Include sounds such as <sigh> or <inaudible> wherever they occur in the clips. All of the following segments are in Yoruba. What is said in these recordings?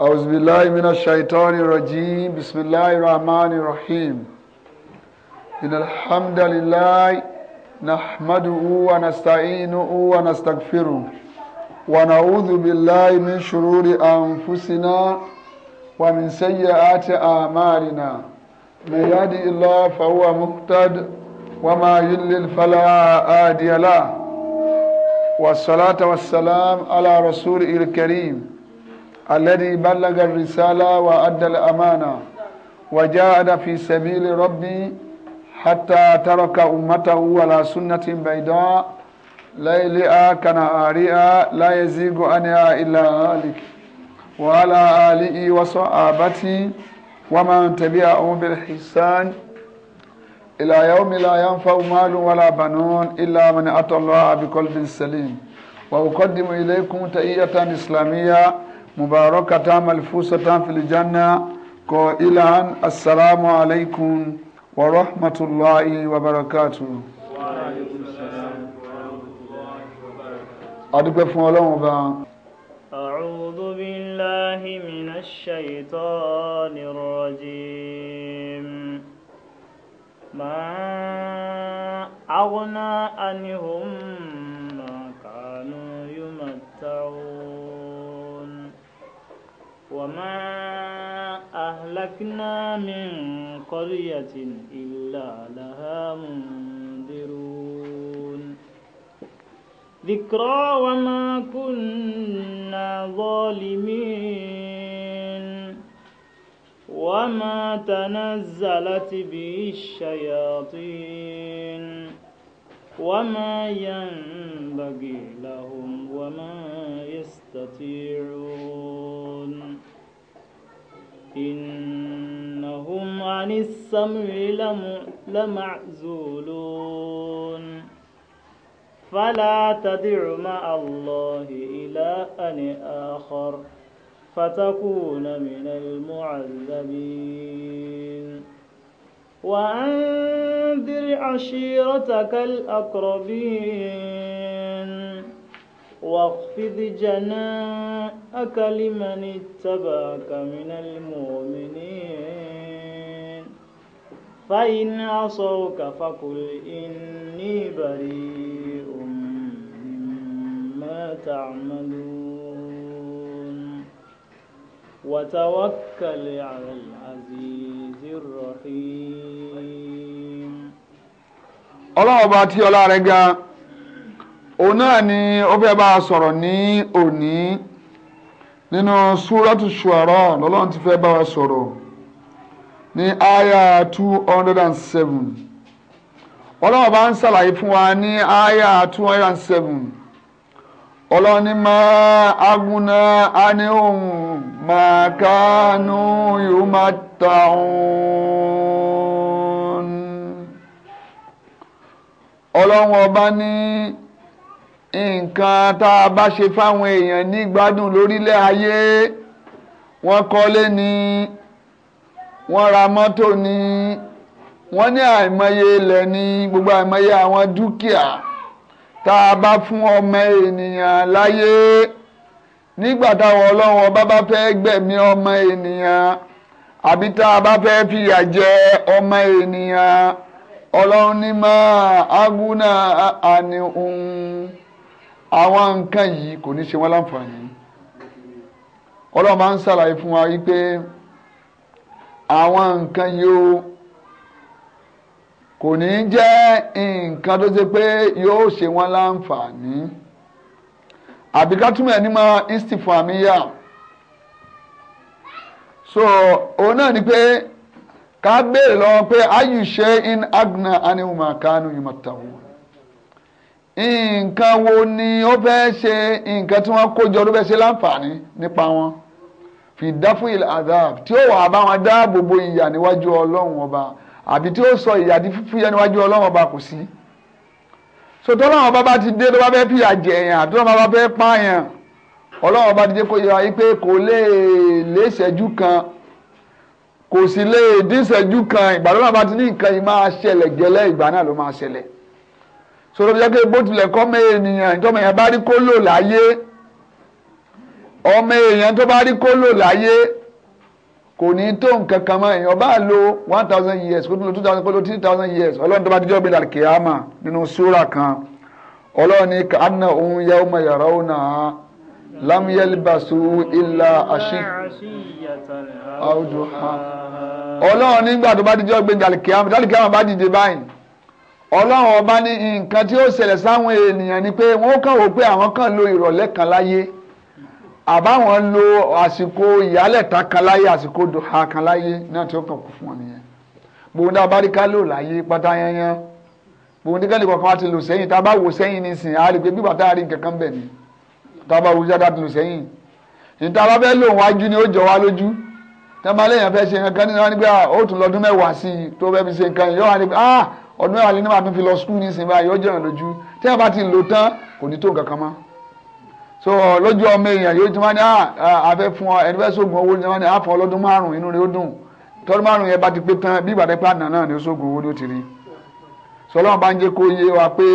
أعوذ بالله من الشيطان الرجيم بسم الله الرحمن الرحيم إن الحمد لله نحمده ونستعينه ونستغفره ونعوذ بالله من شرور أنفسنا ومن سيئات أعمالنا من يهدي الله فهو مهتد وما يضلل فلا هادي له والصلاة والسلام على رسوله الكريم الذي بلغ الرسالة وأدى الأمانة وجاهد في سبيل ربي حتى ترك أمته على سنة بيضاء ليلها كنهارها لا يزيغ عنها إلا هالك وعلى آله وصحابته ومن تبعهم بالحسان إلى يوم لا ينفع مال ولا بنون إلا من أتى الله بقلب سليم وأقدم إليكم تحية إسلامية مباركة ملفوسة في الجنة قائلا السلام عليكم ورحمة الله وبركاته وعليكم السلام ورحمة الله وبركاته أدوك فمولون أعوذ بالله من الشيطان الرجيم ما أغنى عنهم ما كانوا يمتعون وما أهلكنا من قرية إلا لها منذرون ذكرى وما كنا ظالمين وما تنزلت به الشياطين وما ينبغي لهم وما يستطيعون إنهم عن السمع لمعزولون فلا تدع مع الله أن آخر فتكون من المعذبين وأنذر عشيرتك الأقربين واخفض جناحك لمن اتبعك من المؤمنين فإن عصوك فقل إني بريء مما تعملون وتوكل على العزيز الرحيم الله أباتي الله رجاء òun náà ni ó fẹ́ bá a sọ̀rọ̀ ní òní nínú súrọ́tù ṣùọ̀rọ̀ lọ́lọ́run ti fẹ́ bá wa sọ̀rọ̀ ní àyà two hundred and seven ọlọ́run bá ń ṣàlàyé fún wa ní àyà two hundred and seven ọlọ́run ní máa agúnná máa kánú Ni... nǹkan tá a bá ṣe fáwọn èèyàn ní gbádùn lórílẹ̀ ayé wọ́n kọ́lé ni wọ́n ra mọ́tò ni wọ́n ní àìmọye ilẹ̀ ni gbogbo àìmọye àwọn dúkìá tá a bá fún ọmọ ènìyàn láyé nígbà táwọn ọlọ́run ọba bá fẹ́ gbẹ̀mí ọmọ ènìyàn àbí tá a bá fẹ́ fìyà jẹ ọmọ ènìyàn ọlọ́run ní máa ágúnà àníhùn àwọn nǹkan yìí kò ní ṣe wọ́n láǹfààní ọlọ́run máa ń ṣàlàyé fún wa wípé àwọn nǹkan yìí ó kò ní jẹ́ nǹkan tó ṣe pé yóò ṣe wọ́n láǹfààní àbíkátúmọ̀ ẹni máa istifamiya so òun náà ni pé ká béèrè lọ pé ayu ṣe in agna anihuma kanu yumattahu nǹkan wo ni ó fẹ́ ṣe nǹkan tí wọ́n kó jọ ló fẹ́ ṣe láǹfààní nípa wọn fìdáfù ìlàdáàb tí ó wà bá wọn dáàbò bo ìyà níwájú ọlọ́run ọba àbí tí ó sọ ìyà di fífúyẹ́ níwájú ọlọ́run ọba kò sí sotọ́lọ́wọ́n bá bá ti dé ló bá fẹ́ fìyà jẹ èèyàn àti lọ́wọ́ bá fẹ́ pààyàn ọlọ́wọ́n bá ti dé kó yẹra yí kò lè léṣẹ́jú kan kò sì lè díṣẹ́jú kan ìgbà lọ́wọ́ bá ti ní nǹkan yìí máa ṣẹlẹ̀ gẹ́lẹ́ ìgbà náà ló máa ṣẹlẹ̀ sọ̀rọ̀ bí jẹ́ bó tilẹ̀ kọ́ mọ ènìyàn ìjọba èèyàn bá rí kó lò láyé ọmọ èèyàn tó bá rí kó lò láyé kò ní tó nǹkan kan mọ́ èèyàn bá lo one thousand years kó tó lo two thousand kó tó three thousand years ọlọ́run tó bá dijọ́ gbé dàrí kìámà nínú súrà kan ọlọ́run ní kàánà òun yẹ ọmọ yàrá òun náà lámúyẹ́lìbàṣú ilà àṣì ọdún ọlọ́run nígbà tó bá dijọ́ gbé dàrí kìámà dàrí kìámà bá dìde báyìí ọlọ́run ọba ní nǹkan tí ó ṣẹlẹ̀ sáwọn ènìyàn ni pé wọ́n kàn wò pé àwọn kan lo ìrọ̀lẹ́ kan láyé àbáwọn lo àsìkò ìyálẹ̀ta kan láyé àsìkò dùhà kan láyé náà tí ó kàn kú fún wọn nìyẹn gbogbo dá bá rí ká lò láyé pátá yányán gbogbo ní kẹ́lẹ́ kọ̀ọ̀kan ti lò sẹ́yìn tá a bá wò sẹ́yìn nísìn á rí pé bí bàtà rí nǹkan kan bẹ̀ ni tá a bá wò jáde àti lò sẹ́yìn níta bá fẹ́ lò wájú ni ó jọ wá lójú tẹ́ńbà lẹ́yìn fẹ́ ṣe nǹkan nínú wọn nígbà ah, ó tún lọ́dún mẹ́wàá sí i tó fẹ́ fi ṣe nǹkan yìí yóò wá ní pé ah ọdún mẹ́wàá lé ní màá tún fi lọ skul ní ìsìn báyìí ó jẹ̀yàn tí wọ́n bá ti lò tán kò ní tó nǹkan mọ́ so lójú ọmọ èèyàn yóò ti máa ní àfẹ́ ah, ah, fún ọ ẹni fẹ́ sóògùn owó ní wọ́n ah, ní àfọ̀ ọlọ́dún márùn-ún inú rẹ̀ ó dùn tọ́dún márùn-ún yẹn bá ti pé tán bí ìgbàdẹ́ pàdánù náà ni ó sóògùn owó ni ó ti rí so ọlọ́run bá ń jẹ́ kó yé wa pé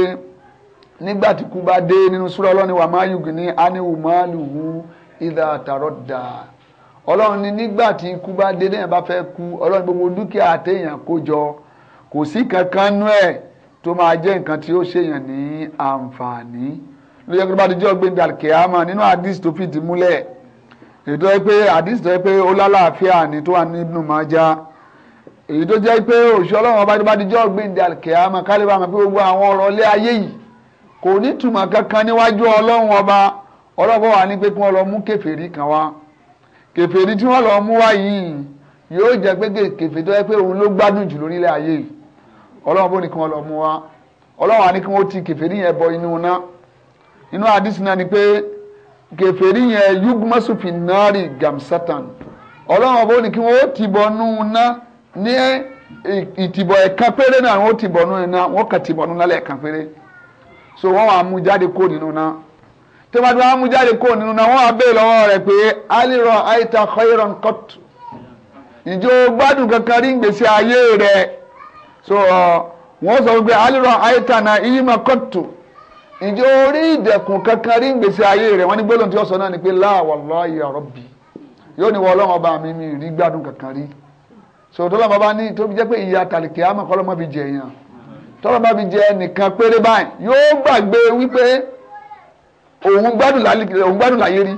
nígbà tí kú bá dé nínú súrà ọlọ́run wà máa yùgì ní aniwu máa lù wú ìdá àtàrọ̀ dà ọlọ́run ní nígbà tí kú bá dé déèyàn bá fẹ́ kú ọlọ́run gbogbo dúkìá àtẹ̀yàn kó jọ kò sí kankan nú ẹ̀ tó máa jẹ́ nǹkan tí ó ṣèyàn ní àǹfààní ló yẹ kó bá dijọ́ gbé dàkẹ́ àmọ́ nínú àdìs tó fìdí múlẹ̀ èyí tó yẹ pé àdìs tó yẹ pé ó lálàáfíà ni tó wà nínú máa já èyí tó jẹ́ pé òṣù ọlọ́run ọba tó bá dijọ́ gbé dàkẹ́ àmọ́ kálíbà mọ̀ pé gbogbo àwọn ọ̀rọ̀ ilé ayé yìí kò ní túmọ̀ kankan níwájú ọlọ́run ọba ọlọ́run wà ní pé kí wọ́n lọ mú ọlọ́run bó ní kí wọ́n lọ mú wa ọlọ́run á ní kí wọ́n ti kèfèrí yẹn bọ inú náà inú àdísì náà ni pé kèfèrí yẹn yugmasu finari gamsatan ọlọ́run bó ní kí wọ́n ti bọ̀ nú náà ní ìtìbọ̀ ẹ̀kan péré náà wọ́n ti bọ̀ nú náà wọ́n kàn ti bọ̀ nú náà lẹ́ẹ̀kan péré so wọ́n wàá mú jáde kó nínú náà tí wọ́n bá mú jáde kó nínú náà wọ́n á bèè lọ́wọ́ rẹ̀ pé alirọ̀ àìta khairan ìjọ gbádùn kankan rí ìgbésí ayé rẹ̀ so uh, wọ́n sọ wípé alirọ aitana iyima kọ́tù ìjọ orí ìdẹ̀kùn kankan rí gbèsè ayé rẹ̀ wọ́n ní gbólóhùn tí ó sọ náà ni pé láàwọ̀ lọ́ọ̀yì ọ̀rọ̀ bì yóò ní wọ́n ọlọ́run ọba mi mi rí gbádùn kankan rí so tọ́lọ́mọ bá ní tóbi jẹ́ pé ìyá tàlìkì àmọ́ kọ́lọ́mọ fi jẹ èèyàn tọ́lọ́mọ fi jẹ nìkan péré báyìí yóò gbàgbé wípé òun gbádùn láyé rí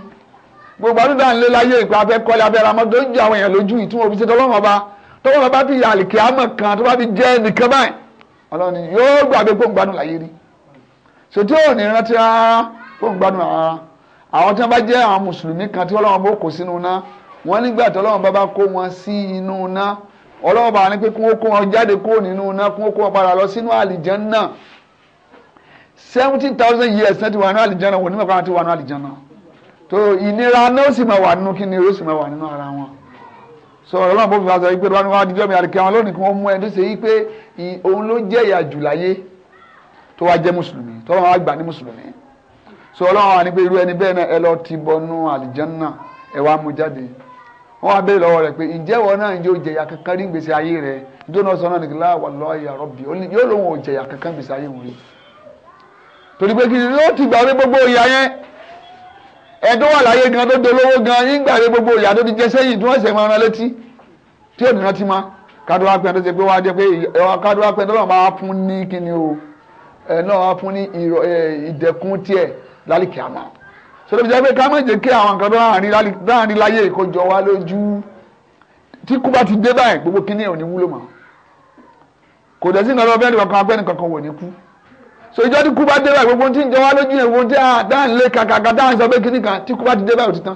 gbogbo àdúrà ńlẹ́ láyé ìpè afẹ́kọ́lé abẹ́ramọ́dé ó jẹ àwọn èèyàn lójú ìtumọ̀ òbí ṣe tọ́lọ́mọ bá tọ́wọ́ bá ti àlìkè àmọ̀ kan tó bá ti jẹ́ nìkan báyìí ọlọ́ni yóò gbàgbé gbóngbádùn láyé rí ṣètí ò ní rántí rárá gbóngbádùn rárá àwọn tí wọ́n bá jẹ́ àwọn mùsùlùmí kan tí Ọlọ́run bó kó sínú náà wọ́n nígbà tí Ọlọ́run bá bá kó wọn sí inú náà Ọlọ́run bá ní pé kí wọ́n kó wọn jáde kó nínú náà kí wọ́n kó wọn padà lọ sínú àlìjánnà Seventeen thousand years náà ti wà nínú àlìjánnà wọ́n ní mọ̀ pé àwọn ti wà nínú àlìjánnà tó ìnira náà ó sì máa wà nínú kí ni ó sì máa wà nínú ara wọn so ọlọ́run bó fi wá sọ wípé wọn wá dídọ́ mi àríkẹ́ wọn lónìí kí wọ́n mú ẹni tó ṣe yí pé òun ló jẹ́ ìyà jù láyé tó wá jẹ́ mùsùlùmí tó wọ́n wá gbà ní mùsùlùmí so ọlọ́run wà ní pé irú ẹni bẹ́ẹ̀ náà ẹ lọ ti bọnú àlìjánná ẹ wá mú jáde wọ́n wá béèrè lọ́wọ́ rẹ̀ pé ǹjẹ́ wọn náà yóò jẹ̀yà kankan rí gbèsè ayé rẹ̀ nítorí wọn ya rọ́bì yóò lóun ò jẹ̀yà kankan gbèsè ayé wọn rí torí pé kí ni yóò ti gbà pé gbogbo ìyà yẹn ẹ̀dọ́ wà láyé gan tó dolówó gan yín gbà gbogbo ìyà tó ti jẹ sẹ́yìn tí wọ́n ṣẹ̀ máa ran létí tí èmi rántí ma kádùá pé ẹni tó ṣe pé wá jẹ́ pé ẹwà kádùá pé ẹni tó lọ́wọ́ máa fún ní kíni o ẹ náà wá fún ní ìdẹ̀kùn tiẹ̀ lálìkí àmà sọdọ̀ bìjẹ́ pé ká má jẹ́ kí àwọn nǹkan tó láàrin láyé ìkọjọ wa lójú tí kú bá ti dé báyìí gbogbo kíní ò ní wúlò mọ́ kò dẹ̀ sí nǹkan tó bẹ́ẹ̀ kankan abẹ́ni kankan wò ní kú so ìjọ tí kú bá dé báyìí gbogbo tí ń jẹ wá lójú yẹn gbogbo tí dáhùn lé kàkàkà dáhùn sọ pé kíní kan tí kú bá ti dé báyìí ò ti tán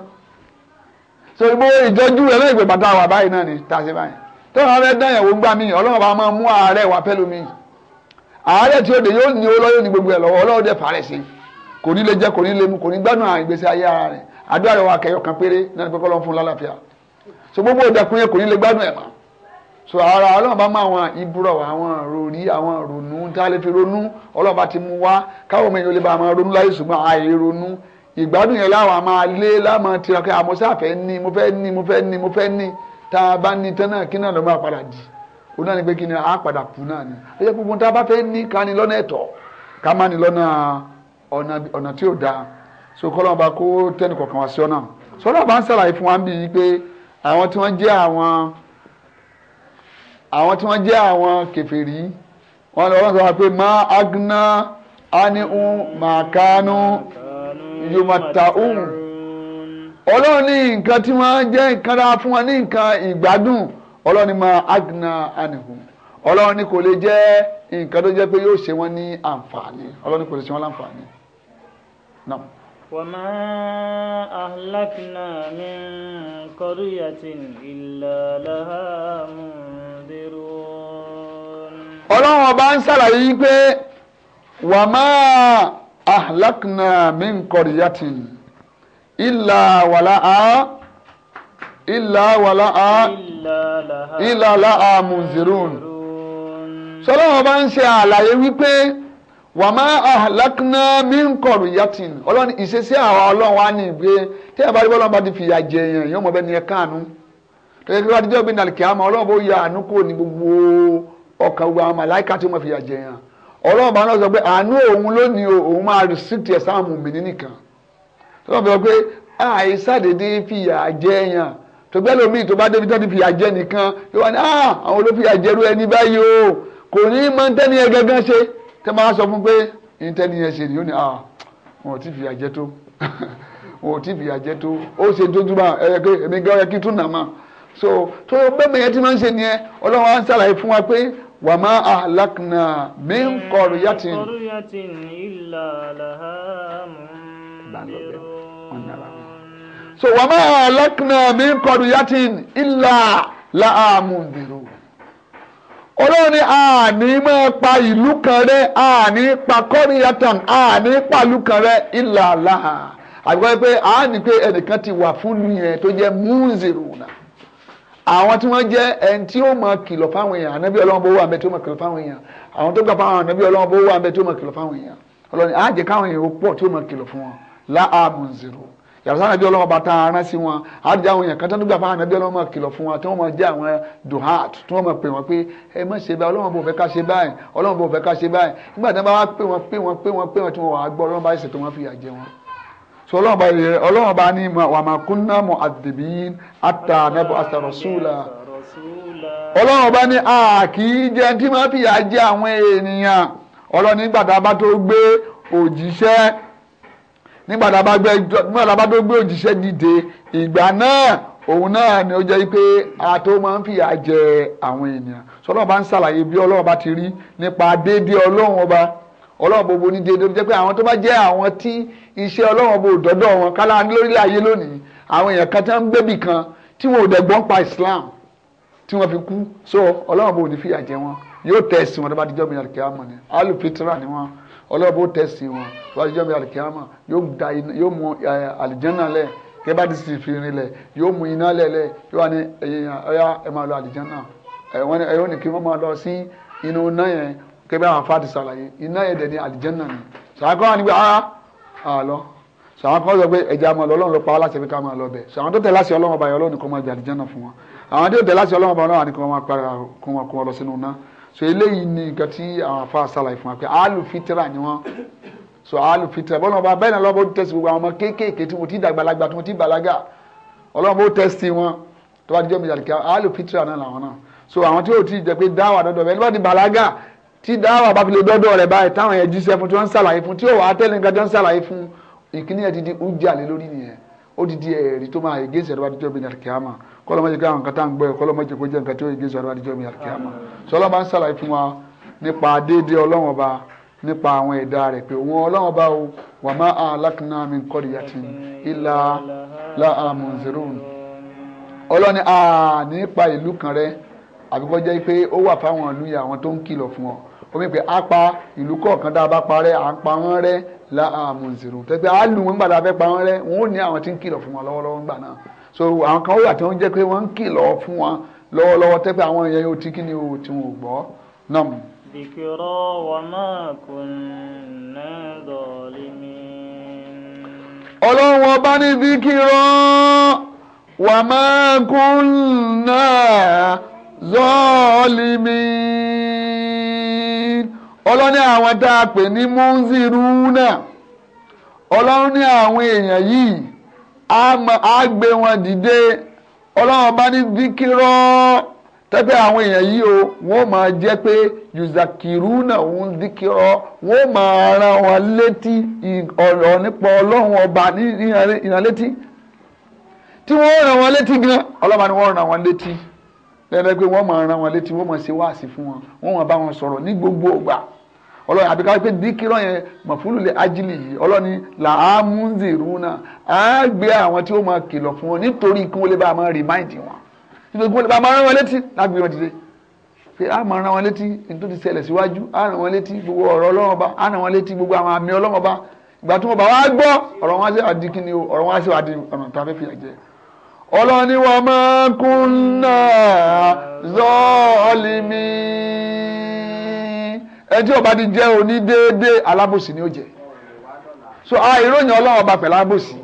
so gbogbo ìjọjú rẹ lẹ́yìn ìgbà tá a wà báyìí náà ni tá a ṣe báyìí tó àwọn abẹ́ dáyẹ̀ wò gbà mí ọlọ́run bá máa mú ààrẹ wà pẹ̀lú mi ààrẹ tí ó dé yóò ní olóyún ní gbogbo ẹ̀ lọ́wọ́ ọlọ́run dẹ̀ fàárẹ̀ sí kò ní lè jẹ kò ní lè mu kò ní gbádùn àwọn ìgbésí ayé ara rẹ̀ àdúrà rẹ̀ wà kẹyọ kan péré náà pé kọ́lọ́ fún lálàáfíà so gbogbo ìdẹkùn yẹn kò ní lè gbádùn ẹ̀ mọ́ so ara ọlọ́run bá mú àwọn ìbúrọ̀ àwọn ròrí àwọn rònú tá a lè fi ronú ọlọ́run bá ti mú wá káwọn ọmọ èèyàn lè bá àwọn ronú láyé ṣùgbọ́n àìronú ìgbádùn yẹn láwọn a máa lé láwọn tiraka àmọ́sá fẹ́ ní mo fẹ́ ní mo fẹ́ ní mo fẹ́ ní tá a bá ní tán náà kí náà ló máa padà di òun náà ni pé kí ni a padà kú náà ni ó yẹ gbogbo tá a bá fẹ́ ní ká ní lọ́nà ẹ̀tọ́ ká má ní lọ́nà ọ̀nà tí ò dáa so kọ́lọ́ ọba kó tẹ́nì kọ̀ọ̀kan wá sí ọ sọ́dọ̀ bá ń ṣàlàyé fún wa ń bí i pé àwọn tí wọ́n jẹ́ àwọn àwọn tí wọ́n jẹ́ àwọn kèfèrí wọ́n lọ́wọ́ sọ yomataun ọlọ́run ní nǹkan tí wọ́n jẹ́ nǹkan dáa fún wọn ní nǹkan ìgbádùn ọlọ́run ma agna anihun ọlọ́run ní kò lè jẹ́ nǹkan tó jẹ́ pé yóò ṣe wọ́n ní àǹfààní ọlọ́run ní kò lè ṣe wọ́n láǹfààní. wàmà ahlakna min kọríyàtìn ìlàlàhà mundirun. ọlọ́run ọba ń ahlakna min kọ̀rìyàtìn ìlà wàlá a ìlà wàlá a ìlà là a mùzìrún. sọlọ́wọ́n bá ń ṣe àlàyé wípé wà má ahlakna min kọ̀rìyàtìn ọlọ́ni ìṣesí àwọn ọlọ́run wa ní ìgbé tí ẹ̀ bá rí bọ́lọ́run bá ti fìyà jẹ èèyàn yóò mọ̀ bẹ́ẹ̀ ni ẹ káànú tẹ́lẹ̀ kí wọ́n ti jẹ́ òbí nàlìkẹ́ àmọ́ ọlọ́run bó ya àánú kò ní gbogbo ọkàn gbogbo àwọn màláìka tí wọ́n fìyà jẹ èèyàn ọlọ́run bá náà sọ pé àánú òun ló ní òun máa rìsíìtì ẹ̀ sáà mùmínì nìkan tó bá bẹ̀rẹ̀ pé àìsàdédé ah, fìyà jẹ yàn tó bẹ́ẹ̀ lómi tó bá débi tó ti fìyà jẹ nìkan yóò wá ní ah, àwọn olófìyà jẹrú ẹni báyìí o kò ní mọ ntẹ́ni yẹn gángan ṣe tẹ́ máa sọ fún pé ntẹ́ni yẹn ṣe nìyó ni ah, wọn ò tí fìyà jẹ tó <laughs> wọn ò tí fìyà jẹ tó ó ṣe dojúmọ́ ẹ̀ẹ́dẹ́gbẹ́ èmi gan ẹ̀ tún nà máa so tó bẹ́ẹ̀ mẹ́yẹ tí máa ń ṣe nìyẹn ọlọ́run wa ma ahlakna min qaryatin illa laha mundirun so wa ma ahlakna min qaryatin illa laha mundirun ọlọ́run ni àní máa pa ìlú kan rẹ àní pa qaryatan àní pàlú kan rẹ illa laha àbíkọ́ pé àní pé ẹnìkan ti wà fún nìyẹn tó jẹ́ múnzìrùnà àwọn tí wọ́n jẹ́ ẹni tí ó mọ kìlọ̀ fáwọn èèyàn ànábì ọlọ́run bó wà mẹ́ tó mọ kìlọ̀ fáwọn èèyàn àwọn tó gbà fáwọn ànábì ọlọ́run bó wà mẹ́ tó mọ kìlọ̀ fáwọn èèyàn ọlọ́run á jẹ́ káwọn èèyàn ó pọ̀ tí ó mọ kìlọ̀ fún wọn láàmú zero yàtọ̀ sáà ànábì bá ta aran sí wọn á àwọn èèyàn kan tó ń gbà fáwọn ànábì ọlọ́run mọ kìlọ̀ fún wọn tí wọ́n mọ jẹ́ àwọn duhat tí wọ́n mọ pè wọ́n pé ẹ má ṣe báyìí ọlọ́run bò fẹ́ ká ṣe báyìí ọlọ́run bò fẹ́ ká ṣe báyìí nígbà tí wọ́n bá so ọlọ́run bá yẹ ọlọ́run bá ní wà máa kún náà mọ àdìbí ata nebo asarosula ọlọ́run bá ní a kì í jẹ tí máa fìyà jẹ àwọn ènìyàn ọlọ́run nígbà tá a bá tó gbé òjíṣẹ́ nígbà tá a bá tó gbé òjíṣẹ́ dìde ìgbà náà òun náà ni ó jẹ́ pé a máa ń fìyà jẹ àwọn ènìyàn sọlọ́run bá ń ṣàlàyé bí ọlọ́run bá ti rí nípa déédéé ọlọ́run ọba ọlọ́run gbogbo ní déédéé jẹ́ pé àwọn tó bá jẹ́ àwọn tí iṣẹ́ ọlọ́run bò dọ́dọ̀ wọn kálá lórílẹ̀ ayé lónìí àwọn èèyàn kan tí wọ́n ń gbébì kan tí wọn ò dẹ̀ pa Islam tí wọ́n fi kú so ọlọ́run bò ní fìyà jẹ wọn yóò tẹ̀sí wọn tó bá dijọ́ bí alikiyama ni alupitra ni wọn ọlọ́run bò tẹ̀sí wọn tó bá dijọ́ bí alikiyama yóò mú alijanna lẹ̀ kẹ́ bá ti sì fi rin lẹ̀ yóò mú iná lẹ̀ lẹ̀ yóò wà ní ẹ̀yìn ẹ̀yà ẹ̀ máa lọ alijanna ẹ̀ wọ́n ní kí wọ́n máa lọ sí inú náà yẹn kẹ́bẹ́ àwọn afáàtì sàlàyé iná ẹ̀dẹ̀ ní àlìjẹ́nà ni sàkọ́ wà níbi ara àlọ́ sàwọn kan sọ pé ẹja máa lọ ọlọ́run ló pa wá láti ẹbí ká máa lọ bẹ̀ sàwọn tó tẹ̀ láti ọlọ́run ọba yẹn ọlọ́run nìkan máa jẹ àlìjẹ́nà fún wọn àwọn tó tẹ̀ láti ọlọ́run ọba ọlọ́run nìkan máa para kó wọn kó wọn lọ sínú iná so eléyìí ni nǹkan tí àwọn afáà sàlàyé fún wa pé àálù fitra ni wọn so àálù fitra bọ́lá ọba bẹ́ẹ̀ náà lọ́wọ́ bó tẹ̀sí gbogbo àwọn ọmọ kéékèèké tí mo ti dàgbàlagbà tí mo ti bàlágà ọlọ́run bó tẹ̀sí fitra náà làwọn so àwọn tí ó ti jẹ pé dáwà dọ́dọ̀ tí dáwà bá fi lè dọ́dọ̀ rẹ̀ báyìí táwọn yẹn jíṣẹ́ fún tí wọ́n ń ṣàlàyé fún tí ò wá tẹ́lẹ̀ nǹkan tí wọ́n ń ṣàlàyé fún ìkíní ẹ̀ ti di oúnjẹ àlè lórí nìyẹn ó ti di ẹ̀rí tó máa ègé ìṣẹ̀rọ̀ àdìjọ́ bí nàìjíríà kọ́lọ́mọ́jẹ́ káwọn nǹkan tá à ń gbọ́ kọ́lọ́mọ́jẹ́ kó jẹ́ nǹkan tí ó ègé ìṣẹ̀rọ̀ àdìjọ́ bí nàìjíríà sọlọ́ máa ń ṣàlàyé fún wa nípa déédé ọlọ́wọ́n ọba nípa àwọn ẹ̀dá rẹ̀ pé òun ọlọ́wọ́n ọba o wà má a lákìnná mi kọ́rì yàtì ìlà láàmùzẹ̀rùn ọlọ́ni a nípa ìlú kan rẹ àbíkọ́jẹ́ pé ó wà fáwọn ìlú yà àwọn tó ń kìlọ̀ fún ọ omi pé a pa ìlú kọ̀ọ̀kan tá a bá parẹ́ à ń pa wọ́n rẹ́ la àmù zèrò tẹ́gbẹ́ a lù wọ́n gbà tá a fẹ́ pa wọ́n rẹ́ wọ́n ò ní àwọn tí ń kìlọ̀ fún wọn lọ́wọ́lọ́wọ́ gbà náà so àwọn kan wà tí wọ́n jẹ́ pé wọ́n ń kìlọ̀ fún wọn lọ́wọ́lọ́wọ́ tẹ́gbẹ́ àwọn èèyàn yóò ti kí ni o tí wọn ò gbọ́ náà. dìkìrọ̀ wà máa kún ní dọ̀límì. ọlọ́run ọba ní dìkìrọ̀ wà máa kún náà zọ́ọ̀límì. ọlọ́ni àwọn tá a pè ní múnzírúnà ọlọ́run ní àwọn èèyàn yìí á gbé wọn dìde ọlọ́run bá ní díkírọ́ tẹ́pẹ́ àwọn èèyàn yìí o wọ́n máa jẹ́ pé yuzakirúnà òun díkírọ́ wọ́n máa ran wọn létí ọ̀rọ̀ nípa ọlọ́run ọba ní ìrànlétí tí wọ́n ràn wọ́n létí gan ọlọ́ba ni wọ́n ràn wọ́n létí lẹ́nu pé wọ́n máa ràn wọ́n létí wọ́n máa ṣe wáàsí fún wọn wọ́n máa bá wọn sọ̀rọ̀ ní gbogbo ìgbà ọlọ́run àbí ká pé díkìrọ̀ yẹn mọ̀fúlù lè ajílì yìí ọlọ́ni làámúnzì rúnà á gbé àwọn tí ó máa kìlọ̀ fún wọn nítorí kí wọ́n lè bá máa remind wọn nítorí kí wọ́n lè bá máa rán wọn létí lágbè wọn dìde pé á máa rán wọn létí nítorí ṣẹlẹ̀ síwájú á rán wọn létí gbogbo ọ̀rọ̀ ọlọ́run ọba á rán wọn létí gbogbo àwọn àmì ọlọ́run ọba ìgbà tí wọ́n bá wá gbọ́ ọ̀rọ̀ wọn ṣe wá di kíni o ọ̀rọ̀ wọn ṣe wá ọ̀nà tá a fẹ́ fi àjẹ ọlọ́ni wa máa kún náà zọ́ọ̀lì míì ẹni tí ó bá ti jẹ́ onídéédé alábòsí ni ó jẹ́ so a ìròyìn ọlọ́run ọba pẹ̀lú abòsí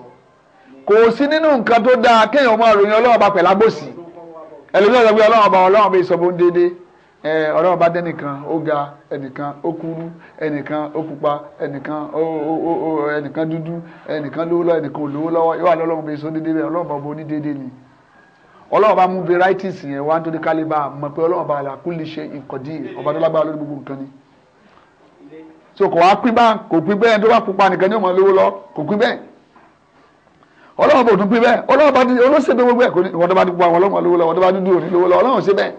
kò sí nínú nǹkan tó dáa kéèyàn máa ròyìn ọlọ́run ọba pẹ̀lú abòsí ẹlòmíràn sọ pé ọlọ́run ọba ọlọ́run ọba ìsọ̀bù ń déédé ọlọ́run ọba dẹ́nìkan ó ga ẹnìkan ó kúrú ẹnìkan ó pupa ẹnìkan ẹnìkan dúdú ẹnìkan lówó lọ́wọ́ ẹnìkan olówó lọ́wọ́ yóò wà lọ́lọ́run ọba ìsọ̀ déédé bẹ́ẹ̀ ọlọ́run ọba oní déédé ni ọlọ́run ọba mú varieties yẹn wá nítorí kálíbà mọ̀ pé ọlọ́run ọba àlàkùnlé ṣe ìkọ̀dí ọba tó lágbára lórí gbogbo nǹkan ni so kò wá pín bá kò pín bẹ́ẹ̀ tó bá pupa nìkan ní ọmọ lówó lọ kò pín bẹ́ẹ̀ ọlọ́run bò tún pín bẹ́ẹ̀ ọlọ́run bá ti olóṣèlú gbogbo ẹ̀ kò ní ìwọ́n tó bá ti pupa wọn lówó lọ wọ́n tó bá dúdú òní lówó lọ ọlọ́run ṣe bẹ́ẹ̀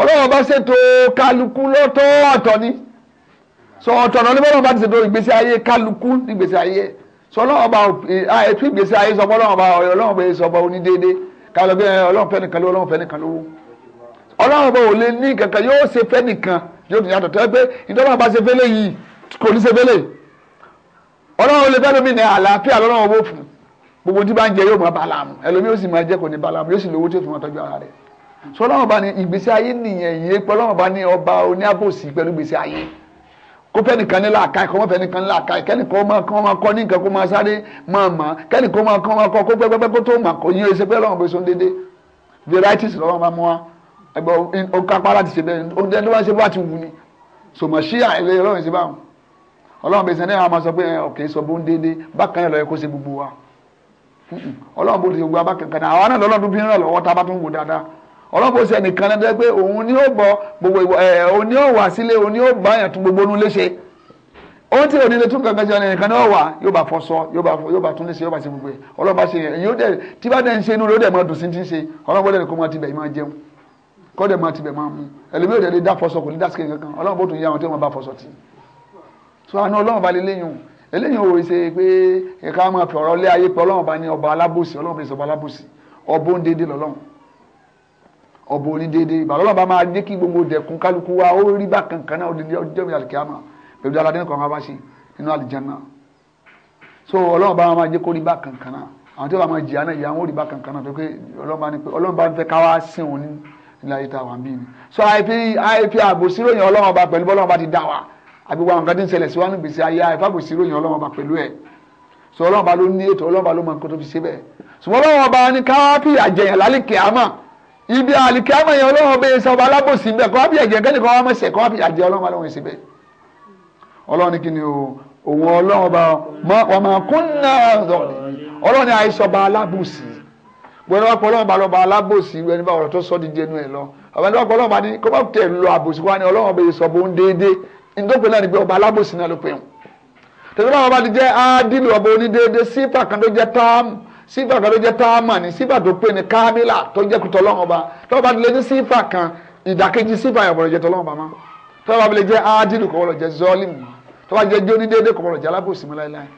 ọlọ́run bá ṣètò kálukú lọ́tọ̀ ọ̀tọ̀ ni so ọ̀tọ̀ náà ọlọ́run bá ti ṣètò ìgbésí ayé kálukú ìgbésí ayé sọ ọlọ́run bá ọlọ́run bá sọ yóò tún yàtọ̀ tẹ́ pé ìjọba bá ṣe fẹ́lẹ̀ yìí kò ní ṣe fẹ́lẹ̀ ọlọ́run lè fẹ́lẹ̀ mi ní àlàáfíà lọ́rọ̀ owó fún gbogbo tí bá ń jẹ yóò máa balamu ẹlòmíì ó sì máa jẹ kò ní balamu yóò sì lówó tí ó tún máa tọ́jú ara rẹ̀ so ọlọ́run bá ní ìgbésí ayé nìyẹn yìí pé ọlọ́run bá ní ọba oníàbòsí pẹ̀lú ìgbésí ayé kó fẹ́nìkan ní làákàyè kó má fẹ́nìkan ní làákàyè kẹ́nìkan máa kọ́ máa kọ́ ní nǹkan kó máa sáré máa mà kẹ́nìkan máa kọ́ máa kọ́ kó pẹ́pẹ́pẹ́ kó tó mà kó yín ẹsẹ̀ pé ọlọ́run bó so ń varieties lọ́wọ́ máa mú wa ẹgbẹ́ ó kápá láti ṣe bẹ́ẹ̀ ó dẹ́ni tó bá ṣe bó àti wù ni sòmọ̀ ṣíà ẹ̀rẹ́ ọlọ́run ṣe báwọn ọlọ́run bẹ̀sẹ̀ náà máa sọ pé ọ̀kẹ́ sọ bó ń déédé bákan yẹn lọ yẹ kó ṣe gbogbo wa ọlọ́run bó ti ṣe gbogbo abákan kan náà àwọn náà lọ́lọ́run tó fi ń ràn lọ́wọ́ tá a bá tún wò dáadáa ọlọ́run bó ṣe ẹnìkan náà pé òun ni ó bọ gbogbo ẹ̀ òun ni ó wà sílé òun ni ó bá yàn tún gbogbo onú léṣe òun tí onílé tún kankan jẹun ẹnìkan náà wà yóò bá fọṣọ yóò bá tún léṣe yóò bá ṣe gbogbo ẹ̀ ọlọ́run bá ṣe yẹn èyí ó dẹ̀ tí bá dẹ̀ ń ṣe inú rẹ̀ ó dẹ̀ máa dùn sí ti ń ṣe ọlọ́run bó dẹ̀ kó máa ti bẹ̀ yìí máa jẹun kọ́dẹ̀ máa tibẹ̀ máa mú ẹlòmíràn tẹ̀lé dá fọṣọ kò ní dá sikẹ́yìn kankan ọlọ́run bó tún yá wọn tí wọ́n bá fọṣọ tì so àná ọlọ́run bá lè léyìn eléyìn òwe ṣe pé ẹ̀ka máa fi ọ̀rọ̀ lé ayé pé ọlọ́run bá ní ọba alábòsí ọlọ́run bẹ̀rẹ̀ sọba alábòsí ọba ó ń déédéé lọ́lọ́run ọba ó ní déédéé ìbàlọ́ ọlọ́run bá máa dé kí gbogbo dẹ̀kun kálukú wa ó rí bá kankan náà odidi ọjọ́ mi àlùkìyàmà pẹ̀lú aládé kan wá bá ṣe nínú àlùjánnà so ọlọ́run bá máa jẹ́ kó rí bá kankan náà àwọn tí wọ́n bá máa jìyà náà ìyà wọn ó rí bá kankan náà pé ọlọ́run bá ń fẹ́ ká wá sìn òun láyé tá a wà ń bí ni so àìfi àìfi àbòsí ròyìn ọlọ́run ọba pẹ̀lú bọ́lọ́run ọba ti dá wa àbí wa nǹkan tí ń ṣẹlẹ̀ sí wa ní gbèsè ayé àìfi àbòsí ròyìn ọlọ́run ọba pẹ̀lú ẹ̀ so ọlọ́run ọba ló ní ètò ọlọ́run ọba ló mọ nǹkan tó fi ṣe bẹ́ẹ̀ ṣùgbọ́n ọlọ́run ọba ní káwápì àjẹyàn lálìkẹ́ àmọ́ ibi àlìkẹ́ àmọ́ yẹn ọlọ́run ọba ẹ̀sán ọba alábòsí bẹ́ẹ̀ kọ́wápì àjẹyàn kẹ́ni kan wá mọ̀ ṣẹ̀ kọ́wápì àjẹ ọlọ́run ọba lọ́wọ́ ẹ̀sìn bẹ́ẹ̀ ọlọ́run ní kí ni gbọ́n ní wọ́n pọ̀ ọlọ́run bá lọ́ba alábòsí ẹni bá ọ̀rọ̀ tó sọ dídé inú ẹ̀ lọ àwọn ẹni wọ́n ọlọ́run bá ní kó bá tẹ̀ lọ àbòsí wa ni ọlọ́run bẹ sọ bó ń déédé nítorí náà ni pé ọba alábòsí náà ló pè wọn. tẹ̀sán báwọn bá ti jẹ́ ádìlú ọba onídéédé sífà kan tó jẹ́ táàmù sífà kan tó jẹ́ táàmù ni sífà tó pè ní kámílà tó jẹ́ kutọ ọlọ́run ọba tọ́wọ́ bá ti lé ní sífà kan ìdàkejì sífà yẹn ọ̀bọ̀rọ̀ jẹ́ tọ́lọ́run ọba má tọ́wọ́ bá ti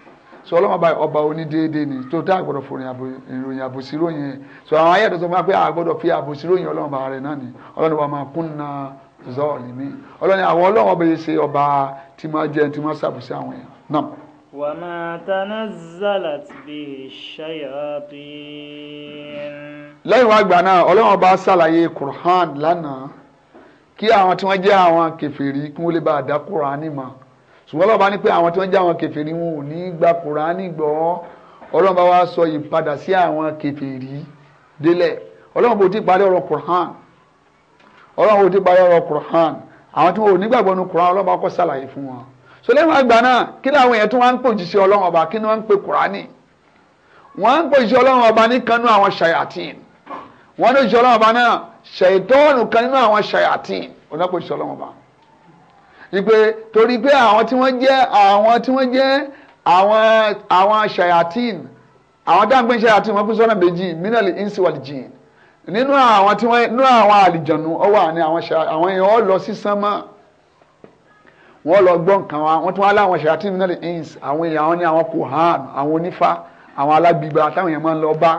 so ọlọ́wọ́n bá ọba oní déédéé ni tó dá àgbọ̀dọ̀ fún ìròyìn àbòsí ròyìn so àwọn ayé àtọ́sọ máa pé àgbọ̀dọ̀ fi àbòsí ròyìn ọlọ́wọ́n rẹ̀ náà ni ọlọ́run wa máa kún na zọ́ọ̀lì mi ọlọ́run àwọn ọlọ́wọ́n bẹ ṣe ọba tí máa jẹ tí máa ṣàbòsí àwọn èèyàn náà. wà á máa tanazzalat bihi shayatin. lẹ́yìn wá gbà náà ọlọ́run bá ṣàlàyé Qur'an lánàá kí àwọn tí wọ́n jẹ́ àwọn kèfèrí kí wọ́n lè bá àdá Qur'an ní màá ṣùgbọ́n lọ́ba ní pé àwọn tí wọ́n jẹ́ àwọn kèfèrí wọn ò ní gba kùránì gbọ́ ọlọ́run bá wá sọ ìpadà sí àwọn kèfèrí délẹ̀ ọlọ́run bò ti parí ọ̀rọ̀ kùrán ọlọ́run bò ti parí ọ̀rọ̀ kùrán àwọn tí wọn ò nígbàgbọ́ nu kùrán ọlọ́run bá kọ́ sàlàyé fún wọn so lẹ́yìn àgbà náà kí ni àwọn èèyàn tí wọ́n ń pè òjíṣẹ́ ọlọ́run ọba kí ni wọ́n ń pè kùránì wọ́n ń pè òjíṣẹ́ ọlọ́run ọba ní kanú àwọn ṣayatin wọ́n ní òjíṣẹ́ ọlọ́run ọba náà ṣètọ́ọ̀nù kan nínú àwọn ṣayatin ọ̀nà pè òjíṣẹ́ ọlọ́run ọba wípé torí pé àwọn tí wọ́n jẹ́ àwọn tí wọ́n jẹ́ àwọn àwọn ṣayatin àwọn dáńgbé ṣayatin wọ́n pín sọ́nà méjì mínàlì insiwalijin nínú àwọn tí wọ́n nínú àwọn àlìjọ̀nù ọwọ́ àní àwọn àwọn èèyàn ọ lọ sí sánmọ́ wọ́n lọ gbọ́ nǹkan wa wọ́n tún wá láwọn ṣayatin mínàlì ins àwọn èèyàn àwọn ní àwọn kohan àwọn onífá àwọn alágbègbè táwọn èèyàn máa ń lọ bá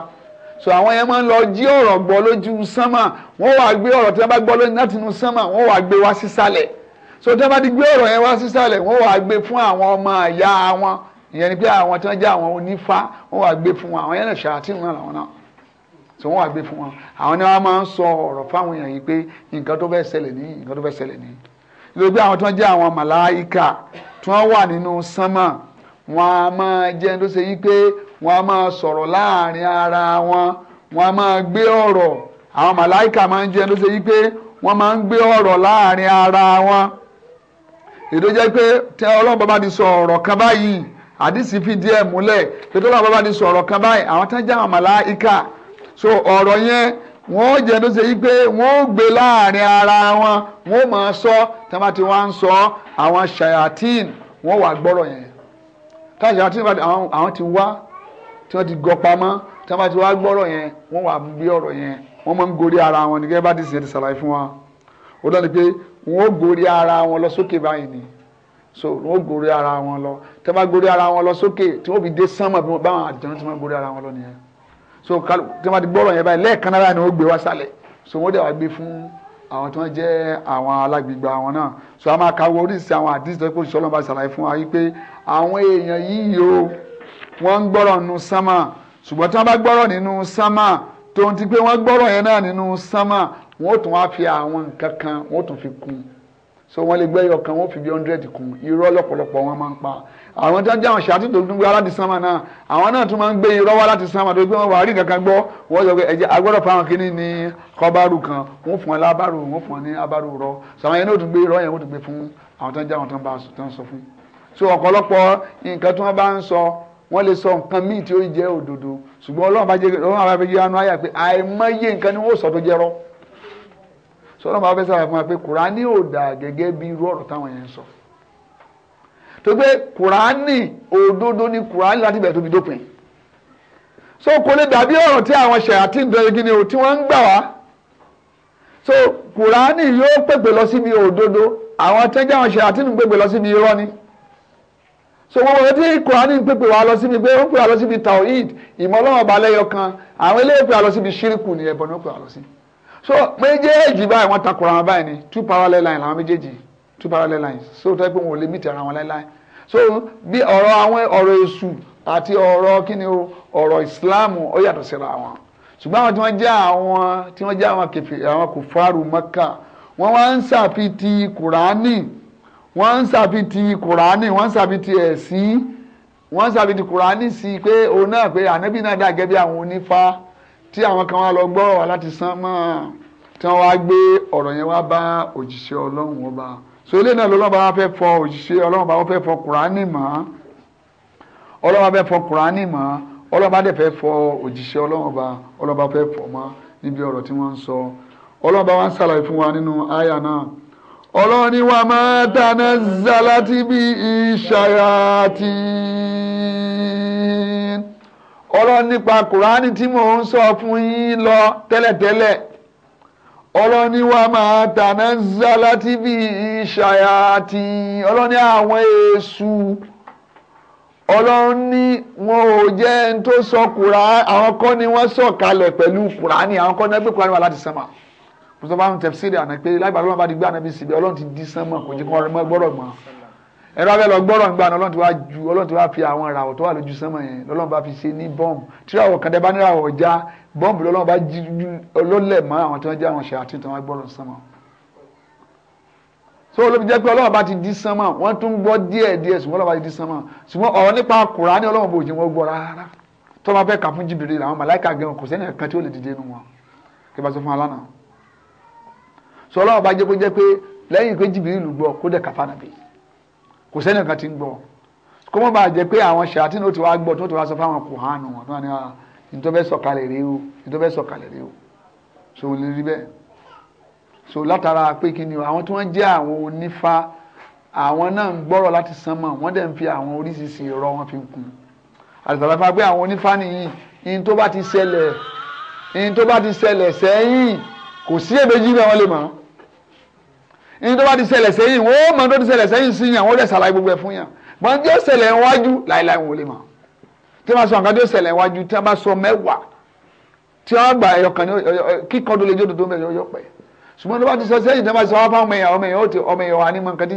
so àwọn yẹn máa ń lọ jí ọ̀rọ̀ gbọ́ lójú sánmà wọ́n wàá gbé ọ̀rọ̀ tí wọ́n bá gbọ́ lójú látinú sánmà wọ́n wàá gbé wá sísàlẹ̀ so tí wọ́n bá ti gbé ọ̀rọ̀ yẹn wá sísàlẹ̀ wọ́n wàá gbé fún àwọn ọmọ ìyá wọn ìyẹn ni pé àwọn tí wọ́n jẹ́ àwọn onífá wọ́n wàá gbé fún wọn àwọn yẹn lè ṣàtì wọn làwọn náà so wọ́n wàá gbé fún wọn àwọn ni wọ́n máa ń sọ ọ̀rọ̀ fáwọn èèyàn yìí pé nǹkan tó fẹ́ ṣẹlẹ̀ ní nǹkan tó fẹ́ ṣẹlẹ̀ ní lórí pé àwọn tí wọ́n jẹ́ àwọn màláìka tí wọ́n wà nínú sánmà wọ́n á máa jẹ́ tó ṣe yí pé wọ́n á máa sọ̀rọ̀ láàrin ara wọn wọ́n á máa gbé ọ̀rọ̀ àwọn màláìka máa ń jẹ́ tó ṣe yí pé wọ́n máa ń gbé ọ̀rọ̀ láàrin ara wọn èdè jẹ́ pé tí ọlọ́run bá bá ti sọ ọ̀rọ̀ kan báyìí àdìsí fi díẹ̀ múlẹ̀ pé tí ọlọ́run bá bá sọ ọ̀rọ̀ kan báyìí àwọn tán jẹ́ àwọn màláìka so ọ̀rọ̀ yẹn wọ́n jẹ́ tó ṣe yí pé wọ́n ó gbé láàrin ara wọn wọ́n ó máa sọ tí wọ́n bá ti wá ń sọ àwọn ṣayatin wọ́n wà gbọ́rọ̀ yẹn táwọn ṣayatin àwọn ti wá tí wọ́n ti gọ pamọ́ tí wọ́n bá gbọ́rọ̀ yẹn wọ́n wà bí ọ̀rọ̀ yẹn wọ́n máa ń gorí ara wọn nígbà bá ti ṣe ti ṣàlàyé fún wa ó dá pé wọn ó gorí ara wọn lọ sókè báyìí ni so wọn ó gorí ara wọn lọ tẹ bá gorí ara wọn lọ sókè tí wọn fi dé sánmọ̀ bí wọn bá wọn tí wọn gorí ara wọn lọ nìyẹn so kálù tí wọn ti gbọ́rọ̀ yẹn báyìí lẹ́ẹ̀kan náírà ni wọn gbé wá sálẹ̀ so wọn dẹ̀ wá gbé fún àwọn tí wọn jẹ́ àwọn alágbègbè àwọn náà so a máa ka oríṣi àwọn àdìsí tó kó sọlọ́ba ṣàlàyé fún wa wípé àwọn èèyàn yìí o wọ́n ń gbọ́rọ̀ nínú sánmà ṣùgbọ́n tí wọ́n bá gbọ́rọ̀ nínú sánmà tó ń ti pé wọ́n gbọ́rọ̀ yẹn náà nínú sánmà wọ́n tún wá fi àwọn nǹkan kan wọ́n tún fi kún so wọ́n lè gbẹ́yọ̀ kan wọ́n fi bí hundred kún irọ́ lọ́pọ̀lọpọ̀ wọn máa ń pa àwọn tó ń jẹ́ àwọn ṣáàtì tó ń gbé aláti sánmà náà àwọn náà tún máa ń gbé irọ́ wá láti sánmà tó gbé wọn wà rí kankan gbọ́ wọ́n sọ pé ẹ̀jẹ̀ agbọ́dọ̀ fáwọn kìíní ní kọ́bárù kan wọ́n fún ọ lábárù wọ́n fún ọ ní abárù rọ sàwọn yẹn náà tún gbé irọ́ yẹn wọ́n tún gbé fún àwọn tó ń jẹ́ tó ń sọ fún so ọ̀pọ̀lọpọ̀ nǹkan tí wọ́n bá ń sọ wọ́n lè sọ nǹkan míì tí ó jẹ́ òdodo ṣùgbọ́n ọlọ́run bá jẹ́ ọlọ́run bá jẹ́ àánú ayà pé àìmọye nǹkan ni wọ́n sọ tó jẹ́rọ́ sọ́dọ̀ máa fẹ́ sára fún wa pé kùránì ò dà gẹ́gẹ́ bí irú ọ̀rọ̀ táwọn yẹn ń sọ tó pé kùránì òdodo ni kùránì láti bẹ̀rẹ̀ tóbi dópin so kò lè dàbí ọ̀rọ̀ tí àwọn ṣẹ̀yàtì ń dọ̀rọ̀ gíní o tí wọ́n ń gbà wá so kùránì yóò pèpè lọ síbi òdodo àwọn tẹ́jọ́ àwọn ṣẹ̀yàtì ń pèpè lọ síbi irọ́ ni so gbogbo ẹtí kùránì ń pèpè wá lọ síbi pé ó ń pè wá lọ síbi tawhid ìmọ̀ ọlọ́run ọba lẹ́yọ kan àwọn eléyìí pè wá lọ síbi ṣírìkù ni ẹ̀bọ̀n ó pè wá lọ síbi so méjèèjì báyìí wọ́n takora wọn báyìí ni two parallel lines làwọn méjèèjì two parallel lines so tó yẹ pé wọn ò lè meet ara wọn láíláí so bí ọ̀rọ̀ àwọn ọ̀rọ̀ èṣù àti ọ̀rọ̀ kíni o ọ̀rọ̀ Islam ó yàtọ̀ síra wọn ṣùgbọ́n àwọn tí wọ́n jẹ́ àwọn tí wọ́n jẹ́ àwọn kẹfì àwọn kò fárú Mẹ́kà wọ́n wá ń ṣàfitì Kùránì wọ́n ń ṣàfitì Kùránì wọ́n ń ṣàfitì ẹ̀ sí ń ṣàfitì Kùránì sí pé òun náà pé ànábì náà dà bí àwọn onífá tí àwọn kan wá lọ gbọ́ wá láti sánmọ̀ tí wọ́n wá gbé ọ̀rọ̀ yẹn wá bá òjíṣẹ́ ọlọ́run ọba so ilé náà lọ́lọ́ba wá fẹ́ fọ òjíṣẹ́ ọlọ́run ọba wọ́n fẹ́ fọ kùránì mọ́ ọlọ́ba fẹ́ fọ kùránì mọ́ ọlọ́ba dẹ̀ fẹ́ fọ òjíṣẹ́ ọlọ́run ọba ọlọ́ba fẹ́ fọ mọ́ níbi ọ̀rọ̀ tí wọ́n ń sọ ọlọ́ba wá ń ṣàlàyé fún wa nínú àyà náà ọlọ́run ni máa dáná zálátì bí ọlọ́run nípa kùránì tí mò ń sọ fún yín lọ tẹ́lẹ̀tẹ́lẹ̀ ọlọ́run ní wàá máa tàná zálá tí bí ṣàyàtì ọlọ́run ní àwọn èṣù ọlọ́run ní wọn ò jẹ́ ẹni tó sọ kùránì àwọn kọ́ ni wọ́n sọ kalẹ̀ pẹ̀lú kùránì àwọn kọ́ ni wọ́n gbé kùránì wá láti sánmà mùsùlùmí tẹ̀síìrì àná pé lágbàdo wọn bá di gbé ànábi síbi ọlọ́run ti di sánmà kò jẹ́ kó wọn gbọ́dọ̀ mọ́. ẹ̀rọ abẹ́ lọ gbọ́rọ̀ nígbà náà ọlọ́run ti wá ju ọlọ́run ti wá fi àwọn ìràwọ̀ tó wà lójú sánmọ̀ yẹn lọ́lọ́run bá fi ṣe ní bọ́ọ̀mù tíràwọ̀ kan tẹ́ bá níràwọ̀ ọjà bọ́ọ̀mù lọ́lọ́run bá jí lọ́lẹ̀ mọ́ àwọn tí wọ́n jẹ́ àwọn ṣe tí wọ́n gbọ́rọ̀ sánmọ̀. so olóbi jẹ́ pé ọlọ́run bá ti dí sánmọ̀ wọ́n tún gbọ́ díẹ̀ díẹ̀ ṣùgbọ́n ọlọ́run bá ti dí sánmọ̀ ṣùgbọ́n ọ̀rọ̀ nípa Kùránì ọlọ́run bò jẹ́ wọ́n gbọ́ rárá tó bá fẹ́ kà fún jìbìrì làwọn màláìka so ọlọ́run bá jẹ́ pé jẹ́ pé lẹ́yìn pé jìbìrì lù kò sẹ́ni kan ti ń gbọ́ kó mọ́ bàa jẹ́ pé àwọn ṣàtìní ó ti wá gbọ́ tó ti wá sọ fáwọn kùhánù wọn tó wà ní wa ah, ìtọ́fẹ́ sọ̀kalẹ̀ rèé o ìtọ́fẹ́ sọ̀kalẹ̀ rèé o so lè rí bẹ́ẹ̀ so látara pé kí ni àwọn tí wọ́n jẹ́ àwọn onífá àwọn náà ń gbọ́rọ̀ láti sánmọ̀ wọ́n dẹ̀ ń fi àwọn oríṣiríṣi irọ́ wọn fi kún àtàlàfà pé àwọn onífá nìyí ihun tó bá ti ṣẹlẹ̀ ihun tó bá ti ṣẹlẹ̀ sẹ́yìn kò sí èméjì náà wọ́n lè mọ̀ ọ́ ní tó bá ti ṣẹlẹ̀ sẹ́yìn wọ́n mọ̀ tó ti ṣẹlẹ̀ sẹ́yìn sí yàn wọ́n lè ṣàlàyé gbogbo ẹ̀ fún yàn wọ́n tí ó ṣẹlẹ̀ wájú láìláì wọ́n lè mọ̀ tí wọ́n sọ nǹkan tí ó ṣẹlẹ̀ wájú tí wọ́n bá sọ mẹ́wàá tí wọ́n gbà ẹ̀yọkàn ní kíkan tó lè jó dodo mẹ́rin yọ pẹ́ ṣùgbọ́n tó bá ti sọ sẹ́yìn tí wọ́n bá sọ wọ́n fáwọn èèyàn ọmọ èèyàn ó ti ọmọ èèyàn wà ní mọ̀ ah, ni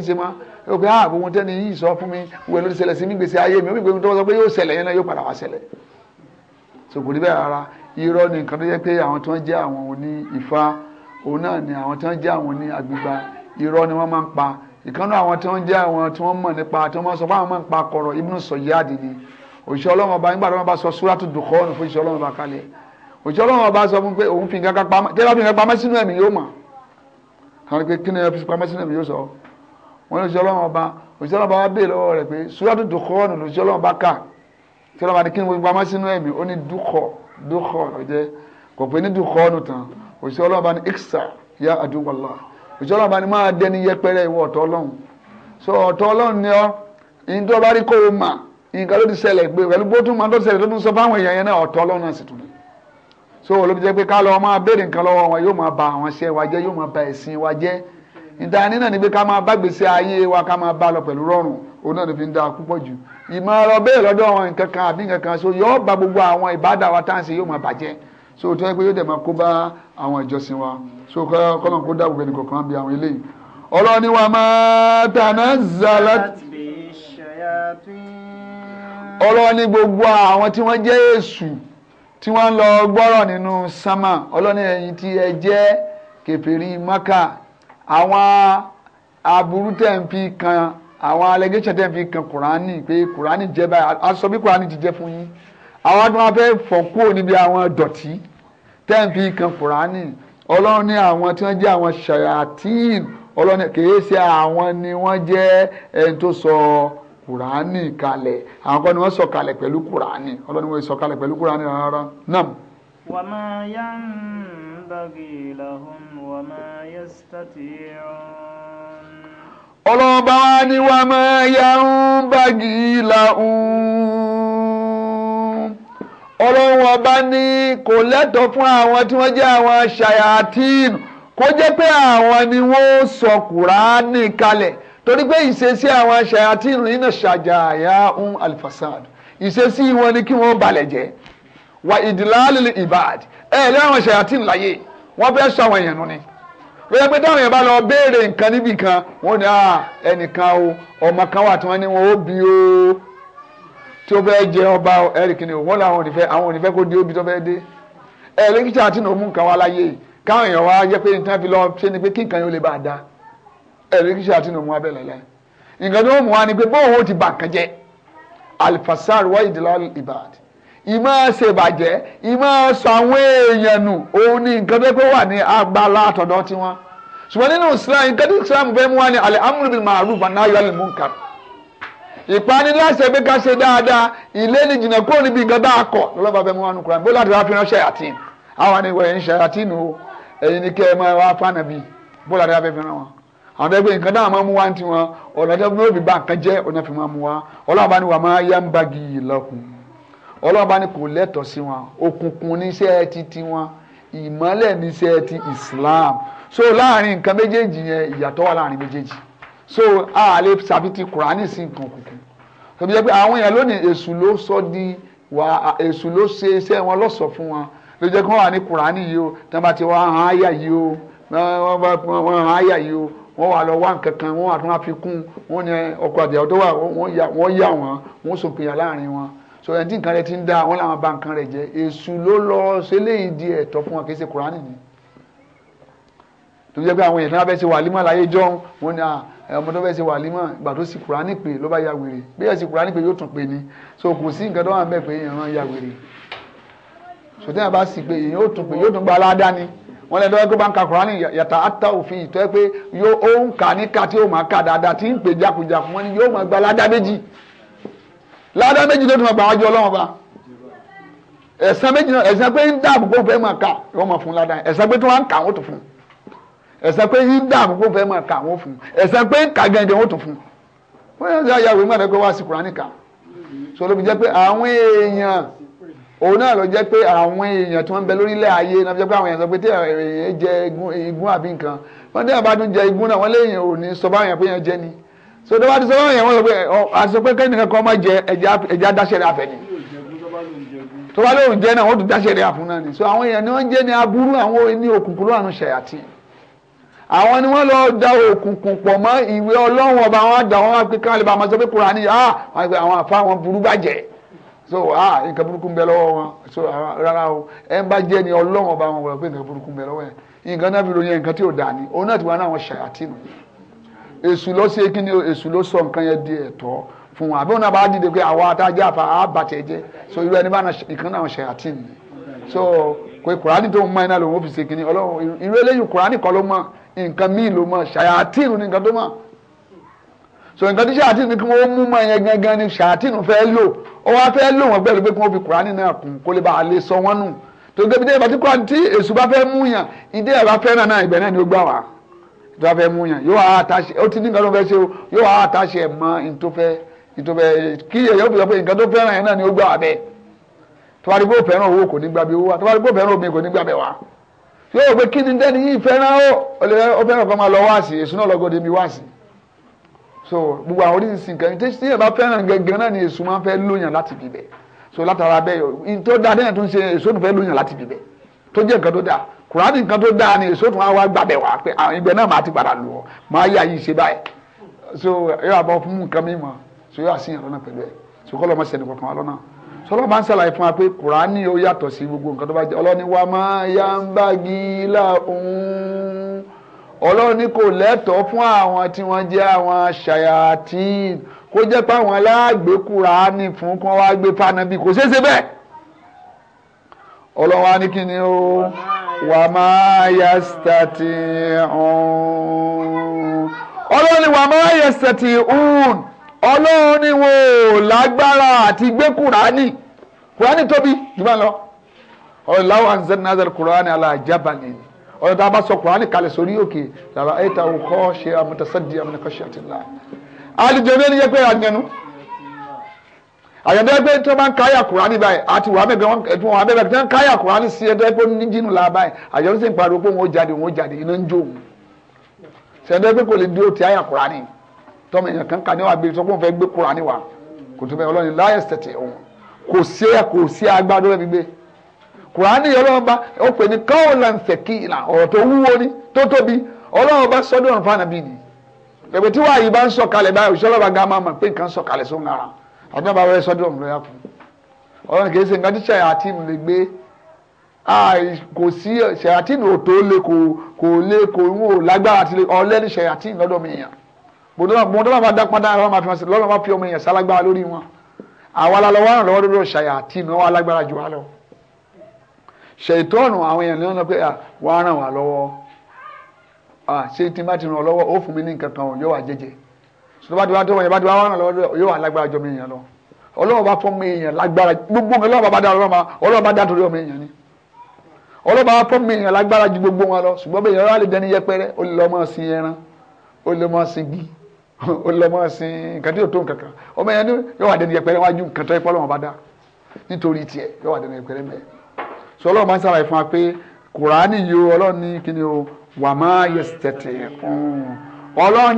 nǹkan tó jẹ́ pé irọ́ ni wọ́n máa ń pa ìkànnì àwọn tí wọ́n jẹ́ àwọn tí wọ́n mọ̀ nípa tí wọ́n sọ fún àwọn máa ń pa kọ̀rọ̀ Ibn Sayyad ni òṣìṣẹ́ ọlọ́run ọba nígbà tí wọ́n bá sọ Suratu Dukhan fún òṣìṣẹ́ ọlọ́run ọba kalẹ̀ òṣìṣẹ́ ọlọ́run ọba sọ fún pé òun fi nǹkan pamọ́ tí wọ́n fi nǹkan pamọ́ sínú ẹ̀mí yóò mọ̀ àwọn pé kí ni wọ́n fi pamọ́ sínú ẹ̀mí yóò sọ wọ́n ní òṣìṣẹ́ ọlọ́run ọba òṣìṣẹ́ ọlọ́run ọba wá bèè lọ́wọ́ rẹ̀ pé Suratu Dukhan òṣìṣẹ́ ọlọ́run ọba kà ni wọ́n fi pamọ́ sínú ẹ̀mí iksa ya aduwallah ìṣọ́lọ́run bá ní máa dẹni yẹpẹrẹ ìwọ ọ̀tọ̀ ọlọ́run so ọ̀tọ̀ ọlọ́run ni ọ́ ìyìn tó bá rí kó o mà nǹkan ló ti ṣẹlẹ̀ pé pẹ̀lú bó tún máa tó ṣẹlẹ̀ tó tún sọ fáwọn èèyàn yẹn náà ọ̀tọ̀ ọlọ́run náà sì tún ní so olóbi jẹ́ pé ká lọ máa béèrè nǹkan lọ́wọ́ wọn yóò máa ba àwọn iṣẹ́ wa jẹ́ yóò máa ba ẹ̀sìn wa jẹ́ ìta nínà ni pé ká máa bá gbèsè ayé wa ká máa bá lọ pẹ̀lú rọrùn òun náà ló fi ń da púpọ̀ jù ìmọ̀ ọ̀rọ̀ bẹ́ẹ̀ lọ́dọ̀ àwọn nǹkan kan àbí nǹkan kan so yóò ba gbogbo àwọn ìbádà wa tá à ń ṣe yóò máa bàjẹ́ so tó yẹ pé yóò dẹ̀ máa kó bá àwọn ìjọsìn wa so kọ́lọ̀ kó dáàbò bẹ́ẹ̀ nìkan kan bí àwọn eléyìí ọlọ́run ni wàá máa tàná zàlá ọlọ́run gbogbo àwọn tí wọ́n jẹ́ èṣù tí wọ́n lọ gbọ́rọ̀ nínú sámà ọlọ́run ni tí ẹ jẹ́ kèfèrí maka àwọn aburú tẹ̀ ń fi kan àwọn allegation tẹ̀ ń fi kan kùránì pé kùránì jẹ́ báyìí a bí kùránì ti jẹ́ fún yín àwọn tí wọ́n fẹ́ fọ̀ kúrò níbi àwọn dọ̀tí tẹ́ǹfì kan kùránì ọlọ́run ní àwọn tí wọ́n jẹ́ àwọn ṣayatíìn ọlọ́run kìí ṣe àwọn ni wọ́n jẹ́ ẹni tó sọ kùránì kalẹ̀ àwọn kan ni wọ́n sọ kalẹ̀ pẹ̀lú kùránì ọlọ́run wọ́n sọ kalẹ̀ pẹ̀lú kùránì rárá náà. wàmà yá ń bàgì làhùn wàmà yẹ sítátì ọ̀hún ọlọ́ọ̀bá wa ni wà máa ya ń bàgì làún ọlọ́run ọba ní kò lẹ́tọ̀ọ́ fún àwọn tí wọ́n jẹ́ àwọn ṣayatin kó jẹ́ pé àwọn ni wọ́n sọ kùránì kalẹ̀ torí pé ìṣesí àwọn ṣayatin nínú ṣàjàyà ń alifasad ìṣesí wọn ni kí wọ́n balẹ̀ jẹ́ wà ìdílálẹ̀ ìbàd ẹ̀ lẹ́wọ̀n ṣayatin láyé wọ́n fẹ́ sọ àwọn èèyàn nù ni bóyá pé táwọn yẹn bá lọ béèrè nǹkan níbì kan wọ́n ní ẹnìkan o ọmọ kan wà tí wọ́n ní wọn ó bí o tí ó fẹ́ jẹ ọba ẹ̀rì kìnìún wọ́n làwọn ò ní fẹ́ àwọn ò ní fẹ́ kó dé ó bí tó fẹ́ dé ẹ̀ẹ́dẹ́gbẹ̀ta àti nàómù nǹkan wa láyé yìí káwọn èèyàn wá jẹ́ pé nǹkan fi lọ ṣe ni pé kí nǹkan yóò lè bá a da ẹ̀rí kí ṣe àti nùmú abẹ́ lẹ́lẹ́ nǹkan tó mú wa ni pé bóun ó ti bà kàn jẹ́ alifasar wa ìdílọ́ ìbàdí ìmọ̀ ṣèbàjẹ́ ìmọ̀ sọ àwọn èèyàn nù òun ni nǹkan tó pé wà ní agbára àtọ̀dọ̀ tiwọn ṣùgbọ́n nínú Islam nǹkan tí Islam fẹ́ mú wa ní alẹ́ amúlù bíi màálù bànáyọ̀ lè mú nǹkan ìpaniláṣẹ ká ṣe dáadáa ilé ní jìnnà kúrò níbi nǹkan bá kọ̀ lọ́lọ́ba mú bó láti fi ránṣẹ́ àtìn àwọn ni wọ́n ṣe àtìn o ni kẹ́ àwọn nǹkan náà máa mú ní tiwọn ọ̀nà bá nǹkan jẹ́ ọ̀nà ọlọ́run bá ní kò lẹ́tọ̀ọ́ sí wọn òkùnkùn níṣẹ́ ti ti ìmọ́lẹ̀ níṣẹ́ ti Islam so láàrin nǹkan méjèèjì yẹn ìyàtọ̀ wà láàrin méjèèjì so a lè ṣàfitì kùránì sí nǹkan òkùnkùn tọ́bi jẹ́ pé àwọn èèyàn lónìí èṣù ló sọ di wà èṣù ló ṣe iṣẹ́ wọn lọ́sọ̀ fún wọn ló jẹ́ kí wọ́n wà ní kùránì yìí o tí wọ́n bá ti wá hàn áyà yìí o wọ́n hàn áyà yìí o wọ́n wà lọ wá nǹkan kan wọ́n àtúnwá fi kún wọ́n ní ọkọ̀ àbíyàwó tó wà wọ́n yà wọ́n wọ́n sòpinya láàrin wọn so ẹni tí nǹkan rẹ ti ń dá wọn làwọn bá nǹkan rẹ jẹ èṣù ló lọ ṣe léyìí di ẹ̀tọ́ fún wọn kì í ṣe kùránì ni tó jẹ́ pé àwọn èèyàn tí wọ́n fẹ́ ṣe wàlímọ̀ láyé jọ́ wọn ni ọmọ tó fẹ́ ṣe wàlímọ̀ ìgbà tó sì kùránì pé ló bá ya wèrè bí ẹ̀ sì kùránì pé yóò tún pè ní so kò sí nǹkan tó wà mẹ́ pé èèyàn ya wèrè so tí wọ́n bá sì pé èèyàn yóò tún pè yóò tún gba aládá ni wọ́n lẹ́nu ẹgbẹ́ bá ń ka kùránì yàtà átà òfin ìtọ́ ẹ pé yóò ó ń kà níkà tí yóò máa kà dáadáa tí ń pè jákujàku wọn ni yóò máa gba aládá méjì lada méjì ló ti máa gbà wájú ọba ẹ̀sán méjì náà ẹ̀sán pé ń dáàbò kó fẹ́ máa kà wọ́n máa fún ládàá ẹ̀sán pé tí wọ́n á ń kà wọ́n tó fún ẹ̀sán pé ń dáàbò kó fẹ́ máa kà wọ́n fún pé ń kà gẹ̀ǹdẹ̀ wọ́n tó fún wọ́n yẹn sá yàwé mọ́ ẹ̀dẹ́gbẹ́ wá sí kà so ló fi jẹ́ pé àwọn èèyàn òun náà ló jẹ́ pé àwọn èèyàn tí wọ́n bẹ lórílẹ̀ ayé náà jẹ́ pé àwọn èèyàn sọ pé igun àbí nǹkan so tó bá ti sọ wọn yẹn wọn sọ pé àti sọ pé kẹ́nìkan kan máa jẹ ẹja dáṣẹ́rẹ́ afẹ́ ni tó bá lóun jẹ náà wọ́n tún dáṣẹ́rẹ́ àfún náà ni so àwọn èèyàn ni wọ́n jẹ́ ní aburú àwọn ní òkùnkùn lọ́wọ́ ṣẹ̀yàtì àwọn ni wọ́n lọ da òkùnkùn pọ̀ mọ́ ìwé ọlọ́run ọba wọn àgbà wọn wá pé káàlì bá máa sọ pé Kùránì ah àwọn àfa wọn burú bàjẹ́ so ah nǹkan burúkú ń bẹ lọ́wọ́ wọn so ah, rárá o ẹ ń bá jẹ́ ni ọlọ́run ọba wọn wọ̀ pé nǹkan burúkú ń bẹ lọ́wọ́ yẹn nǹkan náà fi ròyìn nǹkan tí ò dà ní òun náà ti wá náà wọn ṣàyàtì nù èṣù ló ṣe kí ni o èṣù ló sọ nǹkan yẹn di ẹ̀tọ́ fún wọn àbí wọn náà bá dìde pé àwa adájọ́ àfa àbàtẹ̀ jẹ́ so irú ẹni bá ìkan náà ṣe àtìní so pé kùránì tó ń mọ iná lòun ó fi ṣe kí ni ọlọ́run irú eléyìí kùránì kọ́ ló mọ nǹkan míì ló mọ ṣàyàtìnù ní nǹkan tó mọ̀ so nǹkan tí ṣàtìnù ní kí wọ́n mú mọ yẹn gangan ni ṣàtìnù fẹ́ lò ó wá fẹ́ lò wọ́n pẹ̀lú pé kí wọ́n fi kùránì náà kún kó lè bá a lè sọ wọ́n nù tó débi dé ìbátí kùránì tí èṣù bá fẹ́ mú yàn ìdí ẹ̀ bá fẹ́ràn náà ìbẹ̀ ni ó gbà wá tó bá fẹ́ mú yàn yóò wá àtàṣe ó ti ní nǹkan tó fẹ́ ṣe o yóò wá àtàṣe ẹ̀ mọ́ ní tó fẹ́ ní tó fẹ́ kí èyàn fi sọ pé nǹkan tó fẹ́ràn yẹn náà ni ó gbà wá bẹ́ẹ̀ tó bá rí bó fẹ́ràn owó kò ní gbà bí owó wa tó bá rí bó fẹ́ràn omi kò ní gbà bẹ́ẹ̀ wá yóò pé kí ni dẹ́ni yìí fẹ́ràn ó ó fẹ́ràn kan máa lọ wáàsì èso náà lọ́gọ́dẹ mi wáàsì so gbogbo àwọn oríṣiríṣi nǹkan tí tí èèyàn bá fẹ́ràn gẹ́gẹ́ náà ni èso máa fẹ́ lóyàn láti bíbẹ̀ so látara bẹ́ẹ̀ yọ ní tó dáa dẹ́yìn tó ń ṣe èso nù fẹ́ lóyàn láti bíbẹ̀ tó jẹ́ nǹkan tó dáa kùránì nǹkan tó dáa ni èso tó máa wá gbàbẹ̀ wá pé àwọn ah, ibẹ̀ náà máa ti padà lù ọ́ máa yà yìí ṣe báyìí so yóò àbọ̀ fún nǹkan mímọ́ so yóò àṣìyàn lọ́nà pẹ̀lú ẹ̀ so kọ́ lọ́mọ sẹ́ni kankan lọ́nà sọlọ́ máa ń ṣàlàyé fún wa pé kùránì ó yàtọ̀ sí gbogbo nǹkan tó bá jẹ́ ọlọ́ni wa máa yá ń bá gíla òun ọlọ́ni kò lẹ́tọ̀ọ́ fún àwọn tí wọ́n jẹ́ àwọn ṣàyàtìn kó jẹ́ pé àwọn aláàgbé kùránì fún kí wọ́n wá gbé fànàbí kò ṣeé ṣe bẹ́ẹ̀ ọlọ́wà ní kí ni ó. Oh wà máa yà sítàtì ọ̀hún. ọlọ́run ni wà máa yà sítàtì ọ̀hún ọlọ́run ni wò lágbára àti gbé kùránì kùránì tóbi jùmọ̀ lọ. ọ̀rọ̀ láwọn àǹzẹ́ nàzẹ́ kùránì alájábàlì ọ̀rọ̀ tá a bá sọ kùránì kalẹ̀ sórí òkè tàbí ẹ̀ta òkọ́ ṣe àmọ̀tẹ́sẹ́dì àmọ̀tẹ́kọ́ṣẹ́ àtìlá. àdìjọ́ bẹ́ẹ̀ ni yẹ pé àjẹnu àyẹ̀dẹ́ pé tí wọ́n bá ń káyà kùránì báyìí àti wàá bẹ̀bẹ̀ wọn ẹ̀tún wọn abẹ́bẹ̀ tí wọ́n ń káyà kùránì sí ẹ̀dẹ́ pé ní jínú la báyìí àyẹ̀dẹ́ sì ń pariwo pé wọ́n jáde wọ́n jáde iná ń jó òun ṣẹ̀dẹ́ pé kò lè dúró ti àyà kùránì tọ́mọ èèyàn kan kà ní wàá gbé sọ pé wọ́n fẹ́ gbé kùránì wa kò tó bẹ́ẹ̀ ọlọ́run láyẹ̀ sẹ̀tẹ̀ òun kò sí ẹ̀ kò sí agbádọ́ rẹ̀ gbígbé kùránì ni tó tóbi ọlọ́run bá sọ́dọ̀ ọ̀run fún ànàbí ni ẹ̀pẹ̀ tí wàá yìí bá ń sọ̀kalẹ̀ báyìí òṣèlú ọba gàmá mọ̀ pé nǹkan sọ̀kalẹ̀ sóhun ara àbí àbá rẹ sọ́dọ̀ ọ̀hún lọ́yà fún ọ̀rọ̀ kìí ṣe nǹkan tí ṣàyàtìm lè gbé kò sí ṣàyàtìm ò tó lé kò kò lé kò ń wò lágbára ti lè ọ̀lẹ́ ní ṣàyàtìm lọ́dọ̀ mi èèyàn bòdó náà bá dá padà lọ́dọ̀ máa fi wọn lọ́dọ̀ máa fi ọmọ èèyàn sálágbára lórí wọn àwa la lọ́wọ́ ràn lọ́wọ́ lọ́dọ̀ ṣàyàtìm lọ́wọ́ alágbára jù wá lọ ṣètọ́nù àwọn èèyàn lọ́nà pé wàá ràn wá lọ́wọ́ ṣé tí má ti ràn lọ́wọ́ ó fún mi ní nǹkan kan yóò wá jẹ́jẹ́ sọlọ́ba tí wọ́n tó wọ́n yẹn bá ti wá wọn lọ́wọ́ yóò wà lágbára jọmọ èèyàn lọ ọlọ́run bá fọ́n mi èèyàn lágbára gbogbo mi ọlọ́run bá dá ọlọ́run ma ọlọ́run bá dá torí ọmọ èèyàn ni ọlọ́run bá fọ́n mi èèyàn lágbára ju gbogbo wọn lọ ṣùgbọ́n bẹ́ẹ̀ yẹn lè dẹni yẹpẹrẹ ó lè lọ́mọ sin ẹran ó lè lọ́mọ sin gi ó lè lọ́mọ sin ni yóò wà dẹni yẹpẹrẹ wájú nǹkan tó yẹ pọ́lọ́run bá dá nítorí tiẹ̀ yóò wà dẹni yẹpẹrẹ mẹ́ sọ ọlọ́run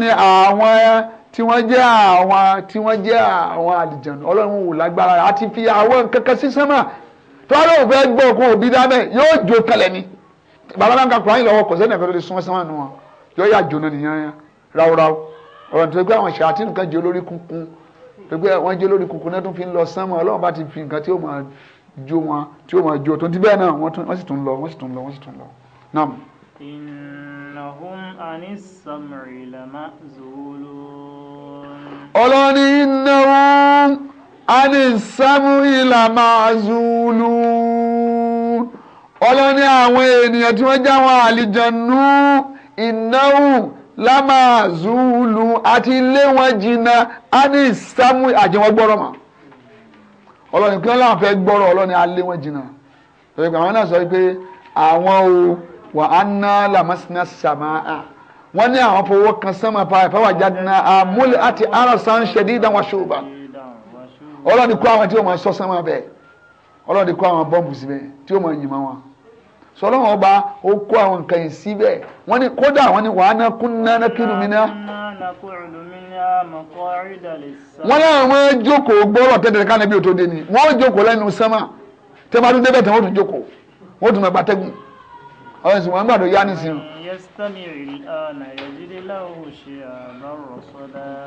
bá ń tí wọ́n jẹ́ àwọn tí wọ́n jẹ́ àwọn àlìjẹ̀nù ọlọ́run wò lágbára àti fi àwọn nǹkan sí sánmà tọ́lá ò fẹ́ gbọ́ òkun òbí dábẹ́ yóò jó kalẹ̀ ni bàbá náà ń ka kùráyìn lọ́wọ́ kò sẹ́ni ẹ̀fẹ́ lórí sún sánmà nù wọn yóò yà jóná nìyẹn ráúráú ọ̀rọ̀ tó gbé àwọn ìṣẹ̀lẹ̀ àti nǹkan jẹ́ olórí kunkun tó gbé wọ́n jẹ́ olórí kunkun náà tún fi ń lọ sánmà ọlọ́run bá ti fi nǹkan innahum anis sam'i lamazulun ọlọ́ni ìnáwó ani sámúìlà máa zulu ọlọ́ni àwọn ènìyàn tí wọ́n jáwọn àlìjànú ìnáwó lámà zulu àti ilé wọn jìnnà ani sámú àjẹwọ́n gbọ́rọ̀ mọ́ ọlọ́ni kí wọ́n láwọn fẹ́ gbọ́rọ̀ ọlọ́ni alẹ́ wọn jìnnà àwọn náà sọ pé àwọn o wà á ná làmásínà sàmáà wọ́n ní àwọn fowó kan sánmà pa ìfẹ́ wà jáde náà àmúlẹ̀ àti arasan ṣẹ̀dí ìdáwọn ṣùgbọ́n ọlọ́ọ̀dì kó àwọn tí wọ́n máa sọ sánmà bẹ́ẹ̀ ọlọ́ọ̀dì kó àwọn bọ́ǹbù síbẹ̀ tí wọ́n máa yìnbọn wọn sọlọ́wọ́n ọba ó kó àwọn nǹkan yìí síbẹ̀ wọ́n ní kódà wọ́n ní wàhánà kún náná kí lómi ná. wọ́n náà wọ́n jókòó gbọ́rọ̀ tẹ́tẹ̀ẹ́ níbi òtó ọ̀rọ̀ ìsìn wọn gbàdọ̀ yá nísìnyí.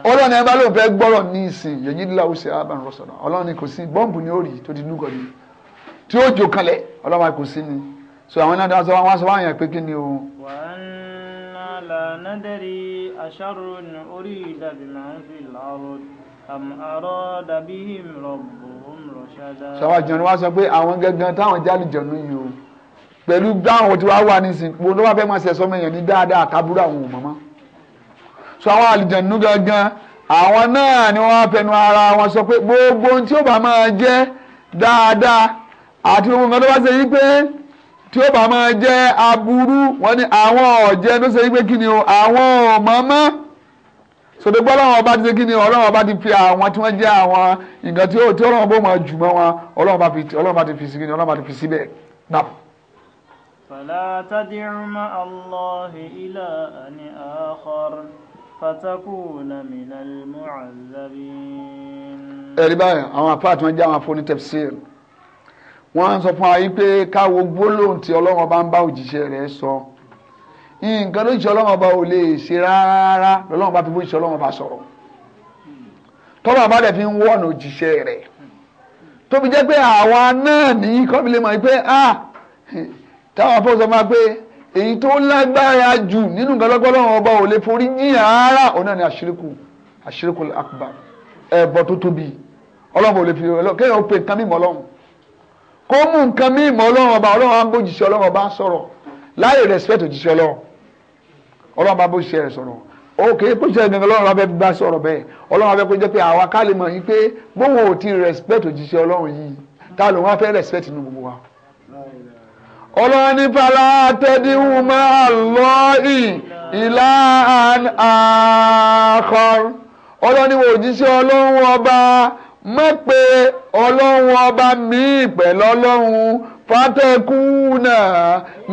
ọlọ́run ẹ bá lóun fẹ́ gbọ́rọ̀ ní ìsìn yẹ̀yìndínláwò ṣe àbàn rọ̀sọ̀dọ̀ ọlọ́run ni kò sí bọ́ǹbù ni ó rí tó ti dúkọ ni tí ó jò kalẹ̀ ọlọ́run kò sí ni so àwọn náà dáhùn sọ wá sọ wọn yàn pé kí ni o. wàhálà nádẹ́rì aṣáàrò ní orí ìdàbí máa ń fi làárọ̀ àmọ́ dàbí ìmọ̀ bò ń rọ̀ ṣáda. sọ wá jẹun wá sọ pé àwọn gangan táwọn jálè jẹun yìí o pẹ̀lú gbáhùn tí wàá wà nísìn gbogbo tó bá fẹ́ máa ṣẹ̀sọ́ mẹ́yàn ní dáadáa àtàbúrò àwọn òmọ̀mọ́ so àwọn àlìjànú gangan àwọn náà ni wọ́n fẹnu ara wọn sọ pé gbogbo ohun tí ó bá máa jẹ́ dáadáa àti gbogbo nǹkan tó bá ṣe yí pé tí ó bá máa jẹ́ aburú wọ́n ní àwọn ọ̀jẹ́ tó ṣe yí pé kí ni o àwọn òmọ̀mọ́ sọdọgbọ ọlọ́run ọba ti ṣe kí ni ọlọ́run ọba ti fi àwọn tí wọ́n jẹ́ àwọn nǹkan tí ó tí ọlọ́run máa jù mọ́ wọn ọlọ́run ọba ti fi sí kí ni ọlọ́run ọba ti fi síbẹ̀ náà. فلا تدع مع الله إلها آخر فتكون من المعذبين ẹ̀rí báyìí àwọn apáàtì wọn jẹ́ àwọn afọ́ni tẹ̀fsíìr wọ́n sọ fún ayé pé káwo gbólóhùn tí ọlọ́run ọba ń bá òjíṣẹ́ rẹ̀ sọ nǹkan ló ṣe ọlọ́run ọba ò lè ṣe rárá lọ́lọ́run ọba fi bó ṣe ọlọ́run ọba sọ̀rọ̀ tọ́lọ́ ọba dẹ̀ fi ń wọ́ọ̀nà òjíṣẹ́ rẹ̀ tóbi jẹ́ pé àwa náà ní kọ́bílẹ̀ mọ̀ pé ah, táwọn afọ́sọ máa pé èyí tó lágbára jù nínú nǹkan lọ́gbọ́lọ́wọ́ ọba ò lè forí jìyà rárá òun ni àṣírìkù àṣírìkù akbar ẹ̀bọ tó tóbi ọlọ́run ò lè fi ọlọ́run kéèyàn ó pe nǹkan mímọ́ ọlọ́run kó mú nǹkan mímọ́ ọlọ́run ọba ọlọ́run á ń bójúṣe ọlọ́run ọba sọ̀rọ̀ láì respect òjíṣẹ́ ọlọ́run ọlọ́run bá bójúṣe rẹ̀ sọ̀rọ̀ òkè bójúṣe rẹ̀ gangan ọlọ́run abẹ́ bá sọ̀rọ̀ bẹ́ẹ̀ ọlọ́ni fàlà tẹ́díhùn máa lọ ìlà àkọ́r ọlọ́ni òjíṣẹ́ ọlọ́run ọba mọ̀ pé ọlọ́run ọba míì pẹ̀lú ọlọ́run fàtẹ́kùnà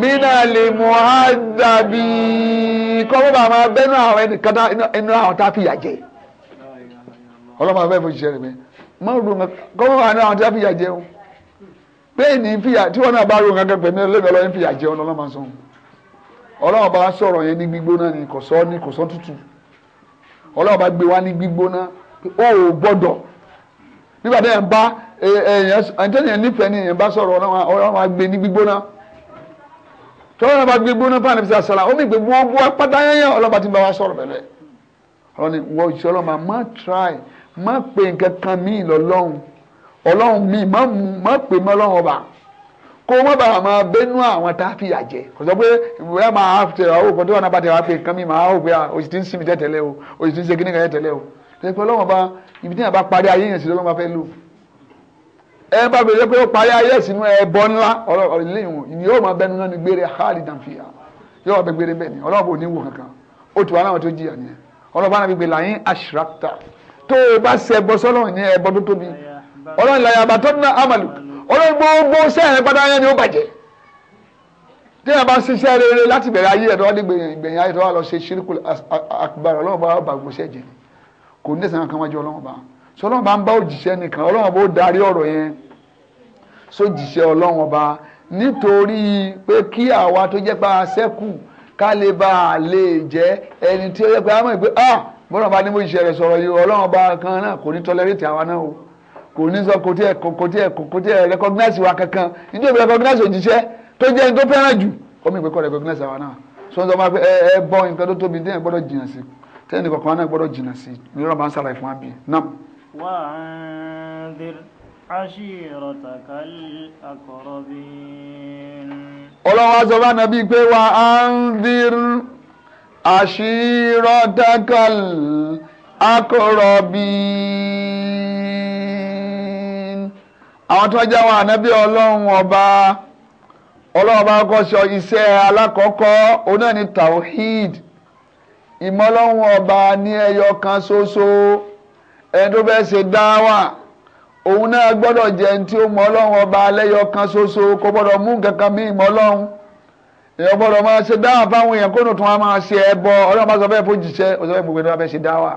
mínàlè mọ́àdàbí kọ́mọ́ bá máa bẹ́nu àwọn ẹnìkan inú àwọn tá a fìyà jẹ ọlọ́run ọba bẹ́ẹ̀ mo ṣiṣẹ́ rẹ̀ mẹ́ mọ́ rògbòmọ́ kọ́mọ́ bá máa bẹ́nu àwọn tá a fìyà jẹun péènì fìyà tí wọ́n náà bá ro nǹkan kan pẹ̀lú ẹlẹ́dọ̀ ọlọ́run fìyà jẹ ọ̀nà ọlọ́run máa sọ ọlọ́run bá sọ̀rọ̀ yẹn ní gbígbóná ni kò sọ ní kò sọ tútù ọlọ́run bá gbé wá ní gbígbóná ó ò gbọ́dọ̀ nígbà tí yẹn bá ẹ̀yẹn nífẹ̀ẹ́ ni yẹn bá sọ̀rọ̀ ọlọ́run máa gbé ní gbígbóná tọ́lá náà bá gbé gbóná fún àdébísí àṣàlà ó mi gbé gbogbo apáta yẹnyẹn ọlọ́ba ti bá wa sọ̀rọ̀ bẹ̀rẹ̀ ọlọ́ni wọ́n ìṣọ́ ọlọ́mà ọlọ́run mi mọ́ mọ́ pè mọ́ ọlọ́run ọba kó wọ́n bá máa bẹ́nu àwọn tá a fi yà jẹ kò sọ pé ìwé máa tẹ̀ra ó kòtò ọ̀nà bá tẹ̀ra pé nǹkan mi máa ó pé òsì ah, tí ń sinmi tẹ̀tẹ̀lẹ̀ o òsì tí ń ṣe kíníkan tẹ̀tẹ̀lẹ̀ o ṣe pé ọlọ́run bá ibi tí yàn bá parí ayé yẹn sí lọ́lọ́run bá fẹ́ lò ẹ bá bẹ̀rẹ̀ pé ó parí ayé sínú ẹbọ ńlá ni ọlọ́run bò ní wò ó tù wá náà ní ọlọ́run ìlànà àbàtọ́ ní amalu ọlọ́run gbogbo sẹ́yìn pátá yẹn ni ó bàjẹ́ tí a bá ṣiṣẹ́ rere láti bẹ̀rẹ̀ ayé ẹ̀ tó wá dé gbẹ̀yìn ayé tó wá lọ ṣe ṣírkù akbar ọlọ́run bá bá gbogbo sẹ́jẹ̀ ni kò ní ẹ̀sán kan wájú ọlọ́run bá so ọlọ́run bá ń bá òjìṣẹ́ nìkan ọlọ́run bó darí ọ̀rọ̀ yẹn sójìṣẹ́ ọlọ́run ọba nítorí pé kí àwa tó jẹ́ pa sẹ́kù ká lè bá a lè jẹ́ ẹni tí ó yẹ pé a mọ̀ pé ah bọ́lá bá ní mo ṣiṣẹ́ rẹ̀ sọ̀rọ̀ yìí ọlọ́run ọba kan náà kò ní tọ́lẹ́rẹ́tì àwa náà o kò ní sọ kò tí kò tí kò tí recognize wa kankan nítorí òbí recognize òjíṣẹ́ tó jẹ́ tó fẹ́ràn jù ó mi pé kò recognize àwa náà so wọ́n sọ ma pé ẹ ẹ bọ́ nǹkan tó tóbi téèyàn gbọ́dọ̀ jìnnà sí téèyàn kọ̀ọ̀kan náà gbọ́dọ̀ jìnnà sí nírọ̀ bá ń sàlàyé fún wa náà. wà á ń dir عشيرتك الأقربين ọlọ́wọ́ sọ bá nàbí pé wà á ń dir àṣírọ́dákàl akọ̀rọ̀bí àwọn tó jẹ́ àwọn ọlọ́run ọba ọlọ́run ọba ise alakọkọ iṣẹ́ alákọ̀ọ́kọ́ tawhid ìmọ̀lọ́run ọba ní ẹyọ kan ṣoṣo ẹni tó bẹ́ẹ̀ ṣe dáwà òun náà gbọ́dọ̀ jẹ́ ẹni tí ó mọ ọlọ́run ọba lẹ́yọ kan ṣoṣo kò gbọ́dọ̀ mú kan mí ìmọ̀ èèyàn gbọ́dọ̀ máa ṣe dáwà fáwọn èèyàn kónú tún wá máa ṣe ẹbọ ọlọ́run bá sọ bẹ́ẹ̀ fún ó sọ bẹ́ẹ̀ gbogbo ṣe dáwà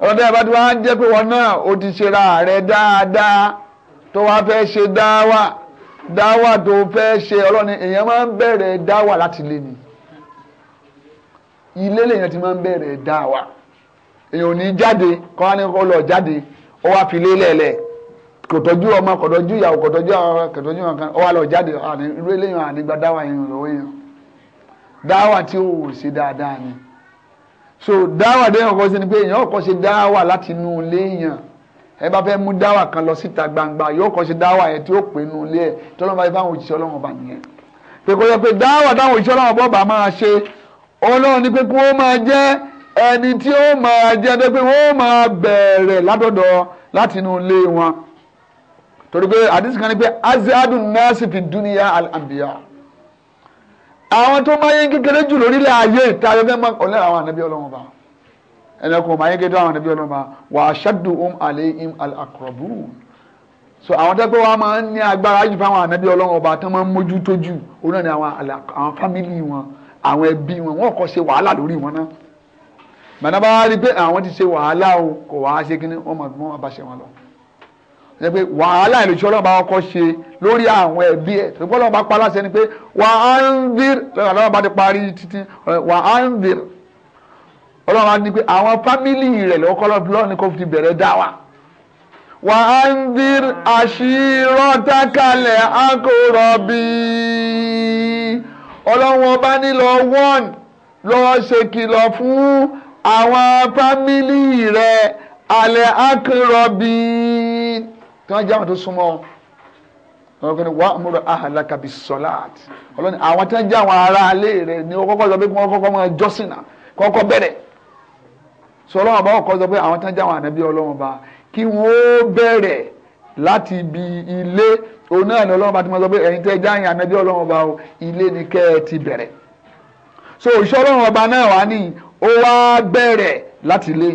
ọlọ́dẹ́ ń jẹ́ pé wọn náà tó wá fẹ́ ṣe dáwà dáwà tó fẹ́ ṣe ọlọ́ni èèyàn máa ń bẹ̀rẹ̀ dáwà láti ilé ni ilé lèèyàn ti máa ń bẹ̀rẹ̀ dáwà èèyàn ò ní jáde kọ́ wá ní kó lọ jáde ó wá fi lé lẹ́lẹ̀ kò tọ́jú ọmọ kò tọ́jú ìyàwó kò tọ́jú ọmọ kò tọ́jú ọmọ kan ó wá lọ jáde irú eléyàn ànígbà dáwà yẹn lọ́wọ́ yẹn dáwà tí ó wò ṣe dáadáa ni so dáwà déyàn kọ́ sí ni pé èèyàn kọ́ ṣe dáwà láti inú ilé yẹn ẹ bá fẹ́ mú dáwà kan lọ síta gbangba yóò kọ́ ṣe dáwà yẹn tí ó pè nù ilé ẹ̀ tọ́lọ́ bá yẹ fáwọn òṣìṣẹ́ ọlọ́run ọba nìyẹn pé kó yẹ pé dáwà táwọn òṣìṣẹ́ ọlọ́run ọba ọba máa ṣe ọlọ́run ni pé kó máa jẹ́ ẹni tí ó máa jẹ́ pé pé wọ́n máa bẹ̀rẹ̀ látọ̀dọ̀ láti inú ilé wọn torí pé àdìsí kan ni pé azeadun nurse fi dúníyà al àwọn tó máa yẹ kékeré jù lórílẹ̀ ayé ìta ayọ́kẹ́ máa ẹnìkan ọmọ ayégedo àwọn ẹbí ọlọ́mọ wà á ṣàdùn ohun àlẹ́ im àkọ́rọ̀bù so àwọn tẹ́gbẹ́ wa máa ń ní agbára jù fáwọn ànábì ọlọ́run ọba tán máa ń mójútó jù òun náà ni àwọn fámìlì wọn àwọn ẹbí wọn wọn kò ṣe wàhálà lórí wọn náà bàtà bá rí pé àwọn ti ṣe wàhálà o kò wá ṣe kí ni wọn máa bí wọn wọn lọ ṣe pé wàhálà ìlòṣì ọlọ́run bá kọ́kọ́ ṣe lórí àwọn ẹbí ẹ̀ tó gbọ́dọ̀ bá pa láṣẹ ni pé wà á ń vir lọ́dọ̀ bá ti parí títí wà á ń vir ọlọ́run á ní pé àwọn fámìlì rẹ̀ lọ́kọ́lọ́ ní kó fi bẹ̀rẹ̀ dá wa. wà á ń dín àṣírọ́tàkàlẹ̀ àkòrọ̀bì ọlọ́run ọba ní lọ wọ́n lọ ṣèkìlọ̀ fún àwọn fámìlì rẹ̀ alẹ́ àkòrọ̀bì tí wọ́n jẹ́ àwọn tó súnmọ́ ọ ọlọ́run ni wà á múra ahlaka bis salat ọlọ́run àwọn tí wọ́n jẹ́ àwọn ará rẹ̀ ni wọ́n kọ́kọ́ lọ bí wọ́n kọ́kọ́ máa jọ́sìn náà kọ́kọ́ bẹ̀rẹ̀ sọlọ́ ọba ọkọ sọ pé àwọn tán jáwọn ànábí ọlọ́run ọba kí wọ́n ó bẹ̀rẹ̀ láti ibi ilé òun náà ni ọlọ́run ọba ti mọ sọ pé ẹ̀yin tẹ́ jáyìn ànábí ọlọ́run ọba o ilé ni kẹ́ ẹ ti bẹ̀rẹ̀ so òṣìṣẹ́ ọlọ́run ọba náà wà ní ó wá bẹ̀rẹ̀ láti ilé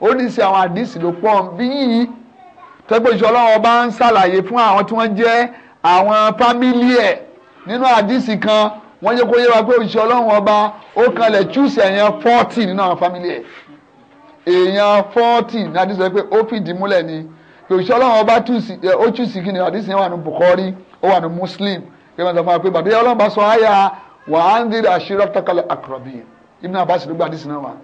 ó ní sí àwọn àdìsí ló pọ̀ bí yìí tẹ́gbẹ́ òṣìṣẹ́ ọlọ́run ọba ń ṣàlàyé fún àwọn tí wọ́n jẹ́ àwọn fámílì ẹ̀ nínú àdìsí kan wọ́n jẹ́ kó yé wa pé òṣìṣẹ́ ọlọ́run ọba ó kanlẹ̀ chúùsì ẹ̀yẹn fọ́ọ̀tì nínú àwọn fámílì ẹ̀ èèyàn fọ́ọ̀tì ní àdìsí pé ó fìdí múlẹ̀ ni òṣìṣẹ́ ọlọ́run ọba ó tù sí kíni àdìsí yẹn wà ní Bukhari ó wà ní Muslim kí wọ́n sọ fún wa pé bàtí ọlọ́run bá sọ àyà wà á ń dìrì àṣírí ọ̀tọ́kọ̀lẹ̀ Ibn Abbas ló náà wà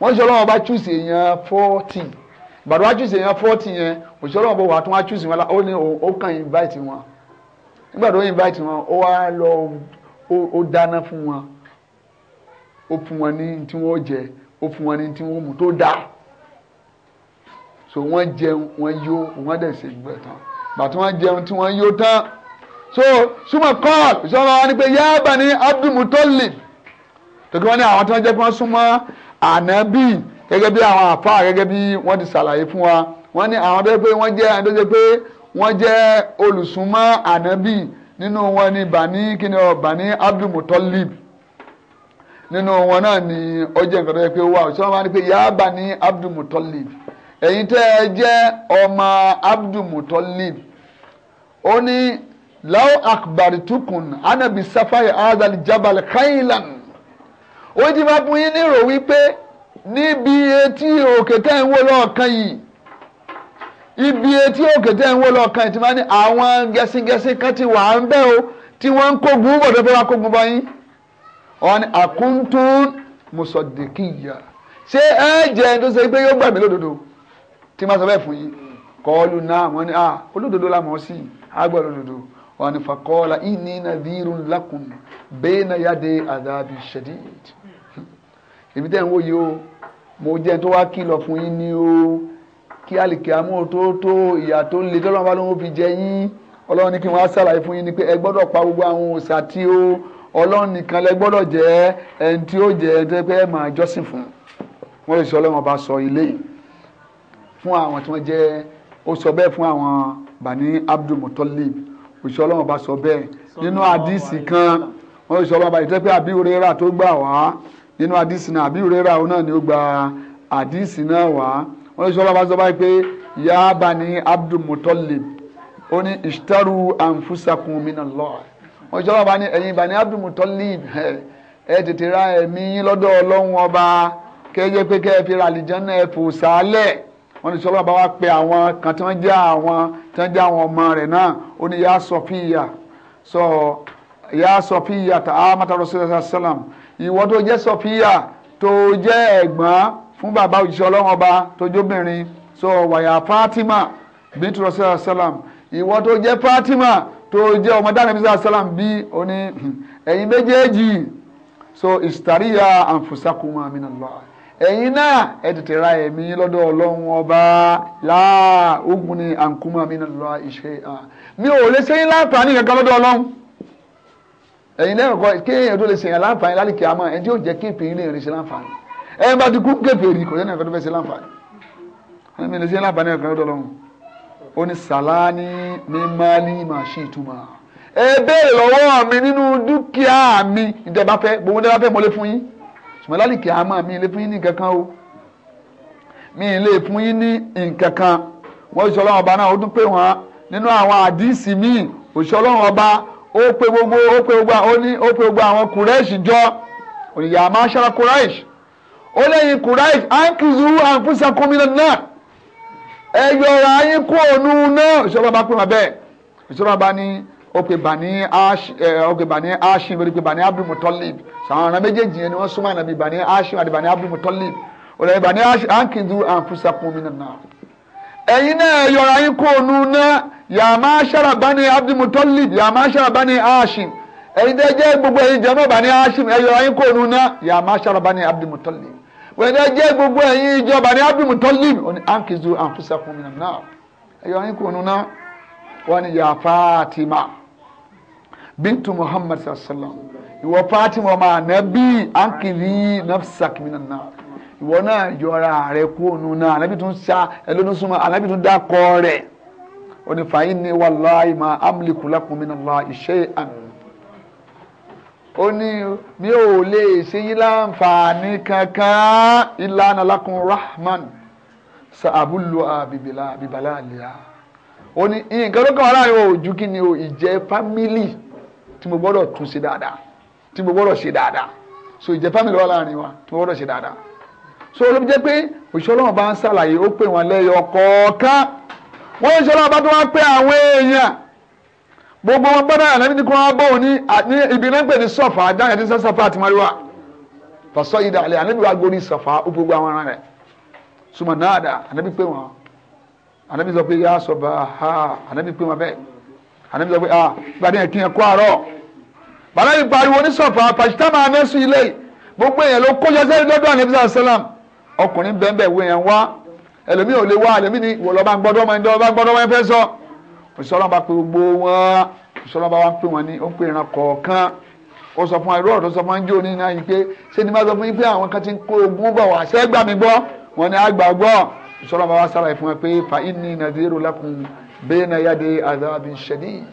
wọ́n ọba tù sí èèyàn fọ́ọ̀tì yẹn òṣìṣẹ́ ọlọ́run ọba wà tún wá ó fún wọn ní tí wọ́n mú tó dáa so wọ́n jẹun wọ́n yó wọ́n dẹ̀ ṣe gbẹ tán bàtí wọ́n jẹun tí wọ́n yó tán so súnmọ́ kọ́ọ̀lù ìṣọ́nà wa ni pé yáàbà ní abdulmutolib tòkí wọ́n ní àwọn tí wọ́n jẹ́ pé wọ́n súnmọ́ ànábì gẹ́gẹ́ bí àwọn àfáà gẹ́gẹ́ bí wọ́n ti ṣàlàyé fún wa wọ́n ní àwọn tó jẹ́ pé wọ́n jẹ́ àwọn tó jẹ́ pé wọ́n jẹ́ olùsúnmọ́ ànábì nínú wọn ni bani kí ni ọ bani abdulmutolib nínú wọn náà ni ó jẹ́ nǹkan tó yẹ pé wà ó sọ wọn ni pé yaaba ní Abdul Mutallib ẹ̀yin tẹ́ ẹ jẹ́ ọmọ Abdul Mutallib ó ní law akbartukun anabi safari azal jabal khailan ó ti máa fún yín nírò wípé níbi etí òkè tẹ́ ń wó lọ́ọ̀kan yìí ibi etí òkè tẹ́ ń wó lọ́ọ̀kan yìí ti máa ní àwọn gẹ́sígẹ́sí kan ti wà ń bẹ́ o tí wọ́n ń kógun bọ̀ tó fẹ́ wá kógun bọ́ yín wọn ni àkúntún mùsọ̀dìkìyà ṣé ẹ jẹ́ ẹni tó ṣe pé yóò gbàgbé lódodo tí máa sọ bẹ́ẹ̀ fún yín kọ́ọ́lù náà wọ́n ní à ah, olódodo la mọ̀ sí àgbà olódodo wọ́n ní fàkọ́ọ́lá ìní nadhirun lakum bayna yade adhabi shadid èmi tẹ́ ń wòye o mo jẹ́ tó wá kìlọ̀ fún yín ni o kí àlìkè àmú tó tó ìyà tó le tọ́lọ́mọba ló ń fi jẹ yín ọlọ́run ní kí wọ́n á ṣàlàyé fún yín ni pé ẹ gbọ́dọ̀ pa gbogbo àwọn òòṣà tí ó ọlọ́run nìkan lẹ gbọ́dọ̀ jẹ́ ẹni tí ó jẹ́ ẹni tó pé ẹ máa jọ́sìn fún wọn èso ọlọ́run ọba sọ ilé fún àwọn tí wọ́n jẹ́ ó sọ bẹ́ẹ̀ fún àwọn bani Abdul Muttalib òṣìṣẹ́ ọlọ́run ọba sọ bẹ́ẹ̀ nínú àdìsí kan wọ́n sọ ọlọ́run ọba yìí tó pé àbí òrera tó gbà wá nínú àdìsí náà àbí òrera òun náà ni ó gba àdìsí náà wá wọ́n sọ ọlọ́run ọba sọ báyìí pé ya bani Abdul Muttalib ó ní ishtaru anfusakum min Allah wọ́n jọba bá ní ẹ̀yin ìbàní Abdul Mutallib ẹ tètè ra ẹ̀mí yín lọ́dọ̀ ọlọ́run ọba kẹ́jẹ́ pé kẹ́ ẹ fi ra àlìjánná ẹ fò sálẹ̀ wọ́n ní sọ́lá bá wá pe àwọn kan tí wọ́n jẹ́ àwọn tí wọ́n jẹ́ àwọn ọmọ rẹ̀ náà ó ní yá Sọfíyà sọ yá Sọfíyà tá a mọ́tà rọ́ṣẹ́ sálàm ìwọ tó jẹ́ Sọfíyà tó jẹ́ ẹ̀gbọ́n fún bàbá òjíṣẹ́ ọlọ́run ọba tó jóbìnrin sọ wàyà Fatima bíntu rọ́ṣẹ́ sálàm ìwọ tó jẹ́ Fatima tó jẹ́ ọmọ dáná bí sàlám bí ó ní ẹ̀yin méjèèjì so ìsítàríyà ànfùsákùmá minallah ẹ̀yin náà ẹ tètè ra ẹ̀mí lọ́dọ̀ ọlọ́run ọba láà ogun ni ànkúmá minallah ìṣe à mi ò lè ṣẹ́yìn láǹfààní kankan lọ́dọ̀ ọlọ́run ẹ̀yin náà kọ kéèyàn tó lè ṣèyàn láǹfààní lálẹ́ kíámọ̀ ẹ̀ tí yóò jẹ́ kéèpì ilé rẹ̀ ṣe láǹfààní ẹ̀ bá ti kú kéèpì rí kò sẹ́ni ẹ̀kọ́ tó fẹ́ ṣe láǹfààní ẹ̀mí lè ó ní sàlání ní mali máa ṣe ìtumọ̀ ẹ béèrè lọ́wọ́ mi nínú dúkìá mi ìdẹ̀bá fẹ́ gbogbo ìdẹ̀bá fẹ́ mo lè fún yín ṣùgbọ́n lálìkì àmọ́ mi lè fún yín ní nǹkan kan o mi lè fún yín ní nǹkan kan wọ́n ṣe ọlọ́run ọba náà ó tún pè wọ́n nínú àwọn àdíìsì míì òṣìṣẹ́ ọlọ́run ọba ó pe gbogbo ó pe gbogbo ó ní ó pe gbogbo àwọn kùrẹ́ẹ̀ṣì jọ òyìnbó àmọ́ aṣára kùrẹ́ẹ̀ṣì ó lẹ́yìn kùrẹ́ẹ̀ṣì ankizu anfusa kùmínà náà ẹ yọra yín kú ònú náà ìṣọba bá pè wọn bẹ́ẹ̀ ìṣọba bá ní ọkè bani ọkè bani ashim ọkè bani abdulmutalib sàwọn ọ̀nà méjèèjì yẹn ni wọ́n súnmọ́ ànàbí bani ashim àti bani abdulmutalib ọ̀nà bani ashim ankidu anfusakum minan nar. ẹ̀yin náà yọra yín kó náà ya mashara bani abdulmutalib ya mashara bani ashim ẹ̀yin náà jẹ́ gbogbo ẹ̀yin jẹ́ mọ́ bani ashim ẹ̀ yọra yín kó onú ya mashara bani abdulmutalib wẹ̀dẹ̀ jẹ́ gbogbo ẹ̀yin ìjọba ní abimu tọ́lìm ó ní ankizu anfusakum minan nar ẹ̀yọ́ yín kùnú náà wọ́n ní ya Fatima bintu Muhammad sallam ìwọ Fatima ọmọ ànábì ankizi nafsak minan nar ìwọ náà yọra rẹ kùnú náà ànábì tún sa ẹlẹ́nu súnmọ́ ànábì tún dákọ̀ rẹ̀ ó ní fa inni wallahi ma amliku lakum minallahi shay'an ó ní mi ò lè ṣe yín láǹfààní kankan ìlànà lákun rahman sàbúlù àbìbàlà àlìyá ó ní nǹkan tó kàn wá láàrin òjú kí ni o ìjẹ fámìlì tí mo gbọ́dọ̀ tún ṣe dáadáa tí mo gbọ́dọ̀ ṣe dáadáa so ìjẹ fámìlì wà láàrin wa tí mo gbọ́dọ̀ ṣe dáadáa so ló jẹ́ pé òṣìṣẹ́ ọlọ́run bá ń ṣàlàyé ó pè wọ́n lẹ́yọ kọ̀ọ̀kan wọ́n ń ṣe bá tó wá pé àwọn èèyàn gbogbo wọn gbọ́dọ̀ ànábì ní kí wọ́n bọ̀ ní ibi náà ń pè ní sọ̀fà dáhùn ẹ̀dínsẹ́ sọ̀fà àti mariwa fọ̀sọ́ yìí dàlẹ́ ànábì wa gorí sọ̀fà ó gbogbo àwọn ará rẹ̀ sùmọ̀ náà dà ànábì pé wọn ànábì sọ pé yà á sọ bá a ànábì pé wọn bẹ́ẹ̀ ànábì sọ pé a ah, gbàdé ẹ̀kí ẹ̀kọ́ àárọ̀ bàbá yìí pariwo ní sọ̀fà pàṣípàmà mẹ́sùn ilé gbogbo èèyàn ló kó yẹsẹ́ lọ́dọ̀ ànábì sàlám ọkùnrin bẹ́ẹ̀ bẹ́ẹ̀ wọ òṣìṣẹ́ ọlọ́run bá pe gbogbo wọn òṣìṣẹ́ ọlọ́run bá wá pè wọ́n ní ó ń pè ìran kọ̀ọ̀kan ó sọ fún irú ọ̀rọ̀ sọ fún ẹjọ́ ní náà yìí pé ṣé ni má sọ fún yín pé àwọn kan ti ń kó ogun bọ̀ wá ṣẹ́ gbà mí gbọ́ wọn ni àgbà gbọ́ òṣìṣẹ́ ọlọ́run bá wá sára ìfún ẹ pé fa inni nadhiru lakum bayna yadi adhabin shadid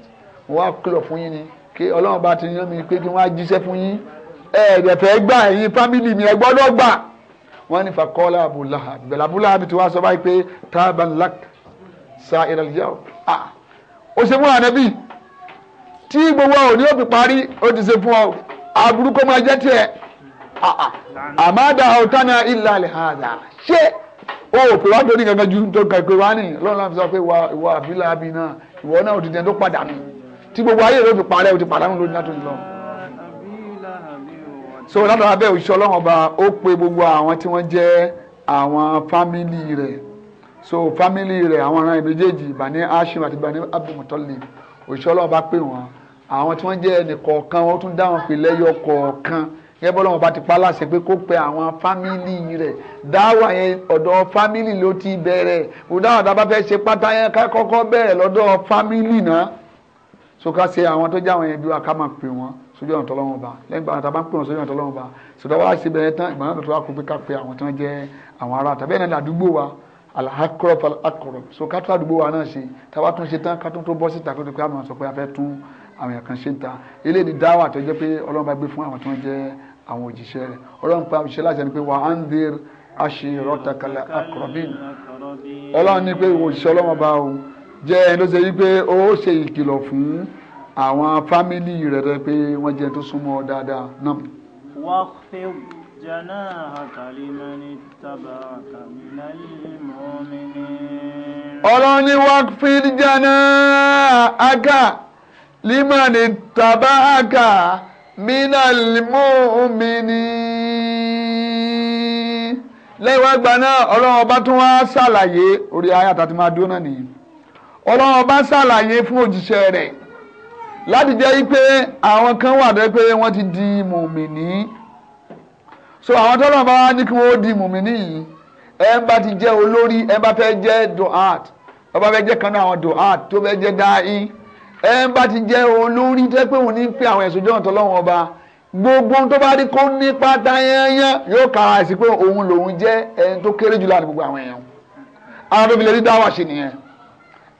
wọ́n wá kìlọ̀ fún yín ni kí ọlọ́run bá ti yán mi pé kí wọ́n á jíṣẹ́ fún yín ẹ̀ẹ́dẹ̀fẹ́ gbà ẹ̀yin fámìlì mi ẹ gbọ́dọ̀ gbà wọ́n ní fakọ́lá abúláhà bẹ̀lẹ̀ abúláhà bí tí wọ́n sọ báyìí pé tábàlák sa ìrẹ̀lẹ́yàwó ah ó ṣe fún ànábì tí gbogbo òní òbí parí ó ti ṣe fún ọ aburú máa jẹ́ tiẹ̀ àmàdà ọ̀tánà ìlà àlẹ́hàdà ṣé o ò pè wá torí gẹ́gẹ́ ju tó kẹ̀kẹ́ wá ní lọ́nà láti sọ pé ìwà àbílà àbí náà ìwọ náà òdìdí ẹni tó pàdánù tí gbogbo ayé rẹ̀ ó fi parẹ́ ó ti pàdánù lórí látòun lọ. so látara bẹ́ẹ̀ òṣìṣẹ́ ọlọ́run ọba ó pe gbogbo àwọn tí wọ́n jẹ́ àwọn fámìlì rẹ̀ so family rẹ̀ àwọn ará méjèèjì bani ashim àti bani abdulmutali òṣìṣẹ́ ọlọ́run bá pè wọ́n àwọn tí wọ́n jẹ́ ẹnì kọ̀ọ̀kan wọ́n tún dá wọn pè lẹ́yọ kọ̀ọ̀kan gẹ́gẹ́ bọ́lá wọn bá ti pa láṣẹ pé kó pe àwọn fámìlì rẹ̀ dáwà yẹn ọ̀dọ̀ fámìlì ló ti bẹ̀rẹ̀ òdáwà tá a bá fẹ́ ṣe pátá yẹn ká kọ́kọ́ bẹ̀rẹ̀ lọ́dọ̀ fámìlì náà so ká ṣe àwọn tó jáwọn yẹn bí wa ká máa pè wọ́n sójú ọ̀nà tọ́lọ́wọ́n ba lẹ́yìn gbàgbọ́n tá a bá ń pè wọ́n sójú ọ̀nà tọ́lọ́wọ́n ba sọ̀tọ́ wa ṣe bẹ̀rẹ̀ tán ìgbà náà tó wá kó pé ká pe àwọn tó ń jẹ́ àwọn ará tàbí ẹ̀ alahakọrọ alahakọrọ so ká tó àdúgbò wa náà ṣe táwa tún ṣe tán ká tún tó bọ́ síta kó tó pé àwọn sọ pé a fẹ́ tún àwọn èèyàn kan ṣe ń ta eléyìí ni dáwà tó jẹ́ pé ọlọ́run bá gbé fún àwọn tó ń jẹ́ àwọn òjíṣẹ́ rẹ̀ ọlọ́run pa òjíṣẹ́ láti ẹni pé wà á ń dir aṣèrọ́takàlà akọ̀rọ̀bìn ọlọ́run ní pé òjíṣẹ́ ọlọ́run bá o jẹ́ ẹni ló ṣe yí pé ó ṣe ìkìlọ̀ fún àwọn fámìlì rẹ̀ rẹ̀ pé wọ́n jẹ́ tó súnmọ́ dáadáa náà. wọ́n fi ọlọ́ni wakfid jana aka limani taba aka minal mu'minin lẹ́yìn wá gba náà ọlọ́run ọba tún wá ṣàlàyé orí ayáta ti máa dúró náà nìyí ọlọ́run ọba ṣàlàyé fún òjíṣẹ́ rẹ̀ láti jẹ́ pé àwọn kan wà dẹ́ pé wọ́n ti di mùmìnì so àwọn tọ́lọ̀ bá wá ní kí wọ́n di mùmíní yìí ẹ ń bá ti jẹ́ olórí ẹ bá fẹ́ jẹ́ duhat ẹ bá fẹ́ jẹ́ kan náà àwọn duhat tó fẹ́ jẹ́ dáhí ẹ ń bá ti jẹ́ olórí tẹ́ pé òun ní pé àwọn ẹ̀sùn jọ́nà tọ́lọ́wọ́n ọba gbogbo tó bá rí kó ní pátá yẹnyẹn yóò kára sí pé òun lòun jẹ́ ẹni tó kéré jù láàrin gbogbo àwọn èèyàn àwọn tó fi lè rí dáwà ṣe nìyẹn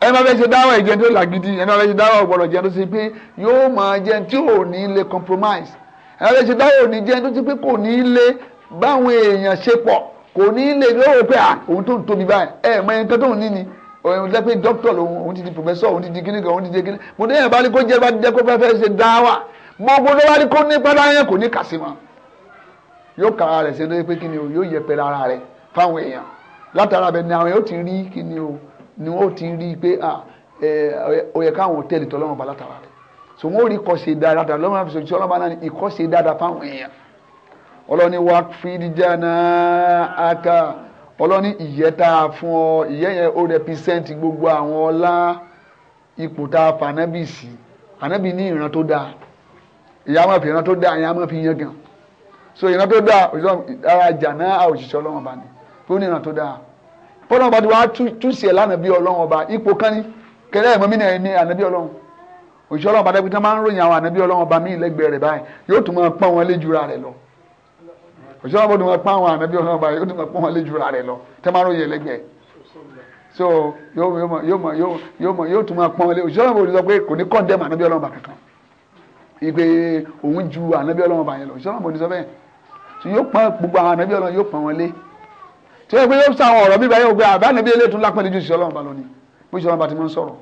ẹ máa fẹ́ ṣe dáwà ìjẹun tó làgídí ẹ máa fẹ́ ṣe dáwà ọ̀gbọ̀rọ̀ tó ṣe pé yóò máa jẹun tí ò ní lè compromise ẹ̀rọ ṣe báwo ní jẹ́ tó ti pé kò ní í lé báwọn èèyàn ṣe pọ̀ kò ní í lè lówó pé òun tó ń tóbi báyìí ẹ̀ mọ ẹni tó ń ní ni òun jẹ́ pé dókítà lòun òun ti di professor òun ti di kíníkà òun ti di kíníkà mo dé yẹn bá ní kó jẹ́ bá jẹ́ kó fẹ́ fẹ́ ṣe dáwà gbogbo ló bá ní kó ní pẹ́lá yẹn kò ní kà sí wọn yóò kà ara rẹ̀ ṣe lóye pé kíni o yóò yẹ pẹ̀lú ara rẹ̀ fáwọn èèyàn látara bẹ̀ ni àwọn yóò ti rí kíni o ni wọ́n ti rí pé à ó káwọn òtẹ́ẹ̀lì tọ́lọ́wọ́n bá látara so wọn ò rí kọ́ ṣe dáadáa tàbí lọ́wọ́ àfisọ̀ tí ọlọ́ba náà ní ìkọ́ ṣe dáadáa fáwọn èèyàn ọlọ́ni wá fìdíjànà aka ọlọ́ni ìyẹ́ tá a fún ọ ìyẹ́ yẹn ó rẹpísẹ́ǹtì gbogbo àwọn ọlá ipò tá a fà ànábì sí ànábì ní ìran tó dáa ìyá máa fi ìran tó dáa ìyá máa fi yan gan so ìran tó dáa òṣìṣẹ́ ara jàǹdà òṣìṣẹ́ ọlọ́wọ́n ọba ni tó ní ìran tó dáa fọlọ́wọ́n ọba ti wá túṣìẹ́ lánàá bí ọlọ́wọ́n ipò kan ní kẹlẹ́ ẹ̀mọ́mí náà ní ànábì ọlọ́wọ́n òṣìṣẹ́ ọlọ́run bàdẹ́gbẹ́ tí wọ́n máa ń ròyìn àwọn ànábí ọlọ́run ọba míì lẹ́gbẹ̀ẹ́ rẹ̀ báyìí yóò tún máa pọ́n wọn léjura rẹ̀ lọ òṣìṣẹ́ ọlọ́run bàdẹ́gbẹ́ pọ́n àwọn ànábí ọlọ́run ọba yóò tún máa pọ́n wọn léjura rẹ̀ lọ tẹ́ máa ròyìn ẹlẹ́gbẹ̀ẹ́ so yóò tún máa pọ́n wọn lé òṣìṣẹ́ ọlọ́run bàdẹ́gbẹ́ sọ pé kò ní kọ́ndẹ́mù ànábí ọlọ́run bàdẹ́ kan ìgbé òun ju ànábí ọlọ́run bàyẹn lọ òṣìṣẹ́ ọlọ́run bàdẹ́gbẹ́ sọ bẹ́ẹ̀ tí yóò pọ́n gbogbo àwọn ànábí ọlọ́run yóò pọ́n wọn lé tí yóò pé yóò sàwọn ọ̀rọ̀ bíbá yóò gbé àbá ànábí eléyìí tún lápẹ́ lójú òṣìṣẹ́ ọlọ́run bá lọ ni bó ṣe ọlọ́run bá ti máa ń sọ̀rọ̀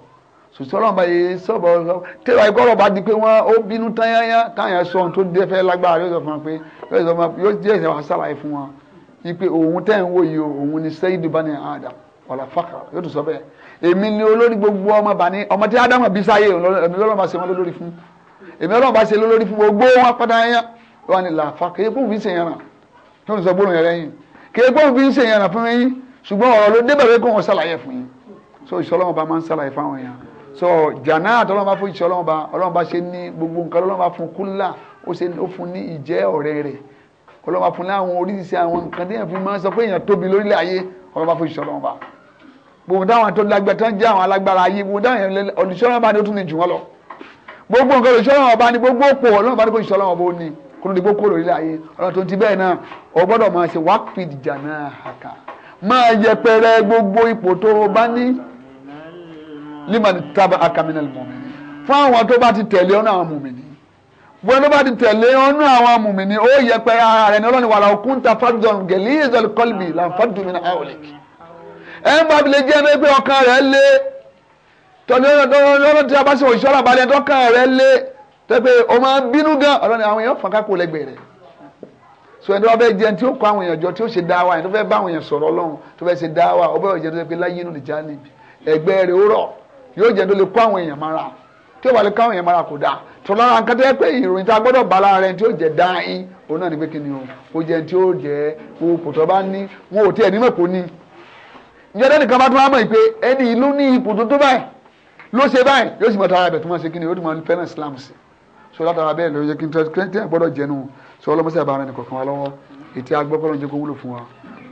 sùsù ọlọ́run bá yẹ sọ̀bọ̀ tẹ́lá ìgbọ́rọ̀ bá di pé wọ́n ó bínú tán yányá káyàn sọ ohun tó dé fẹ́ lágbára yóò sọ fún wọn pé yóò sọ fún wọn yóò jẹ́ ìṣẹ̀wá sàlàyé fún wọn ipe òun tẹ́ ń wò yìí òun ni sẹ́yìn dùbá ní Adam ọ̀là fàkà yóò tún sọ bẹ́ẹ̀ èmi ni olórí gbogbo ọmọ bàní ọmọ tí Adam bí sáyé èmi ọlọ́run bá ṣe wọn lólórí fún èmi ọlọ́run bá ṣe lólórí fún gbogbo wọn pátá yányá wọn ni làfà kéékùn fi ń ṣèyàn rà tó ń sọ gbóòrùn yẹn lẹ́yìn kéékùn fi ń ṣèyàn rà fún yín ṣùgbọ́n ọ̀rọ̀ ló débẹ̀ pé kó wọn ṣàlàyé fún yín so ìṣọlọ́wọ́n bá máa ń ṣàlàyé fáwọn so jana àtọ́lọ́wọ́n bá fún ìṣẹ́ ọlọ́wọ́n bá ọlọ́wọ́n bá ṣe ní gbogbo nǹkan ọlọ́wọ́n bá fún kúlà ó ṣe ó fún ní ìjẹ́ ọ̀rẹ́ rẹ̀ ọlọ́wọ́n bá fún láwọn oríṣiríṣi àwọn nǹkan tí èèyàn fi máa ń sọ pé èèyàn tóbi lórílẹ̀ ayé ọlọ́wọ́n bá fún ìṣẹ́ ọlọ́wọ́n bá gbogbo táwọn tó lágbẹ́ tán jẹ́ àwọn alágbára ayé gbogbo táwọn olùṣọ́ ọlọ́wọ́n bá ní ó tún ní jù wọ́n lọ limani taba akaminal mọ̀mìnì fún àwọn tó bá ti tẹ̀lé ọ̀nà àwọn mọ̀mìnì fún àwọn tó bá ti tẹ̀lé ọ̀nà àwọn mọ̀mìnì ó yẹ pé ara rẹ̀ ní ọlọ́ni wàrà òkun ta fadùn gẹ̀lí ìzọlù kọ́lbì làǹfàdùn mi náà àwòlẹ̀ ẹ̀ ń bá abilẹ̀ jẹ́ ẹgbẹ́ pé ọkàn rẹ̀ lé tọ́ni ọlọ́run tí a bá ṣe òṣìṣẹ́ ọ̀làbalẹ̀ tọ́kàn rẹ̀ lé tẹ́pẹ́ o máa ń bínú gan ọlọ́ni àwọn èèyàn fọ́nká kó lẹ́gbẹ̀ẹ́ rẹ̀ so ẹni tó bá fẹ́ jẹun tí ó kọ àwọn èèyàn jọ tí ó ṣe dáwà yẹn tó fẹ́ bá àwọn èèyàn sọ̀rọ̀ ọlọ́run tó fẹ́ ṣe dáwà ó bẹ̀rẹ̀ jẹun tó fẹ́ pé láyé inú lè já níbi ẹgbẹ́ rẹ̀ ó rọ̀ yóò jẹ́ tó lè kó àwọn èèyàn mara tí ó wà lè káwọn èèyàn mara kò dáa tó lára nǹkan tó yẹ pé ìròyìn tá a gbọ́dọ̀ bá lára ẹni tí ó jẹ́ dáin òun náà ni pé kí ni o ó jẹ́ tí ó jẹ́ ipò tó bá ní wọn ò tiẹ̀ ní mọ̀pọ̀ ní. ìjọ dẹ́nì kan bá tún wá mọ̀ pé ẹni ìlú ní ipò tó tó báyìí ló ṣe báyìí yóò sì mọ̀ tara ibẹ̀ tó máa ṣe kí ni ó ti máa fẹ́ràn Islam sí so látara bẹ́ẹ̀ lóye kí n tẹ́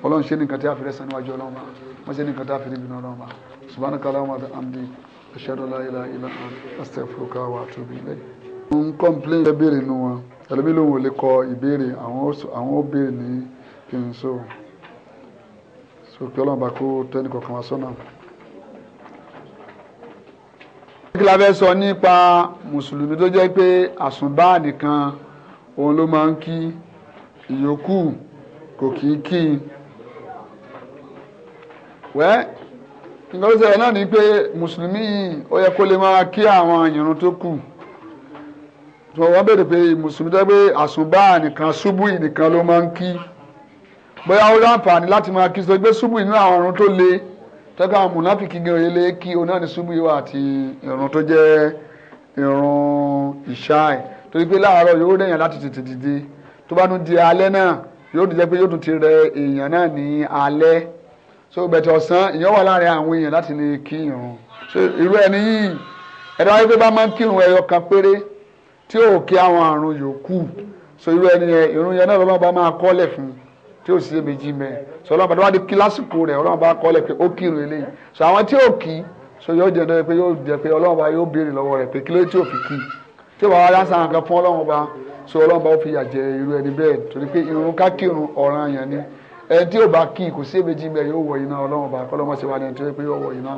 gbọ́dọ̀ tí a fi rẹ́ sanwó ajọ́ ọlọ́run ma wọ́n ṣe nìkan tí a fi rí bínú ọlọ́run ma subhanaka Allahumma wa bihamdik aṣáájú aláìlá an astagfiruka wa tóbi lẹ́yìn. mo ń kọ́ńplẹ́ǹ ẹ béèrè nu wọn ẹlẹ́bí lòun ò lè kọ ìbéèrè àwọn ó béèrè ní kí n so so kí ọlọ́run bá kó tẹ́nì kọ̀ọ̀kan wá sọ́nà. kí la fẹ́ sọ nípa mùsùlùmí tó jẹ́ pé àsùnbá nìkan òun ló máa ń kí ìyókù kò kì í kí i nǹkan tó ṣẹlẹ̀ náà ni pé mùsùlùmí yìí ó yẹ kó lè máa kí àwọn ìrun tó kù tó wọ́n béèrè pé mùsùlùmí tó pé àsùbá nìkan ṣubú nìkan ló máa ń kí bóyá ó láǹfààní láti máa kí sọ pé ṣubú nínú àwọn ìrun tó le tọ́ka àwọn mùnáfíkì gan ilé kí òun náà ní ṣubú yìí wà àti ìrun tó jẹ́ ìrun ìṣáì torí pé láàárọ̀ yóò rẹ̀yàn láti tètè dìde tó bá tún di alẹ́ náà yóò dìde pé yóò tún ti rẹ èèyàn náà ní alẹ́ so bẹ̀tẹ̀ ọ̀sán ìyẹn wà láàrin àwọn èèyàn láti lè kí irun so irú ẹni yìí ẹ̀dá wáyé pé bá máa ń kírun ẹyọ kan péré tí ò kí àwọn àrùn yòókù so irú ẹni yẹn irun yẹn náà lọ́mọ bá máa kọ́lẹ̀ fún tí ò sí èméjì mẹ́ so ọlọ́mọ bá dé kí lásìkò rẹ̀ ọlọ́mọ bá kọ́lẹ̀ pé ó kírun eléyìí so àwọn tí ò kí so yóò jẹ́ pé yóò jẹ́ pé ọlọ́mọ bá yóò béèrè lọ́wọ́ rẹ̀ pé kí ló tí ò fi kí tí wàá wá lásán kan fún ọlọ́mọ so ọlọ́mọ bá ó fi yà jẹ irú ẹni bẹ́ẹ̀ torí pé irun ká kírun ọ̀ranyàn ni ẹni tí yóò bá kí kò sí èméjì ń bẹ yóò wọ iná ọlọ́run bá kọ́lọ́mọ́ ṣe wá ní ẹni tó yẹ wọ iná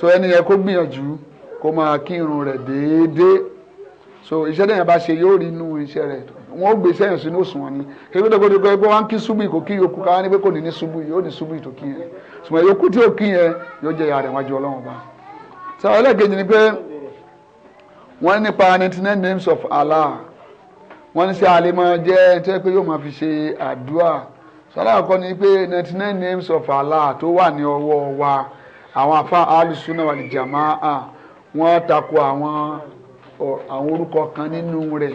so ẹni yẹn kó gbìyànjú kó máa kí irun rẹ̀ déédéé so iṣẹ́ tẹ̀yìn bá ṣe yóò rí inú iṣẹ́ rẹ̀ wọ́n ó gbé sẹ́yìn sínú òṣùwọ̀n ni kébí tó gbọdọ̀ pé wọ́n á kí ṣubú kò kí yòókù káwá ní pé kò ní ní ṣubú yóò ní ṣubú tó kí yẹn ṣùgbọ́n yòókù tí ó kí yẹn yóò jẹ́ ìyá rẹ̀ wájú ọlọ́run ọba. sọ ẹlẹ́ẹ̀kejì ni pé wọ́n nípa ninety nine names of Allah wọ́n ní sẹ́ alẹ́ máa jẹ́ tẹ́ pé yóò máa fi ṣe àdúrà sọláàkọ́ ni pé ninety nine names of Allah tó wà ní ọwọ́ wa àwọn afa alùsùnà wal jamaa wọ́n tako àwọn àwọn orúkọ kan nínú rẹ̀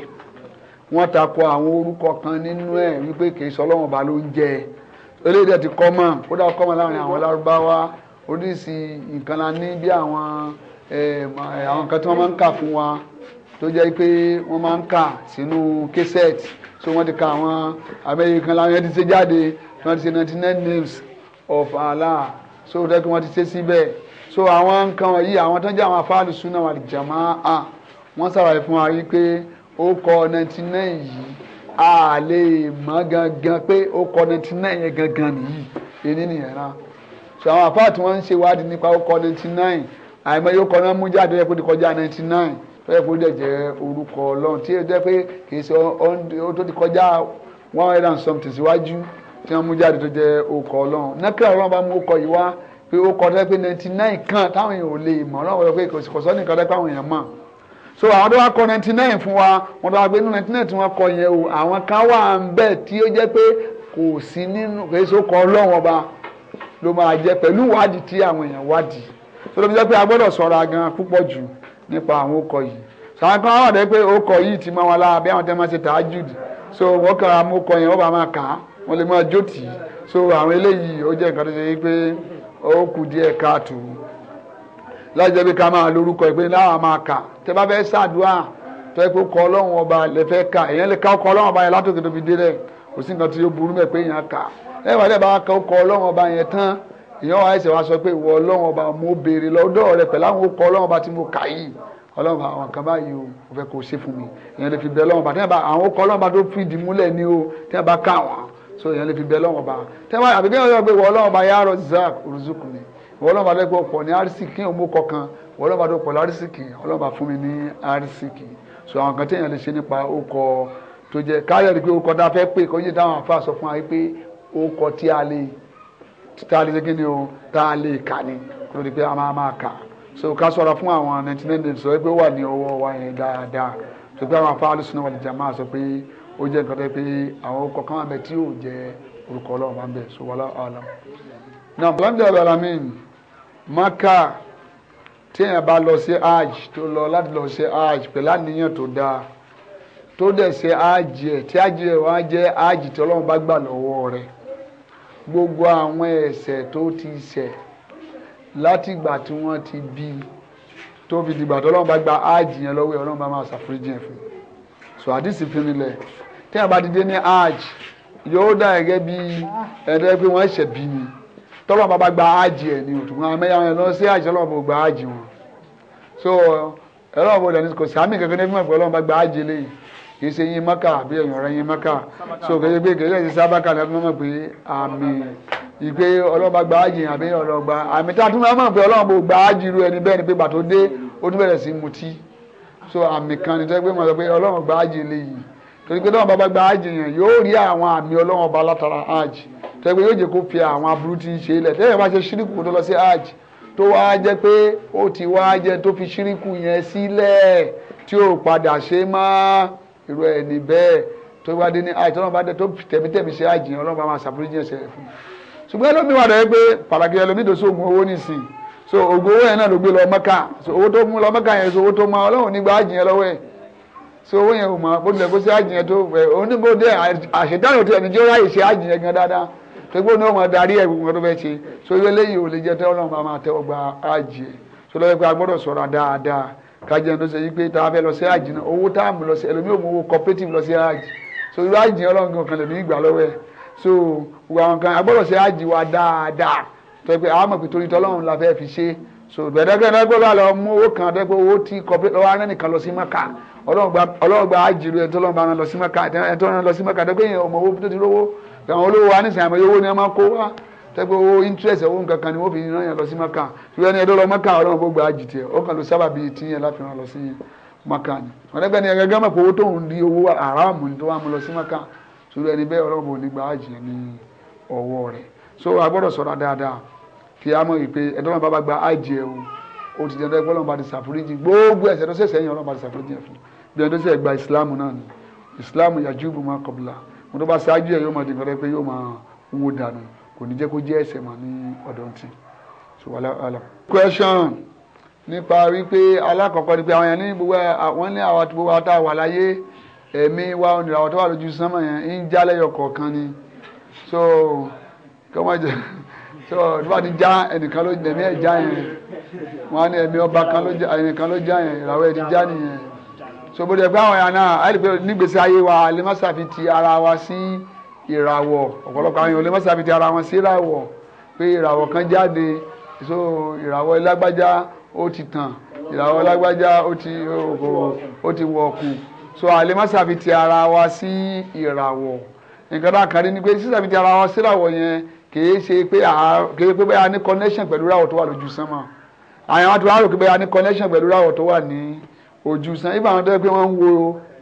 wọ́n tako àwọn orúkọ kan nínú ẹ̀ wípé kì í sọlọ́wọ́n ba ló ń jẹ eléyìí dẹ̀ ti kọ́mọ̀ kódà kọ́mọ̀ láàrin àwọn lárúbáwá oríṣi nǹkan la ní bí àwọn àwọn kan tí wọ́n máa ń kà fún wa tó jẹ́ pé wọ́n máa ń kà sínú késẹ́ẹ̀tì so wọ́n ti ka àwọn abẹ́yẹkan láwọn yẹn ti ṣe jáde wọ́n ti ṣe ninety nine names of Allah so dẹ́kun wọ́n ti ṣe síbẹ̀ so àwọn nǹkan wọ̀nyí àwọn tó ń jẹ́ àwọn afáàlù súnà wal jamaa wọ́n ṣàlàyé fún wa wípé ó kọ ninety nine yìí a lè mọ̀ gangan pé ó kọ ninety nine yẹn gangan nìyí èyí nìyẹn náà so àwọn afáàtì wọ́n ń ṣe wádìí nípa ó kọ ninety nine àìmọye ó kọ náà mú jáde ó yẹ kó ti kọjá ninety nine tó kó dẹ̀ jẹ́ orúkọ ọlọ́run tí ó jẹ́ pé kì í ṣe ó tó ti kọjá one hundred and something síwájú tí wọ́n mú jáde tó jẹ́ orúkọ ọlọ́run nẹ́kìlá ọlọ́run bá mú orúkọ yìí wá pé ó kọ́ tó pé ninety nine kan táwọn èèyàn ò lè mọ̀ ọlọ́run wọ́n pé kò sọ́ nìkan tó pé àwọn èèyàn mọ̀ so àwọn tó wá kọ ninety nine fún wa wọn tó wá pé inú ninety nine tí wọ́n kọ yẹn o àwọn kan wà ń bẹ̀ tí ó jẹ́ pé kò sí nínú kò sí orúkọ ọlọ́run ọba ló máa jẹ́ pẹ̀lú wádìí tí àwọn èèyàn wádìí tó ló fi jẹ́ pé a gbọ́dọ̀ ṣọ́ra púpọ̀ jù nípa àwọn okọ̀ yìí sàwọn kan wà dé pé okọ̀ yìí ti mọ wọn lára bí àwọn tẹ́ máa ṣe tàájùd so wọ́n kàn án mú okọ̀ yẹn wọ́n bá máa kà á wọ́n lè máa jó tì í so àwọn eléyìí ó jẹ́ nǹkan tó ṣe yí pé ó kù díẹ̀ káàtó lájẹ́ bí ká máa lórúkọ ìpè láwa máa kà tẹ́ bá fẹ́ ṣàdúrà tó yẹ kó kọ ọlọ́run ọba lè fẹ́ kà èèyàn lè ká ọkọ ọlọ́run ọba yẹn látòkè tó fi dé rẹ̀ kò sí nǹkan tí ó burú mẹ́ pé èèyàn kà ẹ wà ìyẹn wàá ẹsẹ̀ wá sọ pé ìwọ ọlọ́run ọba mo béèrè lọ́dọ̀ rẹ pẹ̀lú àwọn okọ̀ ọlọ́run ọba tí mo kà yìí ọlọ́run bá àwọn kan báyìí o mo fẹ́ kó o ṣe fún mi ìyẹn lè fi bẹ ọlọ́run ọba tí àwọn okọ̀ ọlọ́run ọba tó fi ìdí múlẹ̀ ni o tí wọ́n bá ká wọn so ìyẹn lè fi bẹ ọlọ́run ọba tí wọ́n àbí bí wọ́n yọ pé ìwọ ọlọ́run ọba yàrá zak oruzukù ni ìwọ ọlọ́run ọba lẹ́gbẹ̀ẹ́ ọ̀pọ̀ ní arísìkì òun mú kọ̀ọ̀kan ìwọ ọlọ́run ọba tó pọ̀ lárísìkì ọlọ́run ọba fún mi ní arísìkì so àwọn kan téèyàn lè ṣe nípa okọ̀ tó jẹ káyọ̀ ni pé okọ̀ tá a fẹ́ pè kó yé táwọn àfa sọ fún wa pé okọ̀ tí a lè Tali a lè ṣe kí ni o tá a lè kà ni kó ló di pé a máa máa kà so ká sọ̀rọ̀ fún àwọn nineteen ninety sọ pé ó wà ní ọwọ́ wa yẹn dáadáa tó pé àwọn afáàlù sinú wà ní jama sọ pé ó jẹ́ nǹkan tó yẹ pé àwọn ọkọ̀ kan bẹ tí yóò jẹ orúkọ ọlọ́run máa ń bẹ so wàhálà ọ̀la. náà bàlámdé abalamin maka tí èèyàn bá lọ sí hajj tó lọ láti lọ sí hajj pẹ̀lú àníyàn tó dáa tó dẹ̀ ṣe hajj ẹ̀ tí hajj ẹ̀ wá jẹ́ hajj tí ọlọ́run bá gbà lọ́wọ́ rẹ̀ gbogbo àwọn ẹ̀ṣẹ̀ tó ti ṣẹ̀ látìgbà tí wọ́n ti bí tó fi dìgbà tó Ọlọ́run bá gba áàjì yẹn lọ́wọ́ Ọlọ́run bá máa ṣàforíjì yẹn fún so àdìsí fi nílẹ̀ tí a bá ti dé ní áàjì yóò dà gẹ́gẹ́ bí ẹ̀rẹ́ pé wọ́n ṣẹ̀ bí mi tọ́lọ́ bá bá gba áàjì ẹ̀ ní òtún àwọn ẹ̀yà wọn lọ sí áàjì Ọlọ́run bó gba áàjì wọn so Ọlọ́run bó dẹ̀ ní kò sí àmì kankan ní fún ẹ̀fọ́ Ọlọ́run bá gba áàjì eléyìí kì í ṣe yín mọ́kà àbí ẹ̀yìn ọ̀rẹ́ yín mọ́kà so kẹ́sẹ́ pé kẹ́sẹ́ ti sábàkà náà fún mọ̀ pé àmì ìpè ọlọ́ba gba ájì àbí ọlọ́gba àmì tá a tún máa mọ̀ pé ọlọ́run bò gba ájì irú ẹni bẹ́ẹ̀ ni pé bàtó dé ó tún bẹ̀rẹ̀ sí mutí so àmì kan ni tẹ́ pé mo sọ pé ọlọ́run gba ájì eléyìí torí pé tọ́wọ́n bá bá gba ájì yẹn yóò rí àwọn àmì ọlọ́run ọba látara ájì tẹ́ pé yóò jẹ́ kó fi àwọn aburú tí ń ṣe ilẹ̀ tẹ́yẹ̀ bá ṣe ṣíríkù tó lọ sí ájì tó wá jẹ́ pé ó ti wá jẹ́ tó fi ṣíríkù yẹn sílẹ̀ tí ó padà ṣe máa irú ẹni bẹ́ẹ̀ tó bá dé ní àìtọ́ náà bá dé tó tẹ̀mítẹ̀mí ṣe àjìyàn ọlọ́run bá máa ṣàforíjì ẹ̀ṣẹ̀ rẹ̀ fún un ṣùgbọ́n ẹlòmíì wà rẹ̀ pé pàtàkì ẹlòmíì tó sóògùn owó nìsín so ògùn owó yẹn náà ló gbé lọ Mẹ́kà so owó tó mú lọ Mẹ́kà yẹn so owó tó máa ọlọ́run nígbà àjìyàn lọ́wọ́ ẹ̀ so owó yẹn ò mọ̀ bó tilẹ̀ kó sí àjìyàn tó ẹ̀ onígbò dé àṣetánù tí ẹni jẹ́ ráyè ṣe àjìyàn gan dáadáa tó so ilé lẹ́yìn ò lè jẹ́ tẹ́ so lọ́wọ́ pé a gbọ́dọ̀ kájẹ́ tó ṣe yí pé tá a fẹ́ lọ sí àjì náà owó tá a mú lọ sí ẹlòmíì ò mú owó cooperative lọ sí àjì so irú àjì ọlọ́run kan lèmi ìgbà lọ́wọ́ ẹ̀ so gbogbo àwọn kan agbọ́dọ̀ sí àjì wa dáadáa tó yẹ pé àwọn mọ̀ pé torí tọ́lọ́run la fẹ́ fi ṣe so gbẹdẹgbẹ náà gbọ́dọ̀ lọ mú owó kan tó yẹ pé owó tí cooperative lọ́wọ́ arẹ́ nìkan lọ sí mọ́kà ọlọ́run gba àjì rẹ̀ tọ́lọ́run bá wọn lọ sí mọ́kà tẹ́gbẹ́ owó interest owó nǹkan kan ni wọ́n fi rán yẹn lọ sí maka ṣùgbọ́n ẹni ẹ̀dọ́ lọ maka ọlọ́run gbogbo àjì tiẹ̀ ó kàn ló sábà bíi tí yẹn láti rán lọ sí maka ni ọ̀dẹ́gbẹ́ ni ẹ̀gẹ́gẹ́ mọ̀ pé owó tóun di owó àràmù ni tó wà mú lọ sí maka ṣùgbọ́n ẹni bẹ́ẹ̀ ọlọ́run ò ní gba àjì ní ọwọ́ rẹ̀ so a gbọ́dọ̀ sọ̀rọ̀ dáadáa kí a mọ̀ pé ẹ̀dọ́ náà bá gba àjì ẹ̀ o ó ti dẹ́dọ́ ẹgbẹ́ ọlọ́run bá ti ṣàforíjì gbogbo ẹ̀ṣẹ̀ tó ṣẹ̀ṣẹ̀ yẹn ọlọ́run bá ti ṣàforíjì ẹ̀ fún bí ẹni kò ní jẹ́ kó jẹ́ ẹ̀ṣẹ̀ mọ́ ní ọ̀dọ̀ ti so wàhálà wàhálà. question nípa wípé alákọ̀ọ́kọ́ ni pé àwọn yẹn ní gbogbo àwọn ní àwọn àtúgbò wa tá a wà láyé ẹ̀mí wa oníràwọ̀ tó wà lójú sánmọ̀ yẹn ń já lẹ́yọ̀ kọ̀ọ̀kan ni so kọ́mọ jẹ́ so tó bá ti já ẹnìkan ló ẹ̀mí ẹ̀ já yẹn wọ́n á ní ẹ̀mí ọba kan ló já ẹnìkan ló já yẹn ìràwọ̀ ẹ̀ ti já nìyẹn so bó dẹ̀ pé àwọn yẹn náà àìlè nígbèsè ayé wa lè má ṣàfihàn ti ara wa sí. Si, ìràwọ̀ ọ̀pọ̀lọpọ̀ àwọn olè mọ́sàbí ti ara wọn sí ìràwọ̀ pé ìràwọ̀ kan jáde so ìràwọ̀ lágbájá ó ti tàn ìràwọ̀ lágbájá ó ti ó ti wọ̀ ọ̀kù so àlè mọ́sàbí ti ara wa sí ìràwọ̀ nǹkan náà kàrí ni pé sísàbí ti ara wa sí ìràwọ̀ yẹn kìí ṣe pé kìí pé bẹ́ẹ̀ a ní connection pẹ̀lú ìràwọ̀ tó wà lójú sánmà àyàn àti wàhálà pé bẹ́ẹ̀ a ní connection pẹ̀lú ìràwọ̀ tó wà ní ojú sán ibà àwọn tó yẹ pé wọ́n ń wo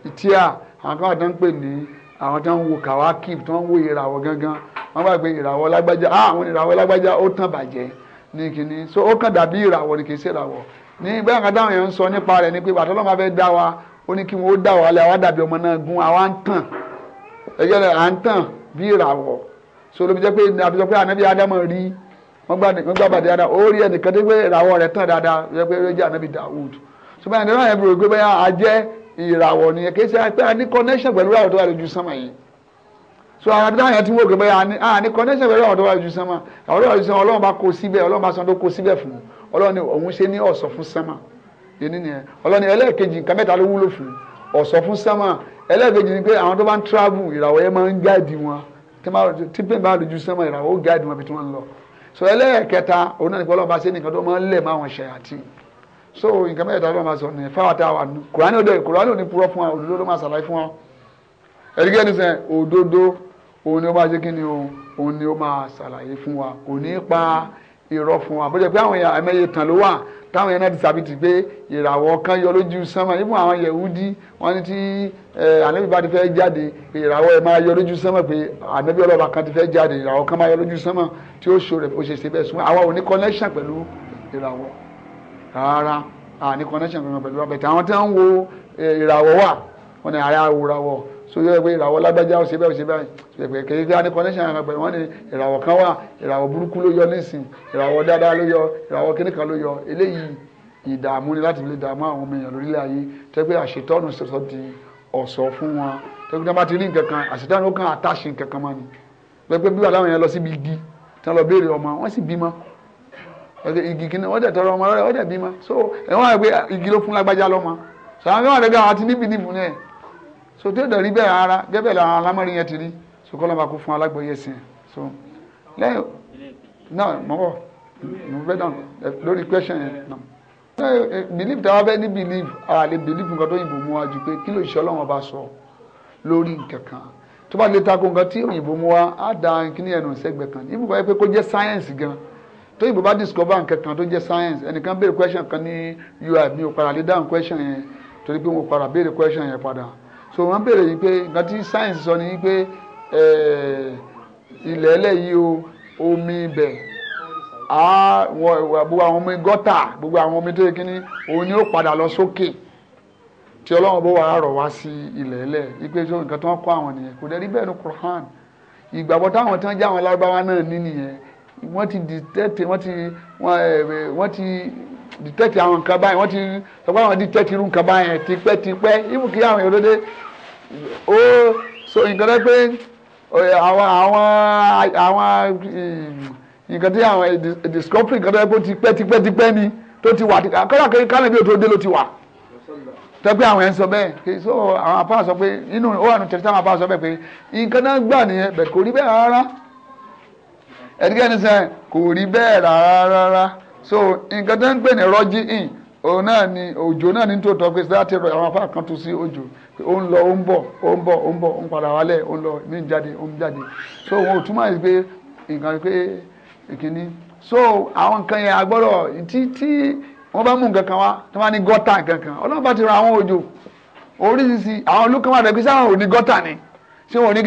ìtíà àwọn kan àdán pè ní àwọn tí wọ́n ń wo kawakif tí wọ́n ń wo ìràwọ̀ gangan wọ́n gbà pé ìràwọ̀ lágbájá ah àwọn ìràwọ̀ lágbájá ó tàn bàjẹ́ ní kìíní so ó kàn dàbí ìràwọ̀ ni kìí ṣe ìràwọ̀ ní ìgbà kan táwọn èèyàn ń sọ nípa rẹ̀ ni pé bàtọ́ lọ́mọ fẹ́ dá wa ó ní kí wọ́n ó dá wa lẹ́ àwa dàbí ọmọ náà gun àwa ń tàn ẹ̀jẹ̀ rẹ̀ à ń tàn bí ìràwọ̀ so ló fi jẹ́ pé àbí sọ pé ànábì ádámọ̀ rí wọ́n gbà bàdé dáadáa ó rí ẹnìkan tó pé ìràwọ̀ rẹ̀ tàn dáadáa ó jẹ́ pé ó jẹ́ ànábì dáwùd so báyìí nígbà yẹn bí rògbé bẹ́ẹ̀ ajẹ́ ìràwọ̀ nìyẹn kì í ṣe pé a ní connection pẹ̀lú ìràwọ̀ tó wà lójú sánmà yìí so àwọn àti báyìí ti wò pé a ní connection pẹ̀lú ìràwọ̀ tó wà lójú sánmà àwọn ìràwọ̀ lójú sánmà ọlọ́run bá kó síbẹ̀ ọlọ́run bá san tó kó síbẹ̀ fún ọlọ́run ni òun ṣe ní ọ̀sọ̀ fún sánmà yìí nìyẹn ọlọ́run ẹlẹ́ẹ̀kejì nǹkan mẹ́ta ló wúlò fún ọ̀sọ̀ fún sánmà ẹlẹ́ẹ̀kejì ni pé àwọn tó bá ń travel ìràwọ̀ yẹn máa ń gáàdì wọn tí pé bá lójú sánmà ìràwọ̀ ó gáàdì wọn bí tí wọ́n ni pé ọlọ́run bá ṣe so nǹkan mẹ́ta ló máa sọ ní fáwọ́tà wà nù kùránì òde kùránì òní purọ́ fún wa òdodo ló máa ṣàlàyé fún wa ẹ̀rígẹ́ ní sẹ́ òdodo òun ni ó máa ṣe kí ni o òun ni ó máa ṣàlàyé fún wa kò ní pa irọ́ fún wa bójú pé àwọn èèyàn àmẹ́yẹ tàn ló wà táwọn èèyàn náà ti sàbí ti pé ìràwọ̀ kan yọ lójú sánmà nígbà àwọn yẹ̀wúdí wọn ní tí ànábì bá ti fẹ́ jáde ìràwọ̀ ẹ̀ máa yọ lójú sánmà pé ànábì ọlọ́ba kan ti fẹ́ jáde ìràwọ̀ kan máa yọ lójú sánmà tí ó ṣe bẹ́ẹ̀ sún àwọn ò ní connection pẹ̀lú ìràwọ̀ rárá a ní connection kankan pẹ̀lú wa bẹ̀tẹ̀ àwọn tí wọ́n ń wo eh, ìràwọ̀ wà wọ́n ní àyà wo ìràwọ̀ so yẹ pé ìràwọ̀ lágbájá ó ṣe bẹ́ẹ̀ ó ṣe bẹ́ẹ̀ ṣe pé kékeré a ní connection kankan pẹ̀lú wọ́n ní ìràwọ̀ kan wà ìràwọ̀ burúkú ló yọ nísìn ìràwọ̀ dáadáa ló yọ ìràwọ̀ kíní ló yọ eléyìí ìdààmú ni láti lè dààmú àwọn ọmọ èèyàn lórílẹ̀ ayé tẹ́ pé àṣetọ́nù sọ̀tọ̀ di ọ̀sọ̀ fún wọn tẹ́ pé tí wọ́n bá ti rí nǹkan kan àṣetọ́nù ó kàn àtàṣe nǹkan igi kìnnìún wọ́n dẹ̀ tọrọ ọmọ rẹ̀ wọ́n dẹ̀ bímọ so ẹ̀wọ̀n àgbẹ̀ igi ló fún lágbájá lọ́mọ so àwọn akẹ́wọ̀n àdẹ́gbẹ́ àwọn ti níbi níbi náà so tí ó dẹ̀ rí bẹ́ẹ̀ ara gẹ́gẹ́ bẹ́ẹ̀ làwọn alámọ̀rí yẹn ti rí so kọ́ lọ́ba kó fún alágbóyè sí i so lẹ́yìn náà mọ́wọ́ mo fẹ́ dàn lórí question yẹn náà believe tàwa bẹ́ẹ̀ ní believe a lè believe nǹkan tó yìnbó mú wa ju pé kí ló ìṣọ́ Ọlọ́run bá sọ lórí nǹkan kan tó bá lè takò nǹkan tí òyìnbó mú wa á da kíní ẹnu ìṣẹ́gbẹ̀ kan ibùkún ayé pé kó jẹ́ science gan-an tó ìbò bá discover nǹkan kan tó jẹ́ science ẹnìkan béèrè question kan ní ui mi ò padà lè dáhùn question yẹn torí pé mo padà béèrè question yẹn padà so wọ́n béèrè yìí pé nǹkan tí science sọ ni pé eh, ilẹ̀ ẹlẹ́yìí o omi ibẹ̀ gbogbo àwọn omi gọ́tà gbogbo àwọn omi tó yẹ kíní òun ni ó padà lọ sókè tí ọlọ́run bó wàá rọ̀ wá sí ilẹ̀ ẹlẹ́ ipe tó nǹkan tó ń kọ́ àwọn nìyẹn kò dẹ̀ bẹ́ẹ̀ ní Qur'an ìgbàgbọ́ táwọn tí wọ́n jẹ́ àwọn lárúbáwá náà ní nìyẹn wọ́n ti detect wọ́n ti eh, wọ́n ti detect àwọn nǹkan báyìí wọ́n ti sọ pé àwọn detect irú nǹkan báyìí tipẹ́tipẹ́ ibù kí àwọn èrò dé ó so nǹkan tó pé eh, àwọn àwọn àwọn eh, nǹkan tí àwọn discovery nǹkan tó pé tipẹ́tipẹ́tipẹ́ ni tó ti wà kọ́lá kí kálẹ̀ bí o tó dé ló ti wà tẹ́gbẹ́ àwọn ẹ̀ ń sọ bẹ́ẹ̀ kì í sọ àwọn apá sọ pé inú ó wà ní tẹ̀síta àwọn apá sọ bẹ́ẹ̀ pé nǹkan náà gbà nìyẹn bẹ̀ kò rí bẹ́ẹ̀ rárá. ẹ̀dígẹ́ni se, kò rí bẹ́ẹ̀ rárá rárá so nǹkan tó ń pè ní rọ́jí in òun náà ni òjò náà ní tòótọ́ pé láti rọ àwọn afáàkàn tún sí òjò ó ń lọ ó ń bọ̀ ó ń bọ̀ ó ń bọ̀ ó ń padà wálẹ̀ ó ń lọ ní jáde ó ń jáde so so àwọn nǹkan yẹn agbọ́dọ̀ tí tí wọ́n bá mú nǹkan kan wá kan wà dẹ̀ pé sáwọn ò ní gọ́tà ni ṣé wọn ò ní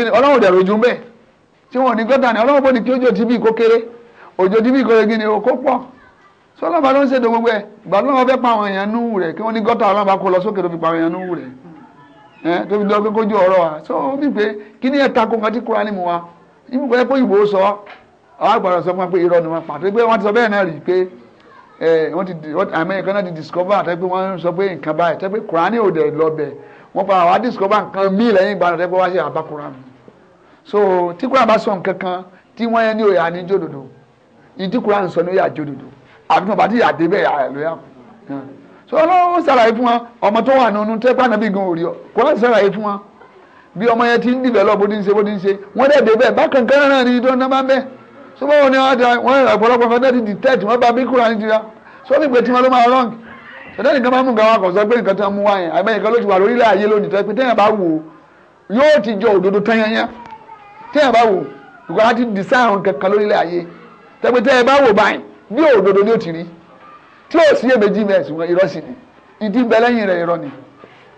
tí wọn ò ní gbẹ́ta ni ọlọ́wọ́ bó ni kí ojú ti bí kó kéré òjò bí kó regi ni o kó pọ̀ sọ ọlọ́ba ló ń ṣètò gbogbo ẹ̀ ìgbà tó wọn fẹ́ pa àwọn èèyàn núwù rẹ̀ kí wọ́n ní gọ́tà ọlọ́ba kó lọ sókè tó fi pa àwọn èèyàn núwù rẹ̀ ẹ̀ tó fi lọ pé ọ̀rọ̀ wa sọ bí pé kí ni ẹ̀ta kókan tí kúra ní mu wa ibùkọ́ ẹ̀ pé ìbò sọ àgbàdo sọ fún wa pé irọ́ ni wọ́n pa pé wọ́n ti sọ bẹ́ẹ̀ náà rí pé wọ́n náà ti discover àtẹ́pẹ́ wọ́n sọ pé nǹkan báyìí tẹ́pẹ́ kúránì ò dẹ̀ lọ bẹ̀ wọ́n pa àwa discover nǹkan míì lẹ́yìn ìgbà náà tẹ́pẹ́ wá sí àbá kúránì so tí kúrò àbá sọ nǹkan kan tí wọ́n yẹn ní òye àníjó dodo ìdí kúrò à ń sọ ní òye àjó àbí wọn bá ti yà dé bẹ́ẹ̀ àlùyà so ọlọ́run ṣàlàyé fún wa ọmọ tó wà nínú tẹ́pá náà bí gan òrì ọ kò láti ṣàlàyé fún wọn bí ọmọ yẹn ti ń dìbẹ̀ lọ bó ti ń ṣe bó ti ń ṣe wọ́n dẹ̀ dé bẹ́ẹ̀ bákan kan náà ni tó ń dábàá bẹ́ẹ̀ so báwo ni wọ́n rẹ̀ ọ̀pọ̀lọpọ̀ fẹ́ẹ́ ti detect wọ́n bá bí kúrò à ń jira so ní pé tiwọn ló máa rọ́ǹkì ṣẹ̀dá nìkan máa mú nǹkan wọn kàn sọ pé nǹkan tí wọ́n mú wá yẹn àbẹ́yẹn kan ló ti wà lórílẹ̀ ayé lónìí tó pé téèyàn bá wò ìgbà láti design àwọn kankan lórílẹ̀ ayé tẹ́gbẹ́ téèyàn bá wò báyìí bí òdodo ni ó ti rí tí ò sí èméjì mẹ́ẹ̀ ṣùgbọ́n irọ́ sì ni ìdí bẹ lẹ́yìn rẹ̀ irọ́ ni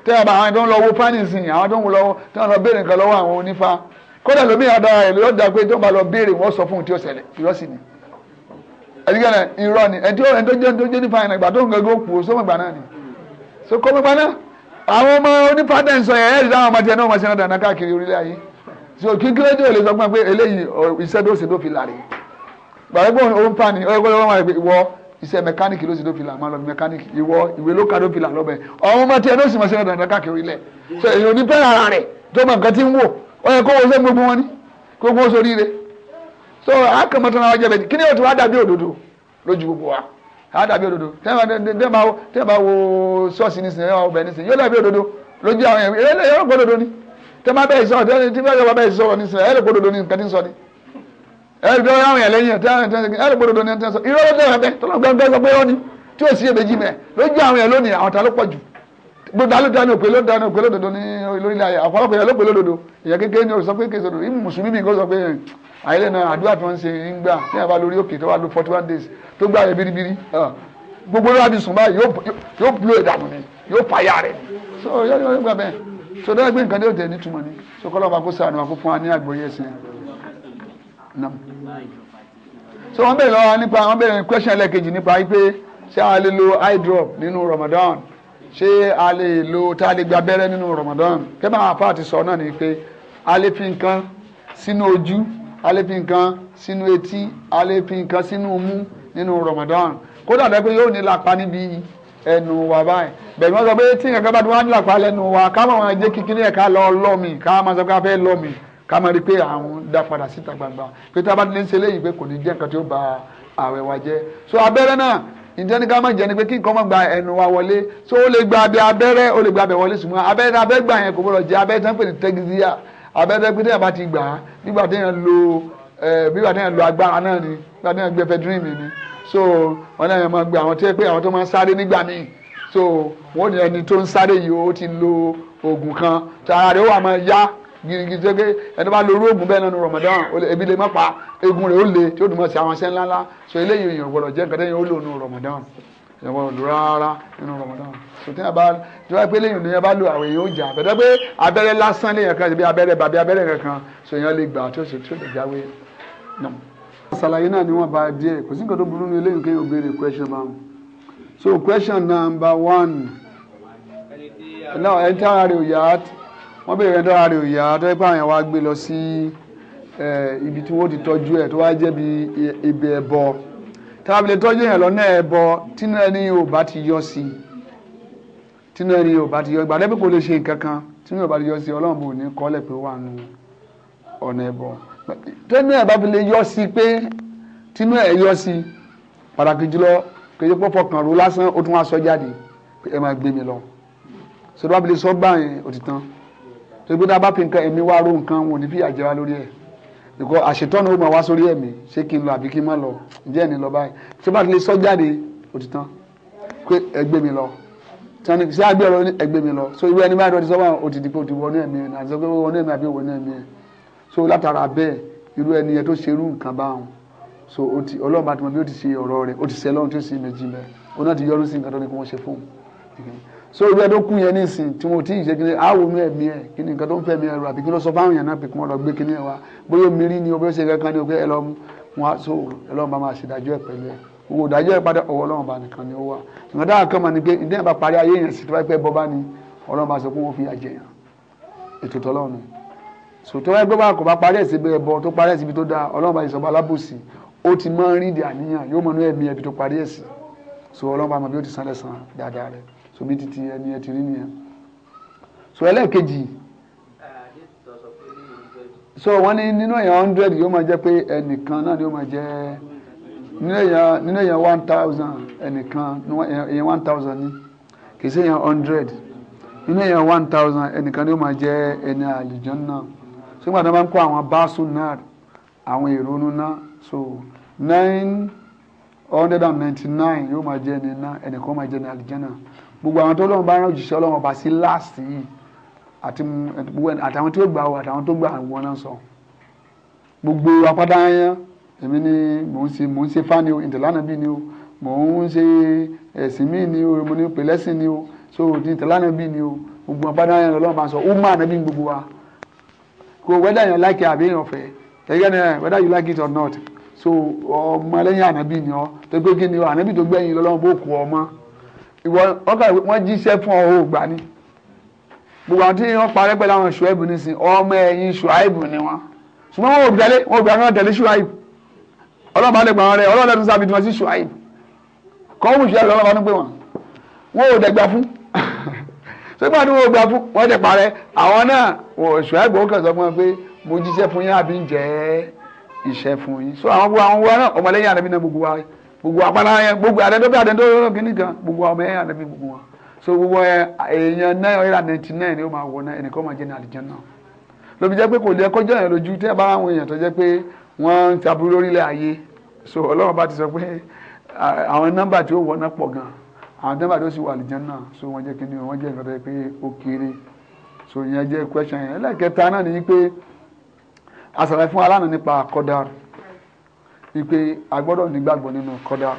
téèyàn bá àwọn tó ń lọ wo pánìsì àwọn tó ń lọ tó ń lọ béèrè nǹkan lọ́wọ́ àwọn onífá kódà lómi àdára rẹ̀ lọ́dà pé tó ń bá lọ béèrè wọ́n sọ fún un tí ó ṣẹlẹ̀ irọ́ sì ni ẹ̀dígẹ́nà irọ́ ni ẹ̀dí ọ̀rẹ́ tó jẹ́ tó jẹ́ nípa ìrìnàgbà tó ń gẹ́gẹ́ òkú sọ́mọ̀ ìgbà náà ni so kọ́mọ́ ìgbà náà àwọn ọmọ onífá dẹ̀ so kí kílódé ò lè sọ fún ẹ pé eléyìí iṣẹ́ tó ṣe tó fi láre gbàgbé pé òun pa ni ọ̀rẹ́ pẹ́ẹ́lú wọn rẹ̀ pé ìwọ iṣẹ́ mẹkáníìkì ló ṣe tó fi là máa lọ mẹkáníìkì ìwọ ìwé ló ka tó fi là lọ́bẹ̀ ọmọ ọmọ tiẹ̀ ló sì mọ̀ sí ọ̀dà káàkiri ilẹ̀ so èèyàn ní pẹ́ẹ́rẹ́ ara rẹ̀ tó mọ̀ nǹkan tí ń wò ó yẹ kó wo iṣẹ́ gbogbo wọn ni kó gbó sórí rẹ̀ so àkàmọ́tàn àwọn jẹ̀bẹ̀ kí ni yóò tún wá dàbí òdodo lójú gbogbo wa á dàbí òdodo tẹ́ẹ̀ bá wo ṣọ́ọ̀ṣì nísìnyí yóò dàbí òdodo lójú àwọn èèyàn tó bá bẹ́ẹ̀ sọ̀rọ̀ tí bẹ́ẹ̀ bá bẹ́ẹ̀ sọ̀rọ̀ ní sinmi ẹ̀rọ gbódòdó ní nǹkan tí ń sọ ni ẹ̀rọ tó yàwọn yẹn lẹ́yìn ẹ̀rọ gbódòdó ní nǹkan tí ń sọ irọ́ ló tẹ̀yàn bẹ́ẹ̀ tọ́lọ́ gbẹ́gbẹ́ sọ pé ọ́ni tí ó sì yé méjì mẹ́ lójú àwọn yẹn lónìí àwọn ta ló pọ̀ jù gbogbo aló dání òpè ló dání òpè lódodo ní lórílẹ̀ ayé àpọ̀lọpọ̀ yẹn ló pè lódodo ìyẹn kékeré ni òsọ pé késo dodo ìmú mùsùlùmí mi kó sọ pé àyẹlẹ náà àdúrà tí wọn ń ṣe ń gbà ní àbá lórí òkè tó wà ló forty one days tó gbà yẹ biribiri gbogbo lóra bí sùn báyìí yóò blow ìdààmú e ni yóò payá rẹ so yóò gbà bẹ́ẹ̀ so dọ́wọ́ gbé nǹkan tí ó tẹ̀ nítumọ̀ ni so kọ́ lọ́ba kó sàánú àkó fún wa ní àgbọ́yé ẹ̀sìn so wọ́n bèèrè lọ́wọ́ nípa wọ́n bèèrè question ẹlẹ́kejì nípa wípé ṣé a lè lo eye drop nínú Ramadan ṣé a lè lo tá a lè gba abẹ́rẹ́ nínú Ramadan kẹ́bà àwọn afá àti sọ náà ni pé a lè fi nǹkan sínú ojú a lè fi nǹkan sínú etí a lè fi nǹkan sínú mú nínú Ramadan kódà dẹ́gbẹ́ yóò ní lápá níbi ẹnu wa báyìí bẹ́ẹ̀ wọ́n sọ pé tí nǹkan bá ti wá ń làpá lẹ́nu wa ká máa wọn jẹ́ kíkiri ẹ̀ ká lọ lọ́mì ká máa sọ pé a fẹ́ lọ́mì ká máa rí pé àwọn dá padà síta gbangba pé tá a bá ní ṣe léyìí pé kò ní jẹ́ nǹkan tí ó ba ààwẹ̀ wa jẹ́ so abẹ́rẹ́ náà ǹjẹ́ ní ká má jẹ́ ni pé kí nǹkan má gba ẹnu wa wọlé so ó lè gba abẹ abẹ́rẹ́ ó lè gba abẹ wọlé ṣùgbọ́n abẹ́rẹ́ abẹ́ gbà yẹn kò gbọdọ̀ jẹ́ abẹ́rẹ́ tán pè ní tẹ́gídíà abẹ́rẹ́ pé téèyàn bá ti gbà á nígbà téèyàn lo nígbà eh, téèyàn lo agbára náà ni nígbà téèyàn gbẹfẹ́ dírìmì ni so wọn náà máa gbé àwọn tó yẹ pé àwọn tó máa ń sáré nígbà míì so wọn ní ẹni tó ń sáré yìí ó ti lo oògùn kan tó ara rẹ̀ ó wà máa yá gidigidi tó pé ẹni bá lo irú oògùn bẹ́ẹ̀ náà ní Ramadan ebi lè má pa eegun rẹ̀ ó le tí ó dùn mọ́ sí àwọn iṣẹ́ ńláńlá so eléyìí èèyàn gbọ́dọ̀ jẹ́ nǹkan tẹ́yìn ó lò ní Ramadan ìyàwó lò rárá nínú Ramadan sòtún àbá ìjọba pé lẹ́yìn lóyún bá lò àwọn èèyàn ó jà pé abẹ́rẹ́ lásán lèèyàn kan ṣe bí abẹ́rẹ́ bàbí abẹ́rẹ́ kankan sòyàn lè gbà tó ṣe tó lè jáwé náà àṣàlàyé náà ni wọ́n bá díẹ̀ kò sí nǹkan tó burú ní eléyìí kéèyàn béèrè question bá wọn. so question number one ẹni tí ara rẹ̀ ò yá wọ́n béèrè ẹni tí ara rẹ̀ ò yá tó yẹ pé àwọn wa gbé lọ sí ibi tí wọ́n ti tọ́jú ẹ̀ tó wá jẹ́ bí ibi ẹ̀bọ tábìlì tọ́jú yẹn lọ́nà ẹ̀bọ tínú ẹni yóò bá ti yọ sí tínú ẹni yóò bá ti yọ ìgbàdẹ́bí kò lè ṣe nǹkan kan tínú yóò bá ti yọ sí ọlọ́run bò ní kọ́lẹ̀ pé wà nù ọ̀nà ẹ̀bọ tẹ́nu ẹ̀ bá fi lè yọ sí pé tínú ẹ̀ yọ sí pàtàkì jùlọ kejì pọ́pọ́ kan ro lásán ó tún wá sọ jáde pé ẹ máa gbé mi lọ sọdọ́ bá fi lè sọ gbà yẹn òtítàn tó gbé dábàá fi nǹkan ẹ̀mí wá ró nǹkan wọn ò ní fìyà jẹ wá lórí ẹ̀ ìkọ àṣetọ́nù ó máa wá sórí ẹ̀mí ṣé kí n lọ àbí kí n má lọ ǹjẹ́ ẹ̀ní lọ báyìí tó bá ti lè sọ jáde òtítàn pé ẹgbẹ́ mi lọ tani ṣé àgbẹ̀ ọ̀rọ̀ ẹgbẹ́ mi lọ so ìwé ẹni báyìí lọ́ọ́ ti sọ wọn ò ti di pé ó wọnú ẹ̀mí àti sọ wọnú ẹ̀mí àbí wọnú ẹ̀mí ẹ̀ so látara bẹ́ẹ̀ irú ẹni yẹn tó ṣe irú nǹkan báwọn so ọlọ́run bá ti mọ bí ó ti ṣe ọ̀rọ̀ rẹ̀ ó ti ṣe ọlọ́run tí ó sì méjì bẹ́ẹ̀ ó náà ti yọrù sí nǹkan tó ní kí wọ́n ṣe fún un so irú ẹni tó kú yẹn nísìn tí mo ti ṣe kíni àwọn ohun ẹ̀mí ẹ̀ kí ni nǹkan tó ń fẹ́ mi ẹ̀rọ àbí kí ló sọ fáwọn yẹn náà pé kí wọ́n lọ gbé kíní ẹ̀ wá bóyá omi ni o bóyá ó ṣe kankan ni o pé ẹ lọ mú wa so ọlọ́run bá máa ṣe ìdájọ́ ẹ̀ pẹ̀lú ẹ̀ owó ìdájọ́ ẹ̀ padà ọwọ́ ọlọ́run bá nìkan ni ó wà ìgbà dáhà kan mà ní pé ìdí ẹ̀ bá parí ayé yẹn sì tó bá pẹ́ bọ́ bá ni ọlọ́run bá sọ pé wọ́n fi àjẹyàn ètò tọ́lọ́run sòtò ẹgbẹ́ wa kò bá parí ẹ̀ síbi ẹ̀bọ tó parí ẹ̀ síbi tó dáa ọlọ́run bá ìsọ̀bà alábòsí ó ti máa ń rí ìdí àníyàn yóò mọ̀ ní ẹ̀mí ẹ̀bi tó parí ẹ̀ sí so ọlọ́run bá mọ̀ bí ó ti san lẹ́san dáadáa rẹ̀ so mi ẹni ẹ ti rí nìyẹn so ẹlẹ́ẹ̀kejì so wọ́n ní nínú èèyàn hundred yóò máa jẹ́ pé ẹnìkan náà ni ó máa jẹ́ nínú èèyàn one thousand ẹnìkan èèyàn one thousand ni kì í sí èèyàn hundred nínú èèyàn one thousand ẹnìkan ni ó máa jẹ́ ẹni àlùjọ náà sígbà tó máa ń kó àwọn báṣu àwọn ìrònú náà so nine hundred and ninety nine yóò máa jẹ́ ẹni náà ẹnìkan máa jẹ́ ẹni àlìjẹ́nà gbogbo àwọn tó lọ́wọ́ bá rán òjíṣẹ́ ọlọ́run ọba sí last yìí àti àtàwọn tó gbà wọ àtàwọn tó gbà wọn náà sọ gbogbo apáta yẹn èmi ni mò ń ṣe mò ń ṣe fáni o ìtẹ̀lánà bí ni o mò ń ṣe ẹ̀sìn mí ni o mo ní pèlẹ́sìn ni o so ìtẹ̀lánà bí ni o gbogbo apáta yẹn lọ́wọ́ bá sọ ó máa nàbí gbogbo wa kò whether yẹn like àbí èèyàn fẹ́ ẹgbẹ́ náà whether you like it or not so ọmọ lẹ́yìn ànábì ni ọ tó pé kí ni ọ ànábì tó gbẹ̀yìn lọ́lọ́run bó kú ọmọ ìwọ ọkà wọ́n jíṣẹ́ fún ọ ò gbà ní gbogbo àwọn tí wọ́n parẹ́ pẹ̀lú àwọn ṣùáìbù nísìn ọmọ ẹ̀yìn ṣùáìbù ni wọ́n ṣùgbọ́n wọn ò tẹ̀lé wọn ò gbà wọn tẹ̀lé ṣùáìbù ọlọ́run bá lè gbà wọn rẹ ọlọ́run lẹ́nu sábì tí wọ́n sí ṣùáìbù kọ́ sọgbà ni wọ́n gbà fún wọ́n ti parẹ́ àwọn náà Ṣuaibu ó kàn sọ fún wọn pé mo jíṣẹ́ fún yín àbí ń jẹ́ iṣẹ́ fún yín so àwọn gbogbo àwọn wa náà ọmọlẹ́yìn àdàbí náà gbogbo wa gbogbo àpárá yẹn gbogbo àdẹ́dọ́bí àdẹ́dọ́rọ́ kìíní kan gbogbo ọmọ yẹn àdàbí gbogbo wa so gbogbo èèyàn náà ọ̀yẹ́rà ninety nine ni ó máa wọ náà ẹnìkan máa jẹ́ ní àlìjẹ́ náà lóbi jẹ́ pé kò lè kọjá yẹn lójú tẹ́ bá àwọn èèyàn tó jẹ́ pé wọ́n ń taburú lórílẹ̀ ayé so ọlọ́run bá ti sọ pé àwọn nọ́mbà tí ó wọ náà pọ̀ gan àwọn dábàá tó sì wà àlìjánà so wọ́n jẹ́ kíni wọ́n jẹ́ nǹkan pé ó kéré so ìyẹn jẹ́ question yẹn ẹlẹ́kẹta náà ni pé àṣàlàyé fún aláàánú nípa kọ́dà wípé a gbọ́dọ̀ nígbàgbọ́ nínú kọ́dà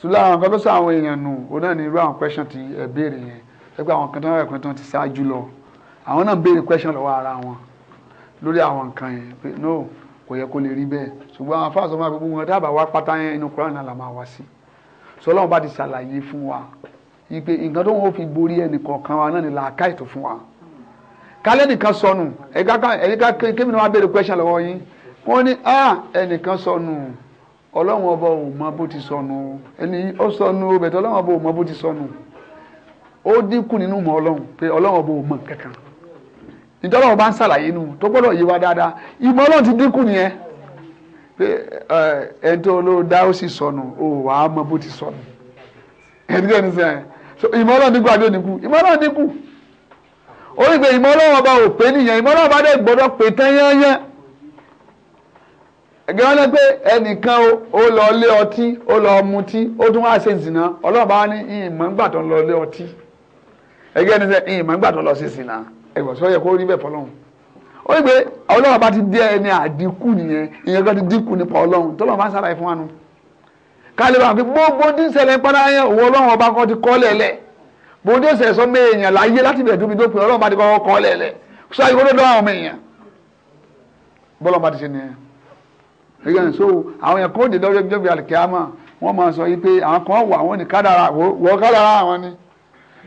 sùlá àwọn kan tó sọ àwọn èèyàn nù ó náà ní irú àwọn question ti ẹ béèrè yẹn ẹgbẹ́ àwọn kan tó ń rẹ̀pẹ́ tó ti ṣáájú lọ àwọn náà béèrè question lọ́wọ́ ara wọn lórí àwọn nǹkan yẹn pé no kò yẹ kó lè rí bẹ́ẹ̀ ṣùgbọ́n àwọn afáàsọ máa wọn dábàá wá pátá yẹn inú Kùránì náà là máa wá sí i sọlọ́run bá ti ṣàlàyé fún wa ìpè nǹkan tó wọ́n fi borí ẹnì wa náà ni làákàyè tó fún wa kálẹ̀ nìkan sọnù ẹ̀ka kémi náà wá béèrè question lọ́wọ́ yín wọ́n ní ẹnìkan sọnù ọlọ́run ọba ò mọ bó ti sọnù ẹni ó sọnù bẹ̀tẹ̀ ọlọ́run ọba ò mọ bó ti sọnù ó dínkù nínú mọ ọlọ́run pé ọlọ́run ọba ò mọ kankan ìtọ́lọ́run bá ń ṣàlàyé nù tó gbọ́dọ̀ yé wa dáadáa ìmọ̀ ọlọ́run ti dínkù nìyẹn pé e tó ló dá ó sì sọnù wà á mọ bó ti sọnù ẹni tó sẹ́yìn so ìmọ̀lọ́ dínkù àbí òníkù ìmọ̀lọ́ dínkù ó rí pé ìmọ̀lọ́ ọba ò pé ọba dẹ̀ gbọ́dọ̀ pé tán ẹgbẹ́ wọn lé pé ẹnìkan ó lọ lé ọtí ó lọ mutí ó tún wá ṣe zìnà ní ìmọ̀ ó yẹ pé ọlọ́run bá ti dé ẹni àdínkù nìyẹn ìyẹn kan ti dínkù nípa ọlọ́run tó lọ́run bá ń sábàá fún wa nù. kálí bá wọn pé gbogbo tí ń ṣẹlẹ̀ padà yẹn òun ọlọ́run ọba kan ti kọ́ lẹ̀lẹ̀ gbogbo ṣẹ̀ sọ mé láyé láti bẹ̀rẹ̀ tóbi dópin ọlọ́run bá ti kọ́ kọ́ lẹ̀lẹ̀ sọ àyíkó tó àwọn èèyàn bọ́lọ́run bá ti ṣe nìyẹn. àwọn èèyàn kó dé lọ́jọ́ ìjọba àlùkìyàmọ̀ wọ́n máa sọ yìí pé àwọn kan wà wọ́n ní kádàrà wọ́n kádàrà àwọn ni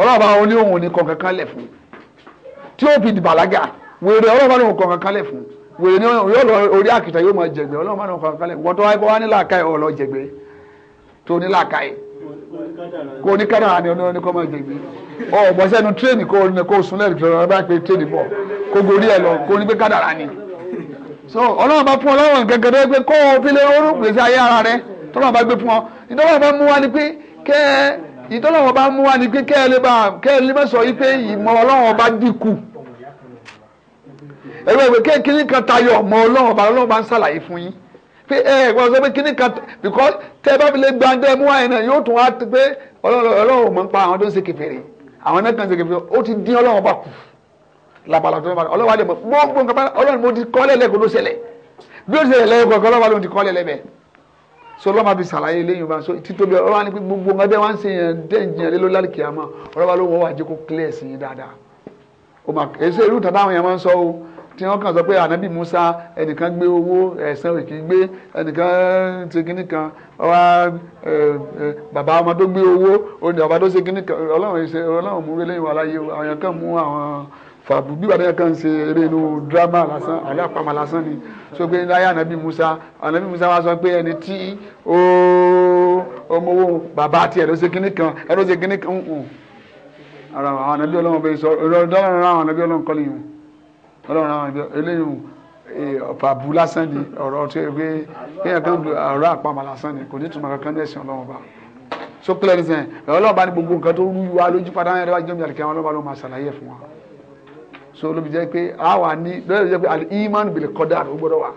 ọlọ́ọ̀bá wọn ní òun ní kọ̀ọ̀kan fún tí ó fi dìbàlágà wèrè ọlọ́ọ̀bá ní òun kọ̀ọ̀kan fún wèrè ní yóò lọ orí àkìtà yóò máa jẹgbẹ ọlọ́ọ̀bá ní òun kọ̀ọ̀kan wọ́n tó wáyé ní làákàyè ọ̀ lọ jẹgbẹ tó ní làákàyè kò ní kádàrà ni ọ̀nà ní kọ́ máa jẹgbẹ ọ̀ bọ̀ sẹ́nu tírèènì kò ní kò sún lẹ́ẹ̀kì so bá ìtọ́lọ́wọ́ bá mú wa ni pé kẹ́ẹ̀lẹ́ bá kẹ́ẹ̀lẹ́ bá sọ yí pé ìmọ̀ ọlọ́wọ́ bá dínkù ẹ̀rọ ìwé kékeré kan tayọ ọmọ ọlọ́wọ́ bá ọlọ́wọ́ bá ń ṣàlàyé fún yín pé ẹ ẹ wọ́n sọ pé kíní kan because tẹ́ ẹ bá fi lè gba ẹ̀ mú wa yẹn náà yóò tún wá pé ọlọ́wọ́ mọ̀ ń pa àwọn tó ń ṣe kèfèrí àwọn náà kàn ṣe kèfèrí ó ti dín ọlọ́wọ́ bá kù labalà tó ń bá ọlọ́wọ́ àdèmọ̀ gbogbo nǹkan bá ọlọ́wọ́ mo ti kọ́ lẹ́lẹ́kọ̀ọ́ ló ṣẹlẹ̀ bí ó ti ṣẹlẹ̀ lẹ́yìn kọ̀ọ̀kan ọlọ́wọ́ ló ti kọ́ lẹ́lẹ́ bẹ́ẹ̀ so lọ́ọ́ máa fi ṣàlàyé lẹ́yìn ọba so títóbi ọ̀rọ̀ wa ni pé gbogbo nǹkan tẹ́ wá ń ṣe yẹn dẹ́ǹjìyàn lé lórí lálùkì àmọ́ ọ̀rọ̀ wa ló wọ́ wàá kó clear sí yín dáadáa o ma èso irú tàbá àwọn yẹn máa ń sọ o tí wọ́n kàn sọ pé ànábì Musa ẹnìkan gbé owó ẹ̀sán òkè gbé ẹnìkan ṣe kínní kan ọba bàbá ọmọ tó gbé owó bàbá tó ṣe kínní kan ọlọ́run mú lẹ́yìn wa mú fàbù bí wàdí kan ṣe eré inú drama lásán alápamọ́ lásán ni so pé láyé ànábì Musa ànábì Musa wá sọ pé ẹni tí ó ọmọ owó bàbá tiẹ̀ ló ṣe kínní kan ẹ ló ṣe kínní kan ń ara àwọn ànábì ọlọ́run bẹ́ẹ̀ sọ ọlọ́run àwọn ànábì ọlọ́run kọ́lé yìí ọlọ́run àwọn ànábì eléyìí fàbù lásán ni ọ̀rọ̀ tó yẹ pé kéèyàn kan ọ̀rọ̀ àpamọ́ lásán ni kò ní túmọ̀ kankan ní ẹ̀sìn ọlọ́run ba so clear reason ọlọ́run bá ní gbogbo nǹkan tó rú wa lójú padà yẹn lọ́wọ́ so olóbi jẹ́ pé a wà ní lọ́yọ̀ jẹ́ pé àlè iman bìlì kọ́dà ó gbọ́dọ̀ wà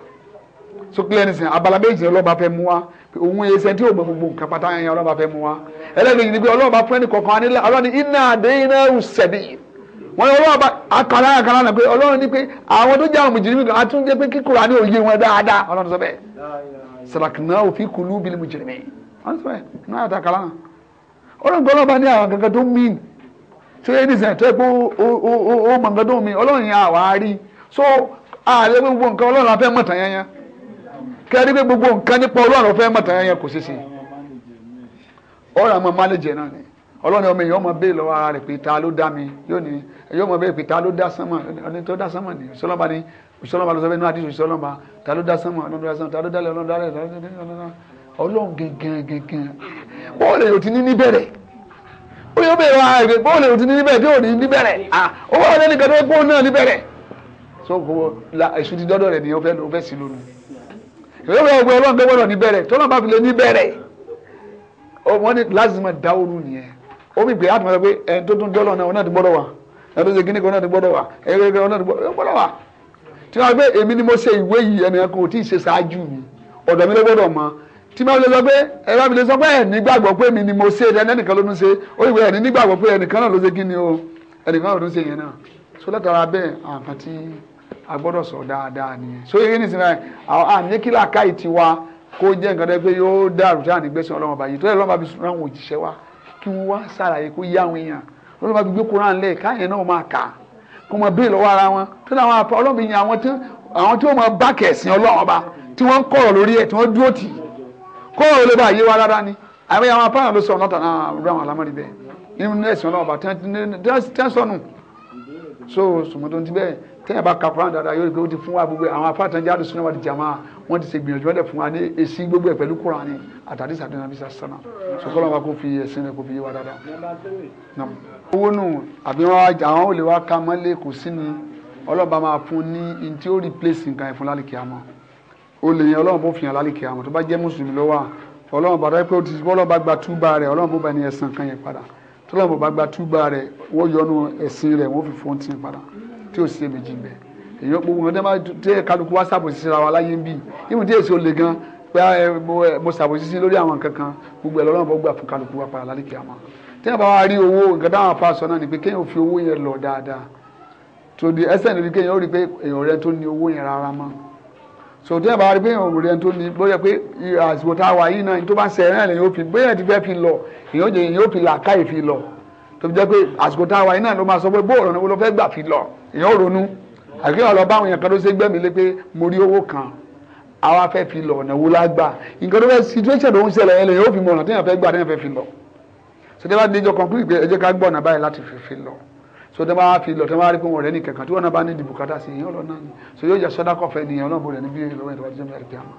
so clear nisin abala méjì ọlọ́ba fẹ́ mú wa òun ẹsẹ̀ tí yóò gbọ́ gbogbo nǹkan pátá yẹn ọlọ́ba fẹ́ mú wa ẹlẹ́gbẹ̀ẹ́ ni pé ọlọ́ba fún ẹni kọ̀ọ̀kan ní ọlọ́ni iná àdéhìnà ṣẹ̀bí wọn ni ọlọ́ba akara akara náà pé ọlọ́run ni pé àwọn tó jẹ́ àwọn mùjìrì mi àti oúnjẹ pé kíkúra ní òye wọn dáadáa ọlọ́run sọ bẹ́ẹ̀ sàràkìnà òfin kùlú bíi mùjìrì mi ọlọ́run sọ bẹ́ẹ̀ náà yàtọ̀ akara náà ọlọ́run gbọ́ ọlọ́ba ní àwọn kankan tó mìíràn tí ó yẹ ní sẹ́yìn tó yẹ pé ó mọ nǹkan tó mi ọlọ́run yẹn àwa rí so ààrẹ gbogbo nǹkan ọlọ́run la fẹ́ mọ̀ tán yẹn kẹ́rí pé gbogbo nǹkan nípa ọlọ́run fẹ́ mọ̀ tán yẹn kò ṣeéṣe ọ̀rọ̀ àmọ́ manager náà ni ọlọ́run ọmọ èèyàn ọmọ bẹ́ẹ̀ lọ́wọ́ ara rẹ̀ pé ta ló dá mi yóò ní èèyàn ọmọ bẹ́ẹ̀ pé ta ló dá sánmà ọ̀nà tó dá sánmà ni òṣìṣọ́lọ́ba ni òṣìṣọ́lọ́ba ló sọ bẹ́ẹ̀ ní àdìsí òṣìṣọ́lọ́ba ta ló dá sánmà ọ̀nà tó dá sánmà ta ló dá lẹ̀ ọ̀nà tó dá lẹ̀ ọlọ́run gẹ̀gẹ̀ gẹ̀gẹ̀ bọ́ọ̀lù èèyàn ti ní níbẹ̀rẹ̀ ó yóò bẹ̀rẹ̀ wá ẹ̀gbẹ́ bó lè ti níbẹ̀ tí ò ah, níbẹ̀rẹ̀ ó wà lẹ́nu kan tó gbó náà níbẹ̀rẹ̀ so kò la èṣù ti dọ́dọ̀ rẹ̀ ni ó fẹ́ o fẹ́ sí lónìí ìwé ìwé ọgbẹ́ ọlọ́run tó gbọ́dọ̀ níbẹ̀rẹ̀ tó náà bá fi lè níbẹ̀rẹ̀ wọ́n ní lásìmọ̀ dáwọ́rù nìyẹn ó mi gbé àtúmọ̀ pé ẹni tó tún dọ́lọ̀ náà ọ̀nà ti gbọ́dọ̀ wà ẹni tó ṣe kíní kan ọ̀nà ti gbọ́dọ̀ wà ẹni tó ọ̀nà ti gbọ́dọ̀ wà tí wọ́n gbé èmi ni mo ṣe ìwé yìí ẹnìkan kò tí ì ṣe tí máa ń lọ pé ẹ̀rọ àmì lè sọ pé ẹ̀ pé mi ni mo ṣe ẹni ẹnìkan ló ń ṣe ó ìwé ẹ̀ní pé ẹnìkan náà ló ṣe kí ni o ẹnìkan náà ló ń ṣe yẹn náà so látara bẹ́ẹ̀ àǹkan tí a gbọ́dọ̀ sọ dáadáa nìyẹn so eré nìsín náà àwọn àmì kí làákà ti wá kó jẹ́ nǹkan tó pé yóò dàrú tí a ní gbèsè ọlọ́mọ bàyí tó yẹ lọ́mọ bí sùn àwọn wa kí wọ́n wá sàlàyé kó yá àwọn èèyàn lọ́mọ bí gbé Kùránì lẹ̀ káyẹn náà máa kà kó mọ bẹ́ẹ̀ lọ́wọ́ ara wọn tó náà àwọn ọlọ́mọ ìyẹn àwọn tí wọ́n máa bá kẹ̀sìn ọlọ́mọba tí wọ́n ń kọ̀rọ̀ lórí ẹ̀ tí wọ́n dúró tì í kó o lè bá yé wa rárá ni àwọn àwọn apáyàn ló sọ ọ̀nà tàn án rú àwọn alámọ̀rí nínú ẹ̀sìn ọlọ́run ọba sọnù so sùmọ́tò ti bẹ́ẹ̀ tẹ́yìn bá ka Kùránì dáadáa yóò rí pé ó ti fún wa gbogbo àwọn apáàtàn jáde sínú wàdí jama wọ́n ti ṣe gbìyànjú wọ́n dẹ̀ fún wa ní èsì gbogbo ẹ̀ pẹ̀lú Kùránì àtàdé sàdúrà bí sàsánà sọkọlọ́ wa kò fi ẹ̀sìn rẹ̀ kò fi yé wa dáadáa. owó nù àbí wọn àwọn olè wa ka mọ́lẹ̀ kò sí ni ọlọ́ba máa fún ní ntí ó replace nǹkan ẹ̀fọn lálẹ́ kìá mọ́ olè yẹn ọlọ́run bó fi hàn lálẹ́ kíámà tó bá jẹ́ mùsùlùmí lọ́wọ́ ọlọ́run bá dáwọ́ pé ó ti bọ́lọ́ bá gba túbà rẹ̀ ọlọ́run bó bá ní ẹ̀sìn kan yẹn padà tọ́lọ́run bá gba túbà rẹ̀ wọ́n yọnu ẹ̀sìn rẹ̀ wọ́n fi fóun tì í padà tí ò sí èméjì bẹ́ẹ̀ èyí gbogbo wọn dẹ́gbà tẹ́ kálukú wá ṣàbòsí síra wa láyé ń bì ìmú tí èsì olè gan pé ah, mo ṣàbòsí sí lórí àwọn kankan ni pé kéèyàn fi owó so tí ẹ bá rí pé èèyàn òwúrẹ́ tó ní bóyá pé àsìkò tá a wà yìí náà tó bá ń sẹ ẹ̀rẹ́ lẹ́yìn ó fi bóyá ti fẹ́ fi lọ èèyàn jẹ èèyàn ó fi là káyè fi lọ tó fi jẹ́ pé àsìkò tá a wà yìí náà ló máa sọ pé bóòrò ni wọ́n lọ fẹ́ gbà fi lọ èèyàn ò ronú àkíyàn lọ báwọn èèyàn kan ló ṣe gbẹ̀mí lé pé mo rí owó kan àwa fẹ́ fi lọ ọ̀nà wo lágbà nǹkan tó fẹ́ situation tó ń ṣẹlẹ̀ ẹ̀ lẹ́yìn ó fi mọ̀ ọ̀nà téèyàn fẹ́ gbà téèyàn fẹ́ fi lọ so tí ẹ bá déjọ conclude pé ẹ jẹ́ ká gbọ́ ọ̀nà báyìí láti fi fi lọ so tẹ́ bá fi lọ tẹ́ bá rí pé wọn rẹ̀ ní kankan tí wọn náà bá ní dìbò kátà sí i ọlọ́ náà ni so yóò jẹ́ sọ́dákọ̀ fẹ́ ni ọlọ́run bò rẹ̀ níbi ìlú rẹ̀ tó bá jẹ́ mẹ́rin pé àmọ́.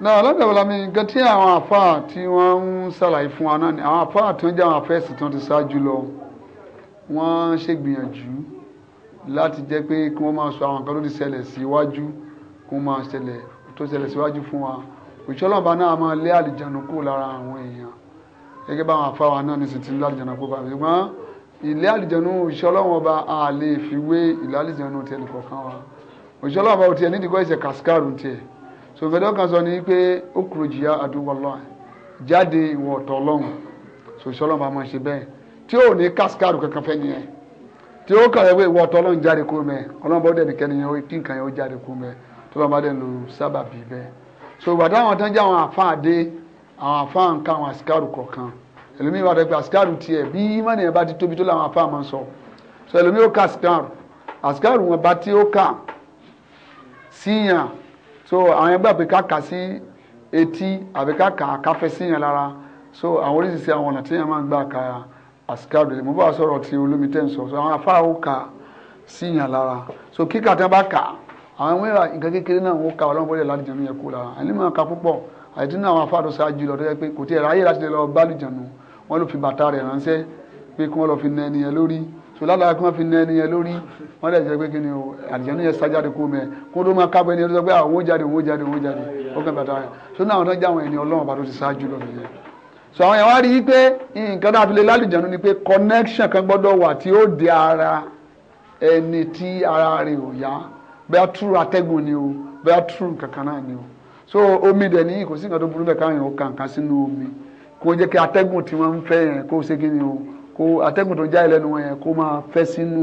náà lọ́dọ̀ wọlé mi nǹkan tí àwọn àfa tí wọ́n ń ṣàlàyé fún wa náà ni àwọn àfa tí wọ́n jẹ́ àwọn afẹ́sì tí wọ́n ti ṣáájú lọ wọ́n ṣègbìyànjú láti jẹ́ pé kí wọ́n máa sọ àwọn nǹkan tó ti ṣẹlẹ̀ síwájú kí wọ́n máa ṣẹlẹ̀ tó ṣẹlẹ̀ síwájú fún wa òṣìṣẹ́ ọlọ́ọ̀bá náà máa lé àlìjánu kúrò lára àwọn èèyàn gẹ́gẹ́ bá àwọn afáwa náà ní sìtì lálìjẹ̀nà púpà ṣùgbọ́n ilé àlìjẹ̀nù òṣìṣẹ́ ọlọ́run ọba a lè fi wé ilé àlìjẹ̀nù tiẹ̀ nìkan kan wa òṣìṣẹ́ ọlọ́run tiẹ̀ nídìí kọ́ ẹ̀ṣẹ̀ kàṣíkàrù tiẹ̀ sòfẹ́dọ́ kan sọ ni pé ó kúrò jìyà àdúgbò ọlọ́run jáde ìwọ̀ ọ̀tọ̀ ọlọ́run sòṣìṣẹ́ ọlọ́run ọba máa ṣe bẹ́ẹ̀ tí ò ní kàṣíkàrù kankan fẹ́ nìyẹn tí ó kàwé pé ìwọ̀ ọ̀tọ̀ ọlọ́run jáde kú mẹ́ ọlọ́run bá dẹ̀ nìkan yẹn so ìgbà táwọn tán jẹ́ àwọn àfáà ń ká àwọn àsìkárù kọ̀ọ̀kan ẹlòmíì wà dẹ́gbẹ́ àsìkárù tiẹ̀ bí ìmọ̀nì ẹ̀ bá ti tóbi tó làwọn àfáà máa ń sọ so ẹlòmíì ó ká àsìkárù àsìkárù wọn bá tí ó kà síyàn so àwọn ẹgbẹ́ àpè káka sí etí àbí káka káfẹ́ síyàn lára so àwọn oríṣiríṣi àwọn ọ̀nà tíyàn máa ń gbà ka àsìkárù mo bá sọ̀rọ̀ ti olómi tẹ́ ń sọ so àwọn àfáà ó kà síyàn lára so kíkà tí wọ́n bá kà àwọn ẹgbẹ́ nǹkan kékeré náà wọ́n kà ọlọ́run bọ́lẹ̀ àti nínú àwọn afáàdó ṣáájú lọ tó yẹ pé kò tí ẹ ráyè láti lè lọ bálùjànù wọn ló fi bàtà rẹ̀ ránṣẹ́ pé kí wọn lọ fi nà ẹni yẹn lórí so ládàá kí wọn fi nà ẹni yẹn lórí wọn lè jẹ pé kí ni o àlùjànnú yẹn sájáde kú mẹ kó ló máa kábọ ẹni yẹn tó sọ pé àwọn ó jáde òun ó jáde òun ó jáde ó kàn bàtà rẹ̀ so náà wọn tó jáwọn ẹni Ọlọ́run bá tó ti ṣáájú lọ nìyẹn so àwọn yẹn wá rí i pé nǹkan náà fi lè lálùjànú ni pé connection kan gbọ́dọ̀ wà tí ó de ara ẹni tí ara rẹ̀ ò yá bẹ́ẹ̀ túrú atẹ́gùn ni o bẹ́ẹ̀ túrú kankan náà ni o so omi dẹ̀ ní kò sí nǹkan tó burú bẹ́ẹ̀ káwọn èèyàn kàn kàn sínú omi kó jẹ́ kí atẹ́gùn tí wọ́n ń fẹ́ yẹn kó ṣe kí ni o kó atẹ́gùn tó ń jáde lẹ́nu wọn yẹn kó máa fẹ́ sínú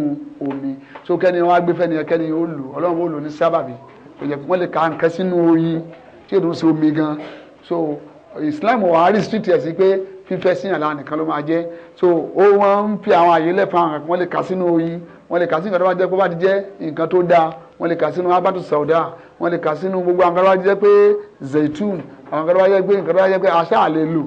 omi so kẹ́ni wọn á gbé fẹ́ni yẹn kẹ́ni ó lò ọlọ́run ó lò ní sábàbí kò jẹ́ wọ́n lè kà nǹkan sínú oyin tí èdè ń ṣe omi gan so Islam wàá restrict ẹ̀ sí pé fífẹ́ síyàn lára nìkan ló máa jẹ́ so ó wọ́n ń fi àwọn àyè lẹ́fọ̀ àwọn kan wọ́n lè kà sínú oyin wọ́n lè kà sí nǹkan tó bá jẹ́ nǹkan tó dáa wọ́n lè kà sínú abatu wọ́n lè kà sínú gbogbo àwọn kẹrẹ́wá jẹ́ pé zaitun àwọn kẹrẹ́wá jẹ́ pé kẹrẹ́wá jẹ́ pé aṣá àlè lò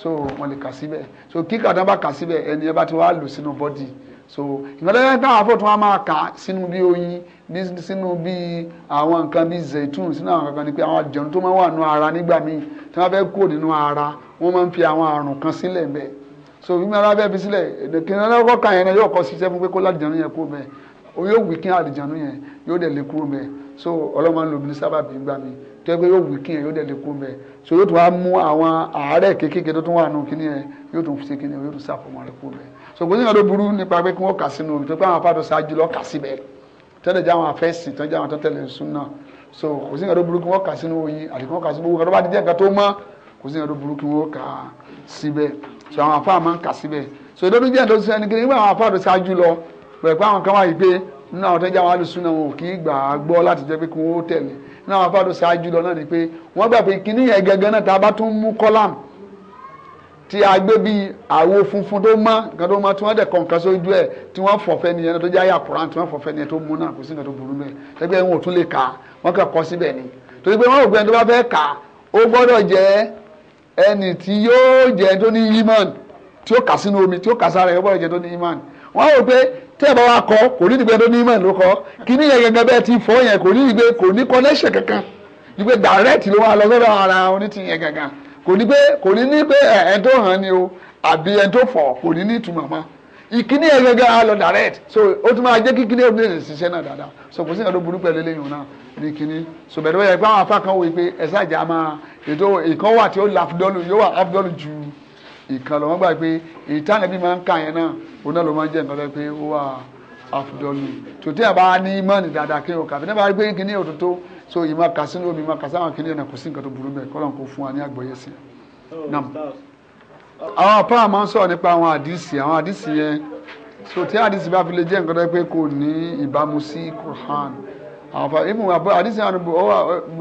so wọ́n lè kà síbẹ̀ so kíkà tán bá kà síbẹ̀ ẹni ẹ bá ti wá lò sínú bọ́dì so ìgbàlẹ́yìn táwọn afọ́ tí wọ́n máa kà sínú bí oyin sínú bí àwọn nǹkan bí zaitun sínú àwọn kankan ni pé àwọn àjẹun tó máa wà nù ara nígbà míì tí wọ́n fẹ́ kó nínú ara wọ́n máa ń fi àwọn àrùn kan sílẹ̀ bẹ́ẹ̀ so bí mi ara bẹ́ẹ̀ fi sílẹ̀ kìnìún ọlọ́kọ̀ kan yẹn yóò kọ́ ṣiṣẹ́ fún pé kó ládìjànú yẹn kó bẹ́ẹ̀ o yóò kí so ọlọ́mọ ń lo obìnrin sábàbí ń gbà mí tó yẹ yóò wí kíyàn yóò dẹ̀ lè kú mẹ́ so yóò tún wá mú àwọn àárẹ̀ kéékèèké tó tún wà nù kíní yẹn yóò tún ṣe kíní yóò tún ṣàfọmọ rẹ̀ kú mẹ́ so kò sí ìyàtọ̀ burú nípa pé kí wọ́n kà sínú omi tó pé àwọn afáàdọ̀ ṣáájú lọ kà síbẹ̀ tẹ́lẹ̀ jẹ́ àwọn afẹ́sìn tẹ́lẹ̀ jẹ́ àwọn tó tẹ̀lé sunna so kò sí ìyàtọ̀ burú kí wọ́n kà sínú oyin àti kí wọ́n kà sí gbogbo kan tó so àwọn afáà máa ń kà síbẹ̀ so ìdọ́dún jẹ́ ìdọ́dún sẹ́ni kí nígbà nínú àwọn tó ń jẹ́ àwọn alùsùnà wọn kì í gbà á gbọ́ láti jẹ́ pé kí wọ́n ó tẹ̀lé nínú àwọn afáàdó ṣáájú lọ náà ni pé wọ́n gbà pé kíní yẹn gẹ́gẹ́ náà tá a bá tún mú kọ́làm tí a gbé bíi àwo funfun tó mọ́ nǹkan tó mọ́ tí wọ́n dẹ̀ kọ́ nǹkan sójú ẹ̀ tí wọ́n fọ̀fẹ́ nìyẹn náà tó jẹ́ àyà Kùránì tí wọ́n fọ̀fẹ́ nìyẹn tó mú náà kò sí nǹkan tó burú bẹ́ẹ̀ ni torí pé wọ́n ò gbẹ́ni tó bá fẹ́ kà ó gbọ́dọ̀ jẹ́ ẹni wọ́n rò pé tẹ́ ẹ bá wa kọ kò ní ìdìgbẹ́ tó ní ìmọ̀ ló kọ kíní yẹn gẹ́gẹ́ bẹ́ẹ̀ ti fọ́ yẹn kò ní ìdìgbẹ́ kò ní connection kankan ìdìgbẹ́ direct ló wà lọ sọ́dọ̀ ara onítì yẹn gangan kò ní pé kò ní ní pé ẹ̀ tó hàn ni o àbí ẹ̀ tó fọ̀ kò ní ní ìtumọ̀ mọ́ ìkíní yẹn gẹ́gẹ́ lọ direct so ó tún máa jẹ́ kí kíní ọdún lè ṣiṣẹ́ náà dáadáa so kò sí ìyàtọ̀ burú pẹ̀lú eléyìí náà ní kíní so bẹ̀rẹ̀ bẹ́ẹ̀ pé àwọn afá kan wò pé ẹ̀sà ìjà máa ètò ìkan wà tí ó làfdọ́lù yóò wà àfdọ́lù ju ìkan lọ wọ́n gbà pé ìtànẹ́bí máa ń kà yẹn náà òun náà ló máa ń jẹ́ nǹkan pé ó wà àfùdọ́lù tòtí àbá ní ìmọ̀ọ́nì dáadáa kí òkà fi náà bá rí pé kìíní òtútó so ìmọ̀ kàsínú omi ìmọ̀ kàsáwọn kìíní ọ̀nà kò sí nǹkan tó burú bẹ́ẹ̀ kọ́lọ̀ kó fún wa ní àgbọ́yé sí i. àwọn apá àmọ́ ń sọ̀rọ̀ nípa àwọn àdìsí àwọn àdìsí yẹn so tí àdìsí bá fi lè jẹ́ nǹkan tó pé kò ní ìbámu sí Qur'an àwọn àdìsí àwọn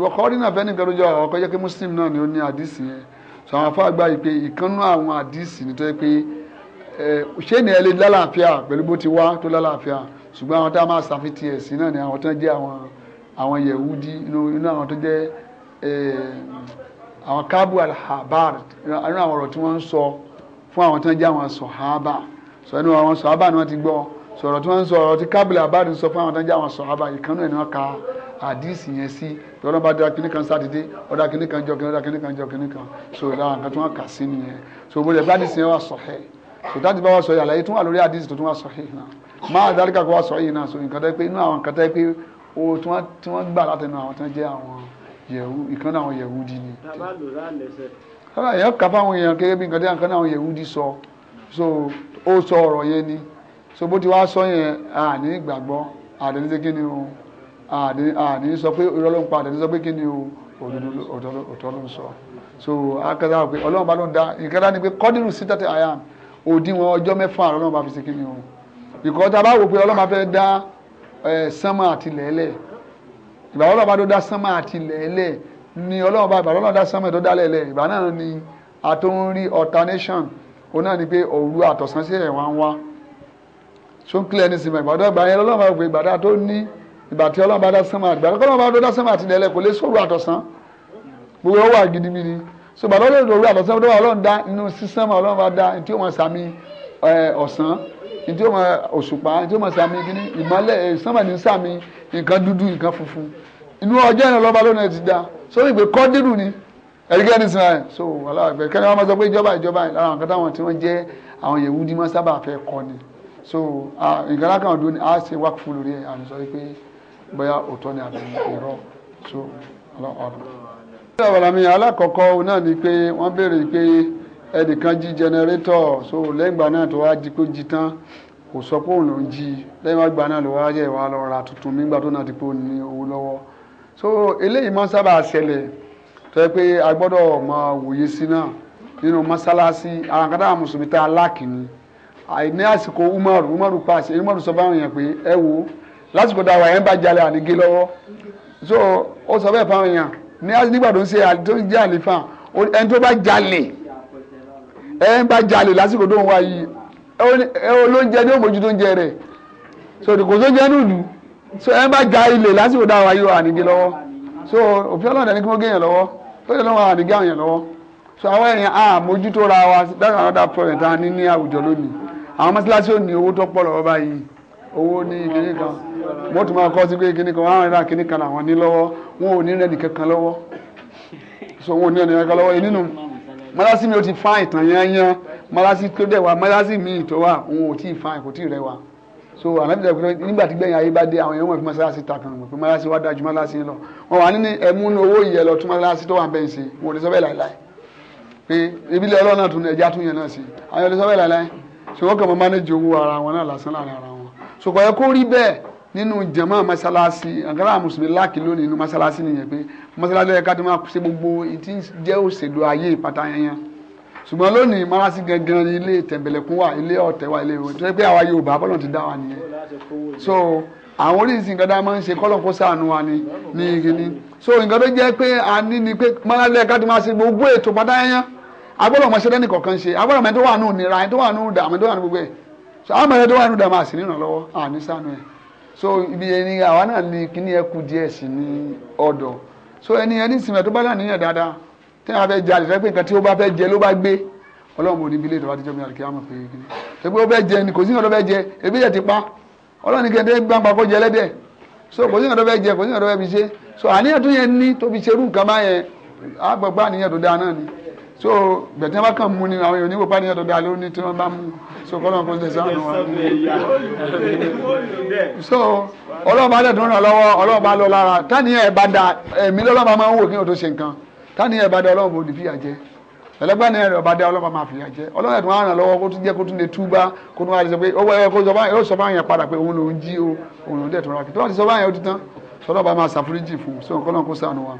ọkọ̀ ọdún náà fẹ́ nìkan ló jọ ọkọ̀ yẹ kí Muslim náà ni ó ní àdìsí yẹn sọ àwọn afọ àgbà yìí pé ìkànnú àwọn àdìsí ni tó yẹ pé ṣé ni ẹ lè lálàáfíà pẹ̀lú bó ti wá tó lálàáfíà ṣùgbọ́n àwọn tá a máa ṣàfihàn ẹ̀sìn náà ni àwọn tó ń jẹ́ àwọn àwọn yẹ̀wúdí inú àwọn tó jẹ́ àwọn kábù alhabar inú àwọn ọ̀rọ̀ tí wọ́n ń sọ fún àwọn tó ń jẹ́ àwọn sọ̀hábà sọ inú àwọn sọ̀hábà ni wọ́n ti gbọ́ sọ̀rọ̀ tí wọ́n ń sọ ọ̀rọ̀ tí kábù alhabar ń sọ fún àwọn tó jẹ́ àwọn sọ̀hábà ìkànnú ẹ̀ ni wọ́n ka àdìsí yẹn sí lọ́dọ̀ bá dá kíní kan sátidé ọ̀dà kíní kan jọ kíní ọ̀dà kíní kan jọ kíní kan so lára nǹkan tí wọ́n kà sí nìyẹn so bó lè bá àdìsí yẹn wà sọ̀hẹ́ so dájú bá wà sọ̀hẹ́ àlàyé tún wà lórí àdìsí tó tún wà sọ̀hẹ́ náà máa dárí kàkọ́ wà sọ̀hẹ́ náà so nǹkan tẹ́ pé inú àwọn nǹkan tẹ́ pé owó tí wọ́n gbà látẹnu àwọn tí wọ́n jẹ́ àwọn ìkànnì àwọn Yẹhudi ni. tàbá lòrá lẹ́sẹ̀ ọ̀rọ̀ èèyàn kà fáwọn èèyàn kéré bí nǹkan tí àǹkan náà yẹ̀wú dí sọ so ó sọ ọ̀rọ̀ yẹn ni so bó ti wá sọ yẹn àní ìgbàgbọ́ àdéníṣe kí ni o àní sọ pé irọ́ ló ń sọ pé kí ni òtọ́ ló so akẹ́dá pé ọlọ́run bá ló ń dá nǹkan ni pé kọ́dírù sí tẹ́tẹ́ àyà òdiwọ̀n ọjọ́ mẹ́fà ọlọ́run bá fi ṣe kí ni o ìkọ́ tá a bá wò pé ọlọ́run bá fẹ́ dá sánmà àti lẹ́lẹ̀ ìgbà ọlọ́run ni ọlọ́run bá ìgbà ọlọ́run dá sánmà tó ni àtúnrí alternation òun náà ni pé òru àtọ̀sán sí ẹ̀wọ̀n wá so ń clear ní sinmi ìgbà ọlọ́run bá ìgbà tí ọlọ́run bá dá sánmà àgbà kọ́ ọlọ́run bá dá sánmà àti ilẹ̀ kò lè sóru àtọ̀sán gbogbo ọwọ́ àgidibidi so bàbá olóòdò òru àtọ̀sán tó wà ọlọ́run dá inú sísánmà ọlọ́run bá dá tí ó mọ sàmì ọ̀sán tí ó mọ òṣùpá tí ó mọ sàmì kíní ìmọ́lẹ̀ eh, sánmà ní sàmì nǹkan dúdú nǹkan funfun inú ọjọ́ ìrìn ọlọ́ba ní sinmi so aláàgbẹ̀ kẹ́ni wọn máa sọ pé ìjọba ìjọba àwọn nǹkan táwọn tí wọ́n ni so nǹkan lákàwọn dúró ni a ṣe wákùfù lórí sọ pé bóyá òótọ́ ni àbí irọ́ so ọlọ́ọ̀dọ̀. ní àbàlámi alákọ̀ọ́kọ́ náà ni pé wọ́n béèrè pé ẹnìkan jí jẹnẹrétọ̀ so lẹ́gbàá náà tó wá jí kó jí tán kò sọ pé òun ló ń jí lẹ́yìn wá náà ló wá yẹ wá lọ ra tuntun nígbà tó náà ti pé òun ní owó lọ́wọ́ so eléyìí máa ń sábà ṣẹlẹ̀ tó yẹ pé a gbọ́dọ̀ máa wòye sí náà nínú mọ́sálásí àwọn kan mùsùlùmí tá a láàkì ni àìní àsìkò umaru umaru pàṣẹ umaru sọ báwọn èèyàn pé ẹ wo lásìkò tá a wà yẹn bá jalè ànígé lọ́wọ́ so ó sọ bẹ́ẹ̀ fáwọn èèyàn nígbà tó ń ṣe tó ń jẹ́ àlefa ẹni tó bá jalè ẹni bá jalè lásìkò tó ń wá yìí olóúnjẹ ni ó mójútó oúnjẹ rẹ̀ so kò tó jẹ́ nùdù so ẹni bá ja ilẹ̀ lásìkò tá a wà yìí ànígé lọ́wọ́ so òfin ọlọ́run ẹni kí wọ́n gé èèyàn lọ́wọ́ tó yẹ lọ́wọ́ ànígé àwọn èèyàn lọ́wọ́ so àwọn èèyàn á mójútó ra wa that's another problem tá a ní ní àwùjọ lónìí àwọn mọ́sálásí ò owó ní ìdílé kan wọ́n tún máa kọ́ sí pé kíní kan wọ́n á rìn rà kíní kan àwọn ní lọ́wọ́ wọn ò ní rẹ̀ nìkan kan lọ́wọ́ so wọn ò ní rẹ̀ nìkan kan lọ́wọ́ yìí nínú mọ́lásí mi ò ti fa ìtàn yẹn yẹn mọ́lásí tó dẹ̀ wá mọ́lásí mi ìtọ́ wà òun ò tí ì fa kò tí ì rẹ̀ wá so ànábìtẹ̀ pé nígbà tí gbẹ̀yìn ayé bá dé àwọn èèyàn wọn fi mọ́sálásí ta kan mọ̀ pé mọ́sálásí wá dájú mọ́sálásí lọ wọn wà nínú ẹ̀mú owó yẹ lọ tún mọ́sálásí tó wà bẹ́ẹ̀ ṣe wọn ò lè sọ bẹ́ẹ̀ láìláì pé ìbílẹ̀ ọlọ́run náà tún ẹja tún yẹn náà sí àwọn ò lè sọ bẹ́ẹ̀ láìláì so wọ́n kàn mọ́ mánéjì owó ara wọn náà lásán láàrin ara wọn so kò yẹ kó rí bẹ́ẹ̀ nínú jàmá masalasi àgbàrá mùsùlùmí láàkì lónìí nínú masalasi nìyẹn pé masalasi lọ́yẹ káàdì máa ṣe gbogbo ìtí jẹ́ òṣèlú ayé ìpàtà yẹn ṣùgbọ́n lónìí masalasi gangan ni ilé tẹ̀m̀bẹ̀lẹ̀kún wa ilé ọ̀tẹ̀ wa ilé ìwé tó yẹ pé àwa Yorùbá bọ́lọ̀ ti dá wa nìyẹn so àwọn oríṣi nǹkan tá a máa ń ṣe kọ́lọ̀ kó sànù wa ni ní ìkíní so nǹkan tó jẹ́ pé a ní ni pé masalasi lọ́yẹ káàdì máa ṣe gbogbo ètò pàtà yẹn agbọ́dọ̀ mọ̀ ṣẹ́dẹ́ nìkọ̀kan ṣe agbọ́dọ̀ mọ̀ ẹni tó wà nù nira ẹni tó wà nù dààmú ẹni tó wà nù gbogbo ẹ̀ so àwọn mọ̀ ẹni tó wà nù dààmú àṣírí ìrànlọ́wọ́ àní sànù ẹ̀ so ibi ẹni àwa náà ní kíní ẹkú díẹ̀ sí ní ọ̀dọ̀ so ẹni ẹni sinmi tó bá dà níyàn dáadáa tí wọn fẹ́ jalè fẹ́ pé nǹkan tí ó bá fẹ́ jẹ ló bá gbé ọlọ́run mo ní ibi ilé ìtọ́wá tíjọ́ mi àti kíámọ̀ pé kíní ebi ó fẹ́ jẹ ni kò sí nǹkan tó fẹ́ jẹ ebi yẹ ti pa ọlọ́run ní kẹ́ńtẹ́ gbá pa kó jẹ lẹ́dẹ̀ so kò sí nǹkan tó fẹ́ jẹ kò sí nǹkan fi ṣe so àníyàn tó yẹn ní tó fi ṣerú nǹkan báyẹn àgbàgbà àníyàn tó dáa náà ni so gbẹ̀tẹ́ bá kàn mú ni àwọn èèyàn oníwò pàdé yàtọ̀ dáa lóní tí wọ́n bá mú so kọ́lọ́n kò ń tẹ̀sán nù wọn. so ọlọ́run bá tẹ̀tún ràn lọ́wọ́ ọlọ́run bá lọ lára táni ẹ̀ bá da ẹ̀mí lọ́lọ́run bá máa ń wò kí n ò tó ṣe nǹkan táni ẹ̀ bá da ọlọ́run bò ní fìyà jẹ ẹlẹgbẹ́ ni ẹ̀rọ bá da ọlọ́run bá máa fìyà jẹ ọlọ́run ẹ̀tún ràn lọ́wọ́ kó tún jẹ́ kó tún o òun lòún dẹ̀ tó ra kí tó wá ti sọ fáwọn yẹn ó ti tán so kọ́lọ́n kó sànù wa.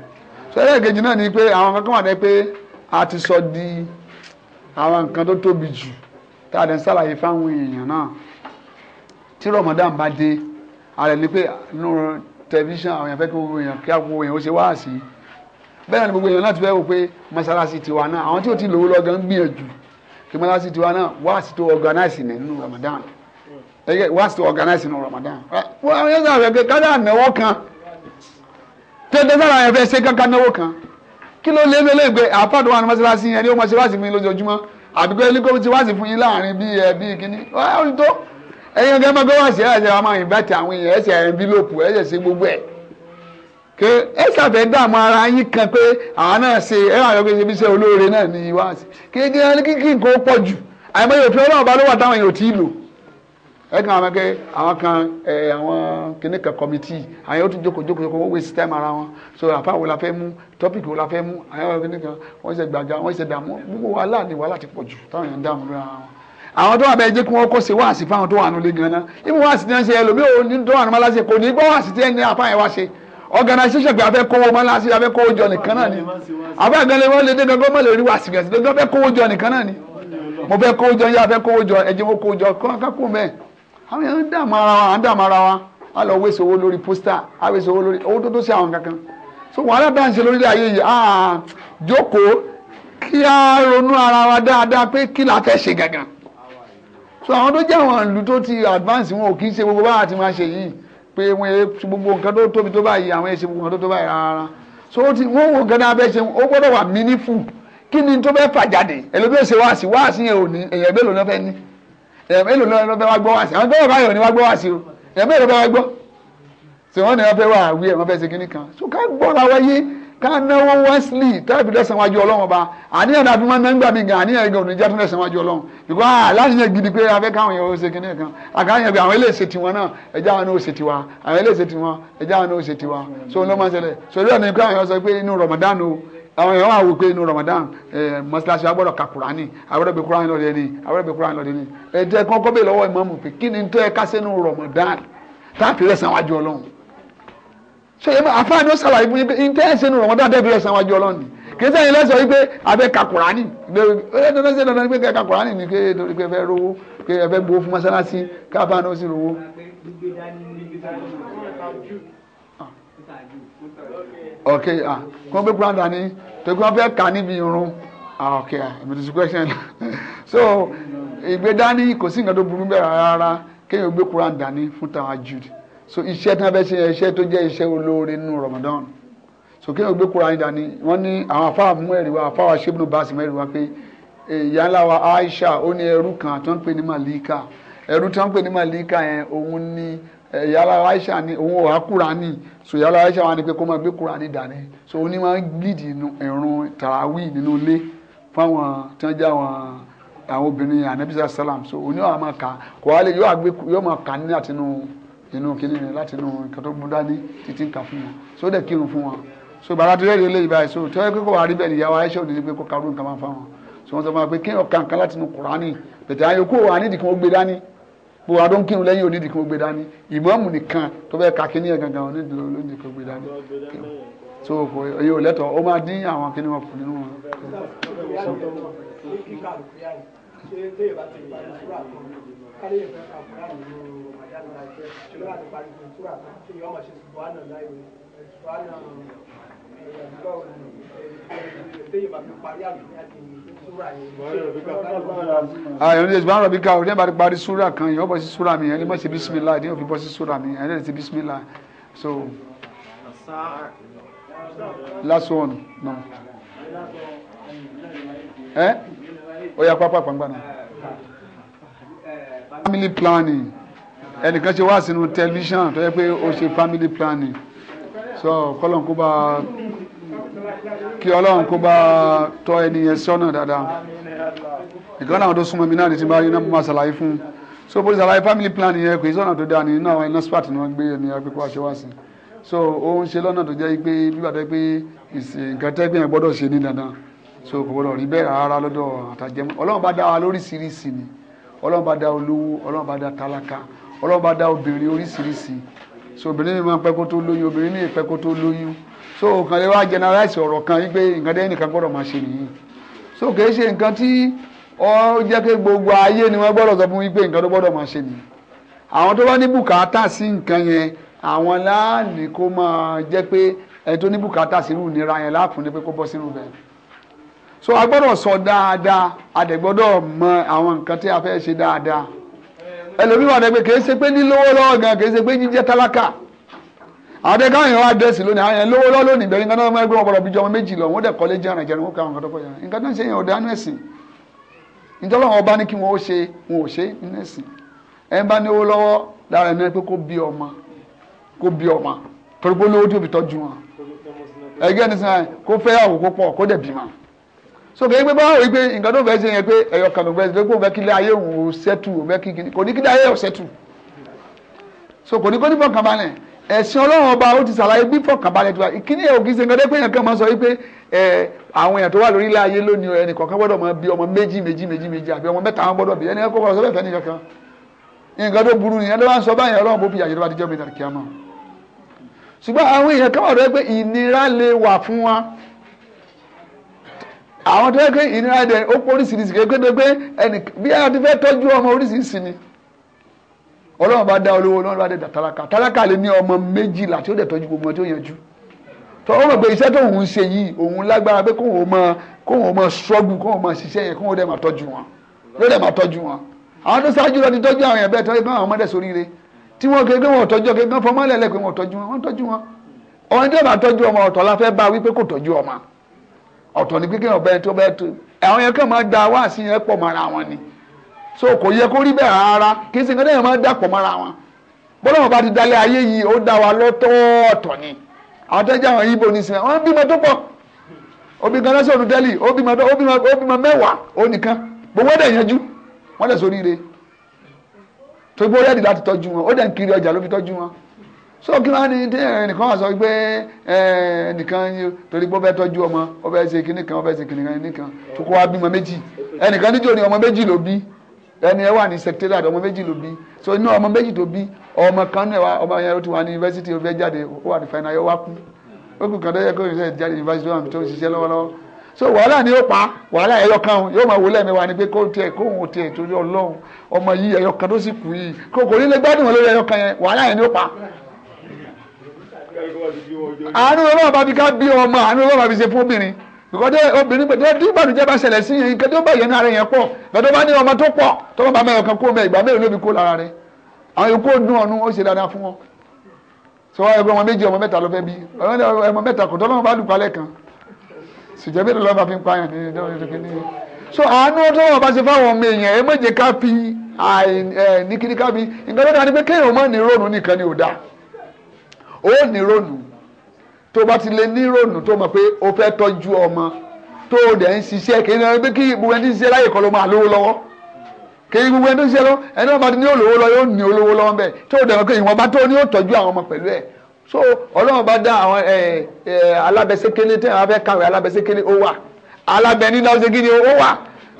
sọ ẹlẹ́gẹ̀ẹ́jì náà a ti sọ di àwọn nǹkan tó tóbi jù tá a dẹ̀ ń ṣàlàyé fáwọn èèyàn náà tí Ramadan bá dé ààrẹ ni pé nínú tẹlifíṣàn àwọn èèyàn fẹ́ kí gbogbo èèyàn kí gbogbo èèyàn ó ṣe wáàsí bẹ́ẹ̀ ni gbogbo èèyàn láti fẹ́ wò pé mọ́ṣáláṣí tiwa náà àwọn tí ò ti lówó lọ́gán gbìyànjú kí mọ́ṣáláṣí tiwa náà wáàsí tó organize nínú Ramadan ẹgbẹ́ wáàsí tó organize nínú Ramadan wọ́n yóò sàrẹ̀ pé kádà náwó kan tẹ́tẹ́ sára yẹn fẹ́ ṣe kankan náwó kan kí ló lé mélòó ìgbé àfáàdó wa ni mọ́ṣáláṣí yẹn ni ó mọ́ṣáláṣí fún yín lójoojúmọ́ àbí pé nígbà tí wáṣí fún yín láàrin bí ẹ eh, bí kíní ó ń tó ẹyin ọgá ẹgbẹ́ wáṣí ẹ̀ ẹ̀ṣẹ̀ máa ìbátí àwọn èèyàn ẹ̀ṣẹ̀ ẹ̀ńbílòpù ẹ̀ṣẹ̀ ṣe gbogbo ẹ̀ ké ẹ̀ṣẹ̀ àfẹ́ dààmú ara yín kan pé àwọn náà ṣe ẹ̀ àwọn ṣe bí iṣẹ́ olóore náà ní wáṣí kéde kíkì nǹkan ẹgbẹ́ àwọn ẹgbẹ́ àwọn kan ẹ àwọn kìnnì kan kọmitì àwọn yóò tún jókòó jókòó jókòó wọ́n wé sítẹ́m ara wọn so àpá wo la fẹ́ mú tọ́pìkì wo la fẹ́ mú àwọn kìnnì kan wọ́n ṣe gbàgbà wọ́n ṣe dààmú gbogbo wàhálà ni wàhálà ti pọ̀ jù táwọn èèyàn ń dààmú lóra wọn. àwọn tó wà bẹ́ẹ̀ jẹ́ kí wọ́n kó ṣe wáàsí fáwọn tó wà nílé gan-an ibi wáàsí ti ń ṣe ẹlòmíì ò ní dọ́wà ní malásì kò ní organisation pé a fẹ́ kówó mọ́ láti a jọ nìkan náà ni àbá ìgbẹ́lẹ̀ wọn lè dé gangan mọ́ lè rí wàásù gẹ̀ẹ́sì lọ́jọ́ fẹ́ kówó jọ nìkan náà ni mo fẹ́ kówó jọ yá fẹ́ kówó jọ ẹ̀jẹ̀ mo kówó jọ kọ́ akákùn mẹ́ẹ̀ àwọn èèyàn ń dààmú ara wa à ń dààmú ara wa a lọ wéṣọ owó lórí pósítà a wéṣọ owó lórí owó tó tó sí àwọn kankan so wàhálà bá ń ṣe lórílẹ̀ ayé yìí ah jókòó kí a ronú ara wa dáadáa pé kí la fẹ́ ṣe gangan so àwọn tó jẹ́ àwọn ìlú tó ti advance wọn ò kì í ṣe gbogbo báwa ti máa ṣe yìí pé wọn ẹ gbogbo nǹkan tó tóbi tó báyìí àwọn ẹ ṣe gbogbo nǹkan tó tó báyìí rárá so wọn wò gan-an abẹ́ ṣe ó gbọ́dọ̀ wà meaningful kí ni tó bẹ́ẹ̀ fà jáde ẹlòmíràn ṣe wáàsí wáàsí yẹn ò ní èèyàn mélòó náà fẹ́ ní èèyàn mélòó náà ló fẹ́ wá gbọ́ wá sí àwọn tó wà báyọ̀ ni wá gbọ́ wá sí o èèyàn mélòó fẹ́ wá gbọ́ tí wọ́n ní wọ́n fẹ́ wá àwí ẹ̀ wọ́n fẹ́ ṣe kínní kan so ká gbọ́ra wáyé ká náwó wẹ́sílì tábìlì lẹ́sàn wájú ọlọ́run ọba àníyàn náà fi máa ń náńgbà mí gan àníyàn gan oníjà tó lẹ́sàn wájú ọlọ́run ìgbà aláṣẹ gidi pé afẹ́ káwọn èèyàn ó ṣe kínní kan àkáyàn bí àwọn eléèṣe tiwọn náà ẹjá wọn ó ṣe tiwa àwọn eléèṣe tiwọn ẹjá wọn ó ṣe tiwa so ló máa ń ṣẹlẹ̀ so ìlú ẹ̀ ní pé àwọn èèyàn sọ pé inú Ramadan o àwọn èèyàn wà wò pé inú Ramadan mọ́sálásí agbọ́dọ̀ ka Kùránì agbọ́dọ̀ gbé Kùránì lọ́dẹ ni agbọ́dọ̀ gbé Kùránì lọ́dẹ ni ẹ̀jẹ̀ kan kọ́ bẹ́ẹ̀ lọ́wọ́ ìmọ̀ọ́mù pé kí ni tó ẹ kásẹ̀ inú Ramadan táàpì rẹ̀ sàn wájú Ọlọ́run ṣe é àfáà ni ó ṣàlàyé fún yín pé ntẹ́ ẹ̀sẹ̀ inú Ramadan tẹ́ẹ̀fì rẹ̀ sàn wájú Ọlọ́run ni kì í sẹ́yìn lẹ́sọ̀ wípé abẹ́ ka Kùránì ẹ̀ẹ́dẹ́gbẹ́sẹ̀ dandan wípé ka Kùránì ni pé torí pé ẹ fẹ́ rówó pé ẹ fẹ́ gbowó fún mọ́sálásí ok ah, kò gbé Quran dání tó kí wọ́n fẹ́ kà níbi irun ah, ok ah, emergency question <laughs> so ìgbé dání kò sí nǹkan tó burú bẹ́ẹ̀ rárá kéèyàn gbé Quran dání fún tahajjud so iṣẹ́ tí wọ́n fẹ́ ṣe iṣẹ́ tó jẹ́ iṣẹ́ olóore nínú Ramadan so kéèyàn gbé Quran dání wọ́n ní àwọn afáwà mú ẹ̀rí wa afáwà ṣébùnú báàsì mú ẹ̀rí wa pé eh, ìyá ńlá wa Aisha ó ní ẹrú kan tó ń pè ní Malika ẹrú tó ń pè ní Malika yẹn òun ní Eh, yàrá aisha ni òun ò há kúránì so yàrá aisha wà ní pé kó máa gbé kúránì dání so òun ni máa ń gbìdì ìrun tàràwí nínú ilé fáwọn tí wọ́n já wọn àwọn obìnrin anabisa salam so òun yóò máa kà kó wá lè yóò àgbé yóò máa kà ní láti inú inú kínní rẹ láti inú nǹkan tó gbọ́dọ̀ ní títí ń kà fún wọn so ó dẹ̀ kírun fún wọn so bàrà tó yẹ lè léyìí báyìí so tí wọ́n yẹ kó wà rí bẹ́ẹ̀ nìyàwó aisha so wọ́n ma pé kí ọ̀kan kan láti inú kúránì bẹ̀tẹ̀ àyòkó gbogbo àdó ń kírun lẹ́yìn onídìí kí wọ́n gbé dání ìmọ̀ọ́mù nìkan tó fẹ́ ka kíní ẹ̀ gangan onídìí onídìí kí wọ́n gbé dání so kò èyí ò lẹ́tọ̀ ó máa dín àwọn kíní wọn kù nínú wọn. Thank you àyàn ah, ní ìsúná rọ̀bì ká o ní bá parí súrà kan yìí ó bọ̀ sí súrà mi ẹni bọ́ sí bísímìlá ẹni ò fi bọ́ sí súrà mi ẹni ti bísímìlá so last one no ẹ eh? ó yà pápá pàǹgbà náà family planning ẹnìkan ṣe wá sínú tẹlifíṣàn tó yẹ pé ó ṣe family planning so kọ́lọ̀ ń bá a kí ọlọ́run kó bá tọ́ ẹni yẹn sọ́nà dáadáa ìkan náà tó súnmọ́ mi náà ní ti bá rí náà máa ṣàlàyé fún un so bó ṣe ṣàlàyé family plan yẹn kò sọ́nà tó dáa ní inú àwọn nursepat ni wọ́n gbé ẹni akẹ́kọ̀ọ́ àṣewá sí so ó ń ṣe lọ́nà tó jẹ́ pé bíbá tẹ́ pé nǹkan tẹ́gbẹ́ yẹn gbọ́dọ̀ ṣe ní dandan so kò gbọ́dọ̀ rí bẹ́ẹ̀ rárá lọ́dọ̀ àtàjẹmọ́ ọlọ́run bá dá wa lóríṣiríṣi ni ọlọ́run bá dá olówó ọlọ́run bá dá tálákà ọlọ́run bá dá obìnrin oríṣiríṣi so obìnrin mi máa pẹ́ kó tó lóyún obìnrin mi pẹ́ kó tó lóyún so kàn lè wá generalize ọ̀rọ̀ kan wípé nǹkan dé nìkan gbọ́dọ̀ máa ṣe nìyí so kì í ṣe nǹkan tí ó jẹ́ pé gbogbo ayé ni wọ́n gbọ́dọ̀ sọ fún wípé nǹkan tó gbọ́dọ̀ máa ṣe nìyí àwọn tó bá ní bùkátà sí nǹkan yẹn àwọn láàánì kó máa jẹ́ pé ẹni tó ní bùkátà sínú ìnira yẹn láàfún ni pé kó bọ́ sínú bẹ́ẹ̀ so a gbọ́dọ̀ sọ dáadáa a dẹ̀ gbọ́dọ̀ mọ àwọn nǹkan tí a fẹ́ ṣe dáadáa ẹlòmíràn dẹ̀ pé kì í ṣe pé ní lówó lọ́wọ́ gan kì í ṣe pé jíjẹ́ tálákà àbẹ káwọn èèyàn wá dẹ́sì lónìí àwọn èèyàn lówó lọ́wọ́ lónìí bẹ̀rẹ̀ nǹkan náà máa gbé wọn bọ̀rọ̀ bíjọ́ ọmọ méjì lọ wọ́n dẹ̀ kọ́lé jẹ́ àràjẹ́ wọn káwọn kọ́tọ́ kọjá nǹkan náà ṣe yẹn ọ̀dà nínú ẹ̀sìn nítorí wọn bá ní kí wọn ó ṣe wọn ò ṣe nínú ẹ̀sìn ẹ̀ bá ní owó lọ́wọ́ lára ẹ̀ náà pé kó bí ọmọ kó bí ọmọ torí pé olówó tó fi tọ́jú wọn ẹgbẹ́ ní sinai kó fẹ́ àwò kó pọ̀ kó dẹ̀ bímọ so kì í pé báwo wípé nǹkan tó fẹ́ ṣe yẹn pé ẹ̀yọ̀ kan ló fẹ́ ṣe pé kó fẹ́ kílé ayé ò ṣẹ́tù òun fẹ́ kò ní kílé ayé ò ṣẹ́tù so kò ní kó ní bọ̀ kan balẹ̀ ẹ̀sìn ọlọ́run ọba ó ti ṣàlàyé bí fọkànbalẹ̀ tiwa ìkíní ẹ̀ ògì sẹ́ńgá dẹ́gbẹ́ yẹn máa sọ wípé ẹ àwọn èèyàn tó wà lórí ayé lónìí ẹnìkọ̀ọ̀kan gbọ́dọ̀ máa bí ọmọ méjì méjì méjì méjì àbí ọmọ mẹta wọn bí nǹkan tó burú ń sọ báyìí bó fi àyè kíá ṣùgbọ́n wa àwọn tó yẹ ìnira ọlọ́run bá dá olówó ọlọ́run bá dá tálákà tálákà lè ní ọmọ méjìlá tí ó dẹ̀ tọ́jú gbogbo tí ó yanjú tó o mọ̀ pé iṣẹ́ tó òun ń ṣe yìí òun lágbára pé kóun ò mọ kóun ò mọ struggle kóun ò mọ ṣiṣẹ́ yẹn kóun ò dẹ̀ máa tọ́jú wọn ló dẹ̀ máa tọ́jú wọn àwọn tó ṣáájú lọ ti tọ́jú àwọn yẹn bẹ́ẹ̀ tọ́jú pé àwọn ọmọdé sóríire tí wọ́n kékeré wọn tọ́jú kékeré fọmọ lẹ́lẹ́ pé wọ́n tọ́jú wọn tọ́jú wọn ọ̀hún tí wọ́n bá tọ́jú ọmọ ọ̀tọ̀ la fẹ́ bá wípé kò tọ́jú ọmọ ọ̀tọ̀ ni kékeré ọ̀bẹ tó bẹ́ẹ̀ tó àwọn yẹn kàn máa da wáàsí yẹn pọ̀ mọ́ra wọn ni so kò yẹ kó rí bẹ́ẹ̀ rárá kì í sì nǹkan déèyàn máa dàpọ̀ mọ́ra wọn bọ́lọ́mọ̀ bá ti dalẹ̀ ayé yìí ó dá wa lọ́tọ̀ọ̀tọ̀ ni àwọn tẹ́jà àwọn ibo ní sinmi wọ́n bímọ tó pọ̀ obi gan lọ́sẹ̀ òdu tẹ́lì ó bímọ mẹ́wàá ó nìkan gbogbo ẹ̀dẹ̀ yanjú wọ́n dẹ̀ sórí ire tó gbó rẹ́ẹ̀dì láti tọ́jú wọn ó dẹ̀ ń kiri ọjà ló fi tọ́jú wọn so kí wọ́n á ní tí ẹnìkan wà sọ pé ẹnìkan torí pé ó fẹ́ tọ́jú ọmọ ó fẹ́ ṣe kinní kan ó fẹ́ ṣe kinní ẹnìkan tó kó wa bímọ méjì ẹnìkan níjó ni ọmọ méjì ló bí ẹni ẹ wà ní secretariat ọmọ méjì ló bí so inú ọmọ méjì tó bí ọmọ kan náà wà ọmọ yẹn ó ti wà ní yunifásitì ó fẹ́ jáde ó wà ní final yẹn ó wá kú ó kù kàn tó yẹ kó ìṣe jáde yunifásitì wọn tó ṣiṣẹ́ lọ́wọ́lọ́wọ́ so wàhálà ni ó pa wàhálà ẹyọ kan yóò máa wò lẹ́mẹ̀wá ni pé kó tiẹ̀ kó òun tiẹ̀ torí ọlọ́run ọmọ yìí ẹyọ kan tó sì kù yìí kó kò ní lè gbádùn lórí ẹyọ kan yẹn wàhálà yẹn ni ó pa. àánú ọlọ́run bá fi ká bí ọmọ àánú ọlọ́run bá fi ṣe fún obìnrin ìkọ́dé obìnrin pẹ̀lú tí ìbànújẹ́ bá ṣẹlẹ̀ sí nǹkan tó bá yẹn ní ara yẹn pọ̀ bẹ̀tọ́ bá ní ọmọ tó pọ̀ tó bá bàbá ẹ̀kan kó mẹ́ ìgbà mẹ́rin ló fi kó lára rẹ̀ àwọn yòókù dùn ọ̀nù ó ṣe dáadáa fún wọn. sọ wáyé pé ọmọ méjì ọmọ mẹ́ta ló fẹ́ bí ọmọ mẹ́ta kò tọ́lọ́mọ bá dùn palẹ̀ kan ṣùjẹ́ bí lọ́ba fi ń pààyàn ní so àánú tọ́lọ́mọ bá ṣe fáwọn ọmọ èèyàn ẹ méje ká fi ní kíní ká fi nǹkan tó dáa ni pé kéèyàn mọ́ ní rónù nìkan ni tó bá ti lè níròònù tó mọ̀ pé o fẹ́ tọ́jú ọmọ tó o dẹ̀ ń ṣiṣẹ́ kí ni pé kí gbogbo ẹni tí ń ṣiṣẹ́ láyè kọ́ ló máa lówó lọ́wọ́ kí gbogbo ẹni tó ń ṣiṣẹ́ lọ́wọ́ ẹni tó bá ti ní olówó lọ yóò ní olówó lọ́wọ́ bẹ́ẹ̀ tó o dẹ̀ mọ̀ pé ìwọ̀nba tó o ní yóò tọ́jú àwọn ọmọ pẹ̀lú ẹ̀ so ọlọ́run bá dá àwọn alábẹ́sẹ́kẹ́lé tẹ́ àwọn fẹ́ kàwé alábẹ́sẹ́kẹ́lé ó wà alábẹ́ nílá ó ṣe kí ni ó wà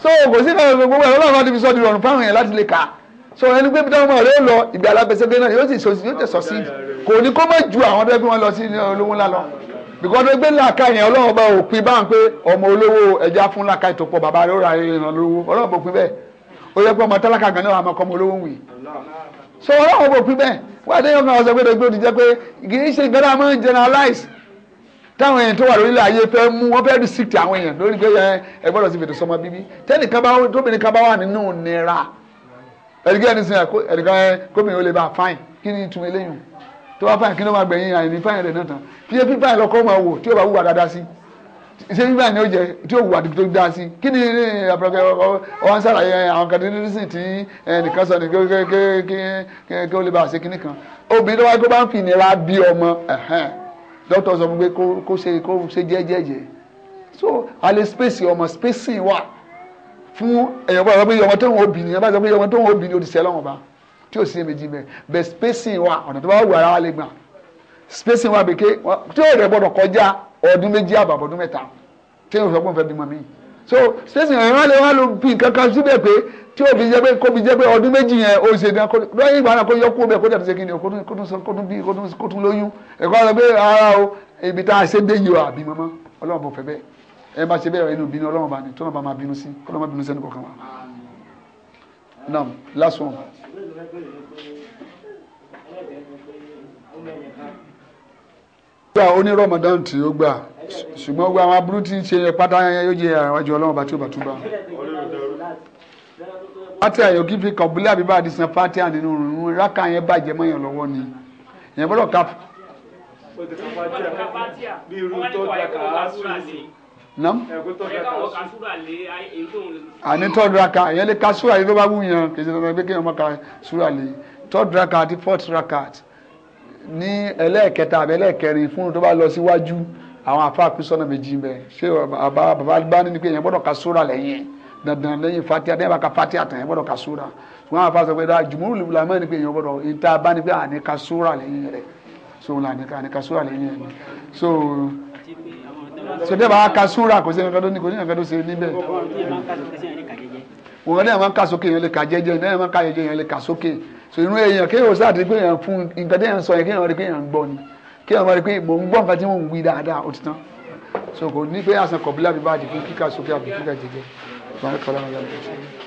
so kò sí náà gbogbo ẹ̀ ọlọ́run bá ti fi sọ́ọ́ so ẹni pé bíi ọmọ rẹ ó lọ ìgbà alábẹsẹgbẹ náà yóò sì sọ yóò tẹsọ sí kò ní kó má ju àwọn tẹ́gbẹ́ wọn lọ sí olówó ńlá lọ bìkọ́dọ̀ gbé làákà yẹn ọlọ́run bá òpin bá ń pé ọmọ olówó ẹja fún làákà tó pọ̀ bàbá rẹ ó ra ìrìnà lówó ọlọ́run bò pin bẹ́ẹ̀ ó yẹ pé ọmọ tálákà gan náà àmọ́ kọ́ ọmọ olówó ń wì so ọlọ́run bò pin bẹ́ẹ̀ wọ́n adé yọ̀ǹkan ọ̀sẹ̀ gbẹ́dẹ̀ gbẹ́dẹ̀ jẹ́ pé kì í ṣe ìgbẹ́dà máa ń generalize táwọn èèyàn tó wà lórílẹ̀ ayé fẹ́ mú wọ́n fẹ́ restrict àwọn èèyàn lórí pé ẹ gbọ́dọ̀ sí fètò sọmọ bíbí tẹ́nìkan bá tóbìnrin kan bá wà nínú nira ẹ̀ríkẹ́ ẹni sin ẹ̀ríkẹ́ ẹ gómìnà ó lè bá a fáìn kí ni ìtumọ̀ eléyìí tó bá fáìn kí ló máa gbẹ̀yìn àìní fáìn rẹ̀ náà tán fi epi fáìn lọ́kọ́ máa wò tí ó bá wùwà dáadáa sí ṣé bí fáìn ni ó jẹ tí ó wùwà tó dáa sí kí ni eh, àpẹẹrẹ ọwọ́n sàlàyé eh, àwọn kan nínú sìn tí eh, nìkan sọ ní kí ó lè bá a ṣe kíní kan obìnrin tó wáyé kó bá ń fi ìnira bí ọmọ dókítà sọ fún pé kó ṣe jẹ́jẹ́jẹ́ so àlè spacing ọmọ spacing wà fún èèyàn bá sọ pé ọmọ tó ń obì ni èèyàn bá sọ pé ọmọ tó ń obì ni òdìsẹ́ lọ́wọ́ bá tí ò sí èméjì mẹ́ bẹ́ spacing wa ọ̀nà tó bá wù ara wa lè gbà spacing wa bèké tí ó rẹ̀ gbọ́dọ̀ kọjá ọdún méjì àbàbọ̀ ọdún mẹ́ta tí èèyàn sọ pé òun fẹ́ bímọ mi so spacing ẹ̀rọ alẹ́ wa ló bí nǹkan kan síbẹ̀ pé tí ó fi jẹ́ pé kó fi jẹ́ pé ọdún méjì yẹn ó ṣe dán lọ́yìn ìgbà náà kó yọ kó bẹ̀ kó o ibi ẹ bá ṣe bẹ́ẹ̀ inú bínú ọlọ́run bá ní tó náà bá máa bínú sí kó náà má bínú sẹ́ni kankan wa. now last one. gbà ó Ramadan tí ó gbà ṣùgbọ́n gbà àwọn aburú tí ń ṣe pátá yóò jẹ àwọn ọlọ́run bá tí ó bá tún bá. pátí àyè òkìfì kọ̀bùlẹ̀ àbíbá àdìsàn pátí àdínú rúnrún rákà yẹn bàjẹ́ mọ́yàn lọ́wọ́ ni yẹn gbọ́dọ̀ ká nam. àní tọ́dúrà ka èyàn lè ka súrà yìí tó bá wù yàn kì í ṣe dandan pé kéèyàn má ka súrà lè tọ́dúrà ka àti fọ́túrà ka ní ẹlẹ́ẹ̀kẹta àbí ẹlẹ́ẹ̀kẹrin fún tó bá lọ síwájú àwọn afáàpì sọ́nà méjì bẹ́ẹ̀ ṣé bàbá bá ní pé èyàn gbọ́dọ̀ ka súrà lẹ́yìn dandan lẹ́yìn fatia dẹ́yìn bá ka fatia tán ẹ gbọ́dọ̀ ka súra wọn àfa sọ pé dáa jùmúrù lùbùlà mọ́ ẹni pé èèyàn gbọ́dọ̀ ìta bá ní pé àní ka súra lẹ́yìn rẹ̀ so ka súra lẹ́yìn rẹ̀ so sọdẹ́ bá ka súnra kò sí ẹnìkan tó ní kò sí ẹnìkan tó ṣe níbẹ̀. òun náà máa ń sókè yẹn lè ka jẹ́jẹ́ náà máa ń ka yẹn lè ka sókè so inú èèyàn kéèyàn sáà ti pé èèyàn fún nǹkan téèyàn sọ yẹn kéèyàn rí pé èèyàn gbọ́ ni kéèyàn máa rí pé mò ń gbọ́ nǹkan tí mò ń wí dáadáa ó ti tán so kò ní pé àṣà kọ̀bílà bíbá àdìgún kíkà sókè àbí kíkà jẹ́jẹ́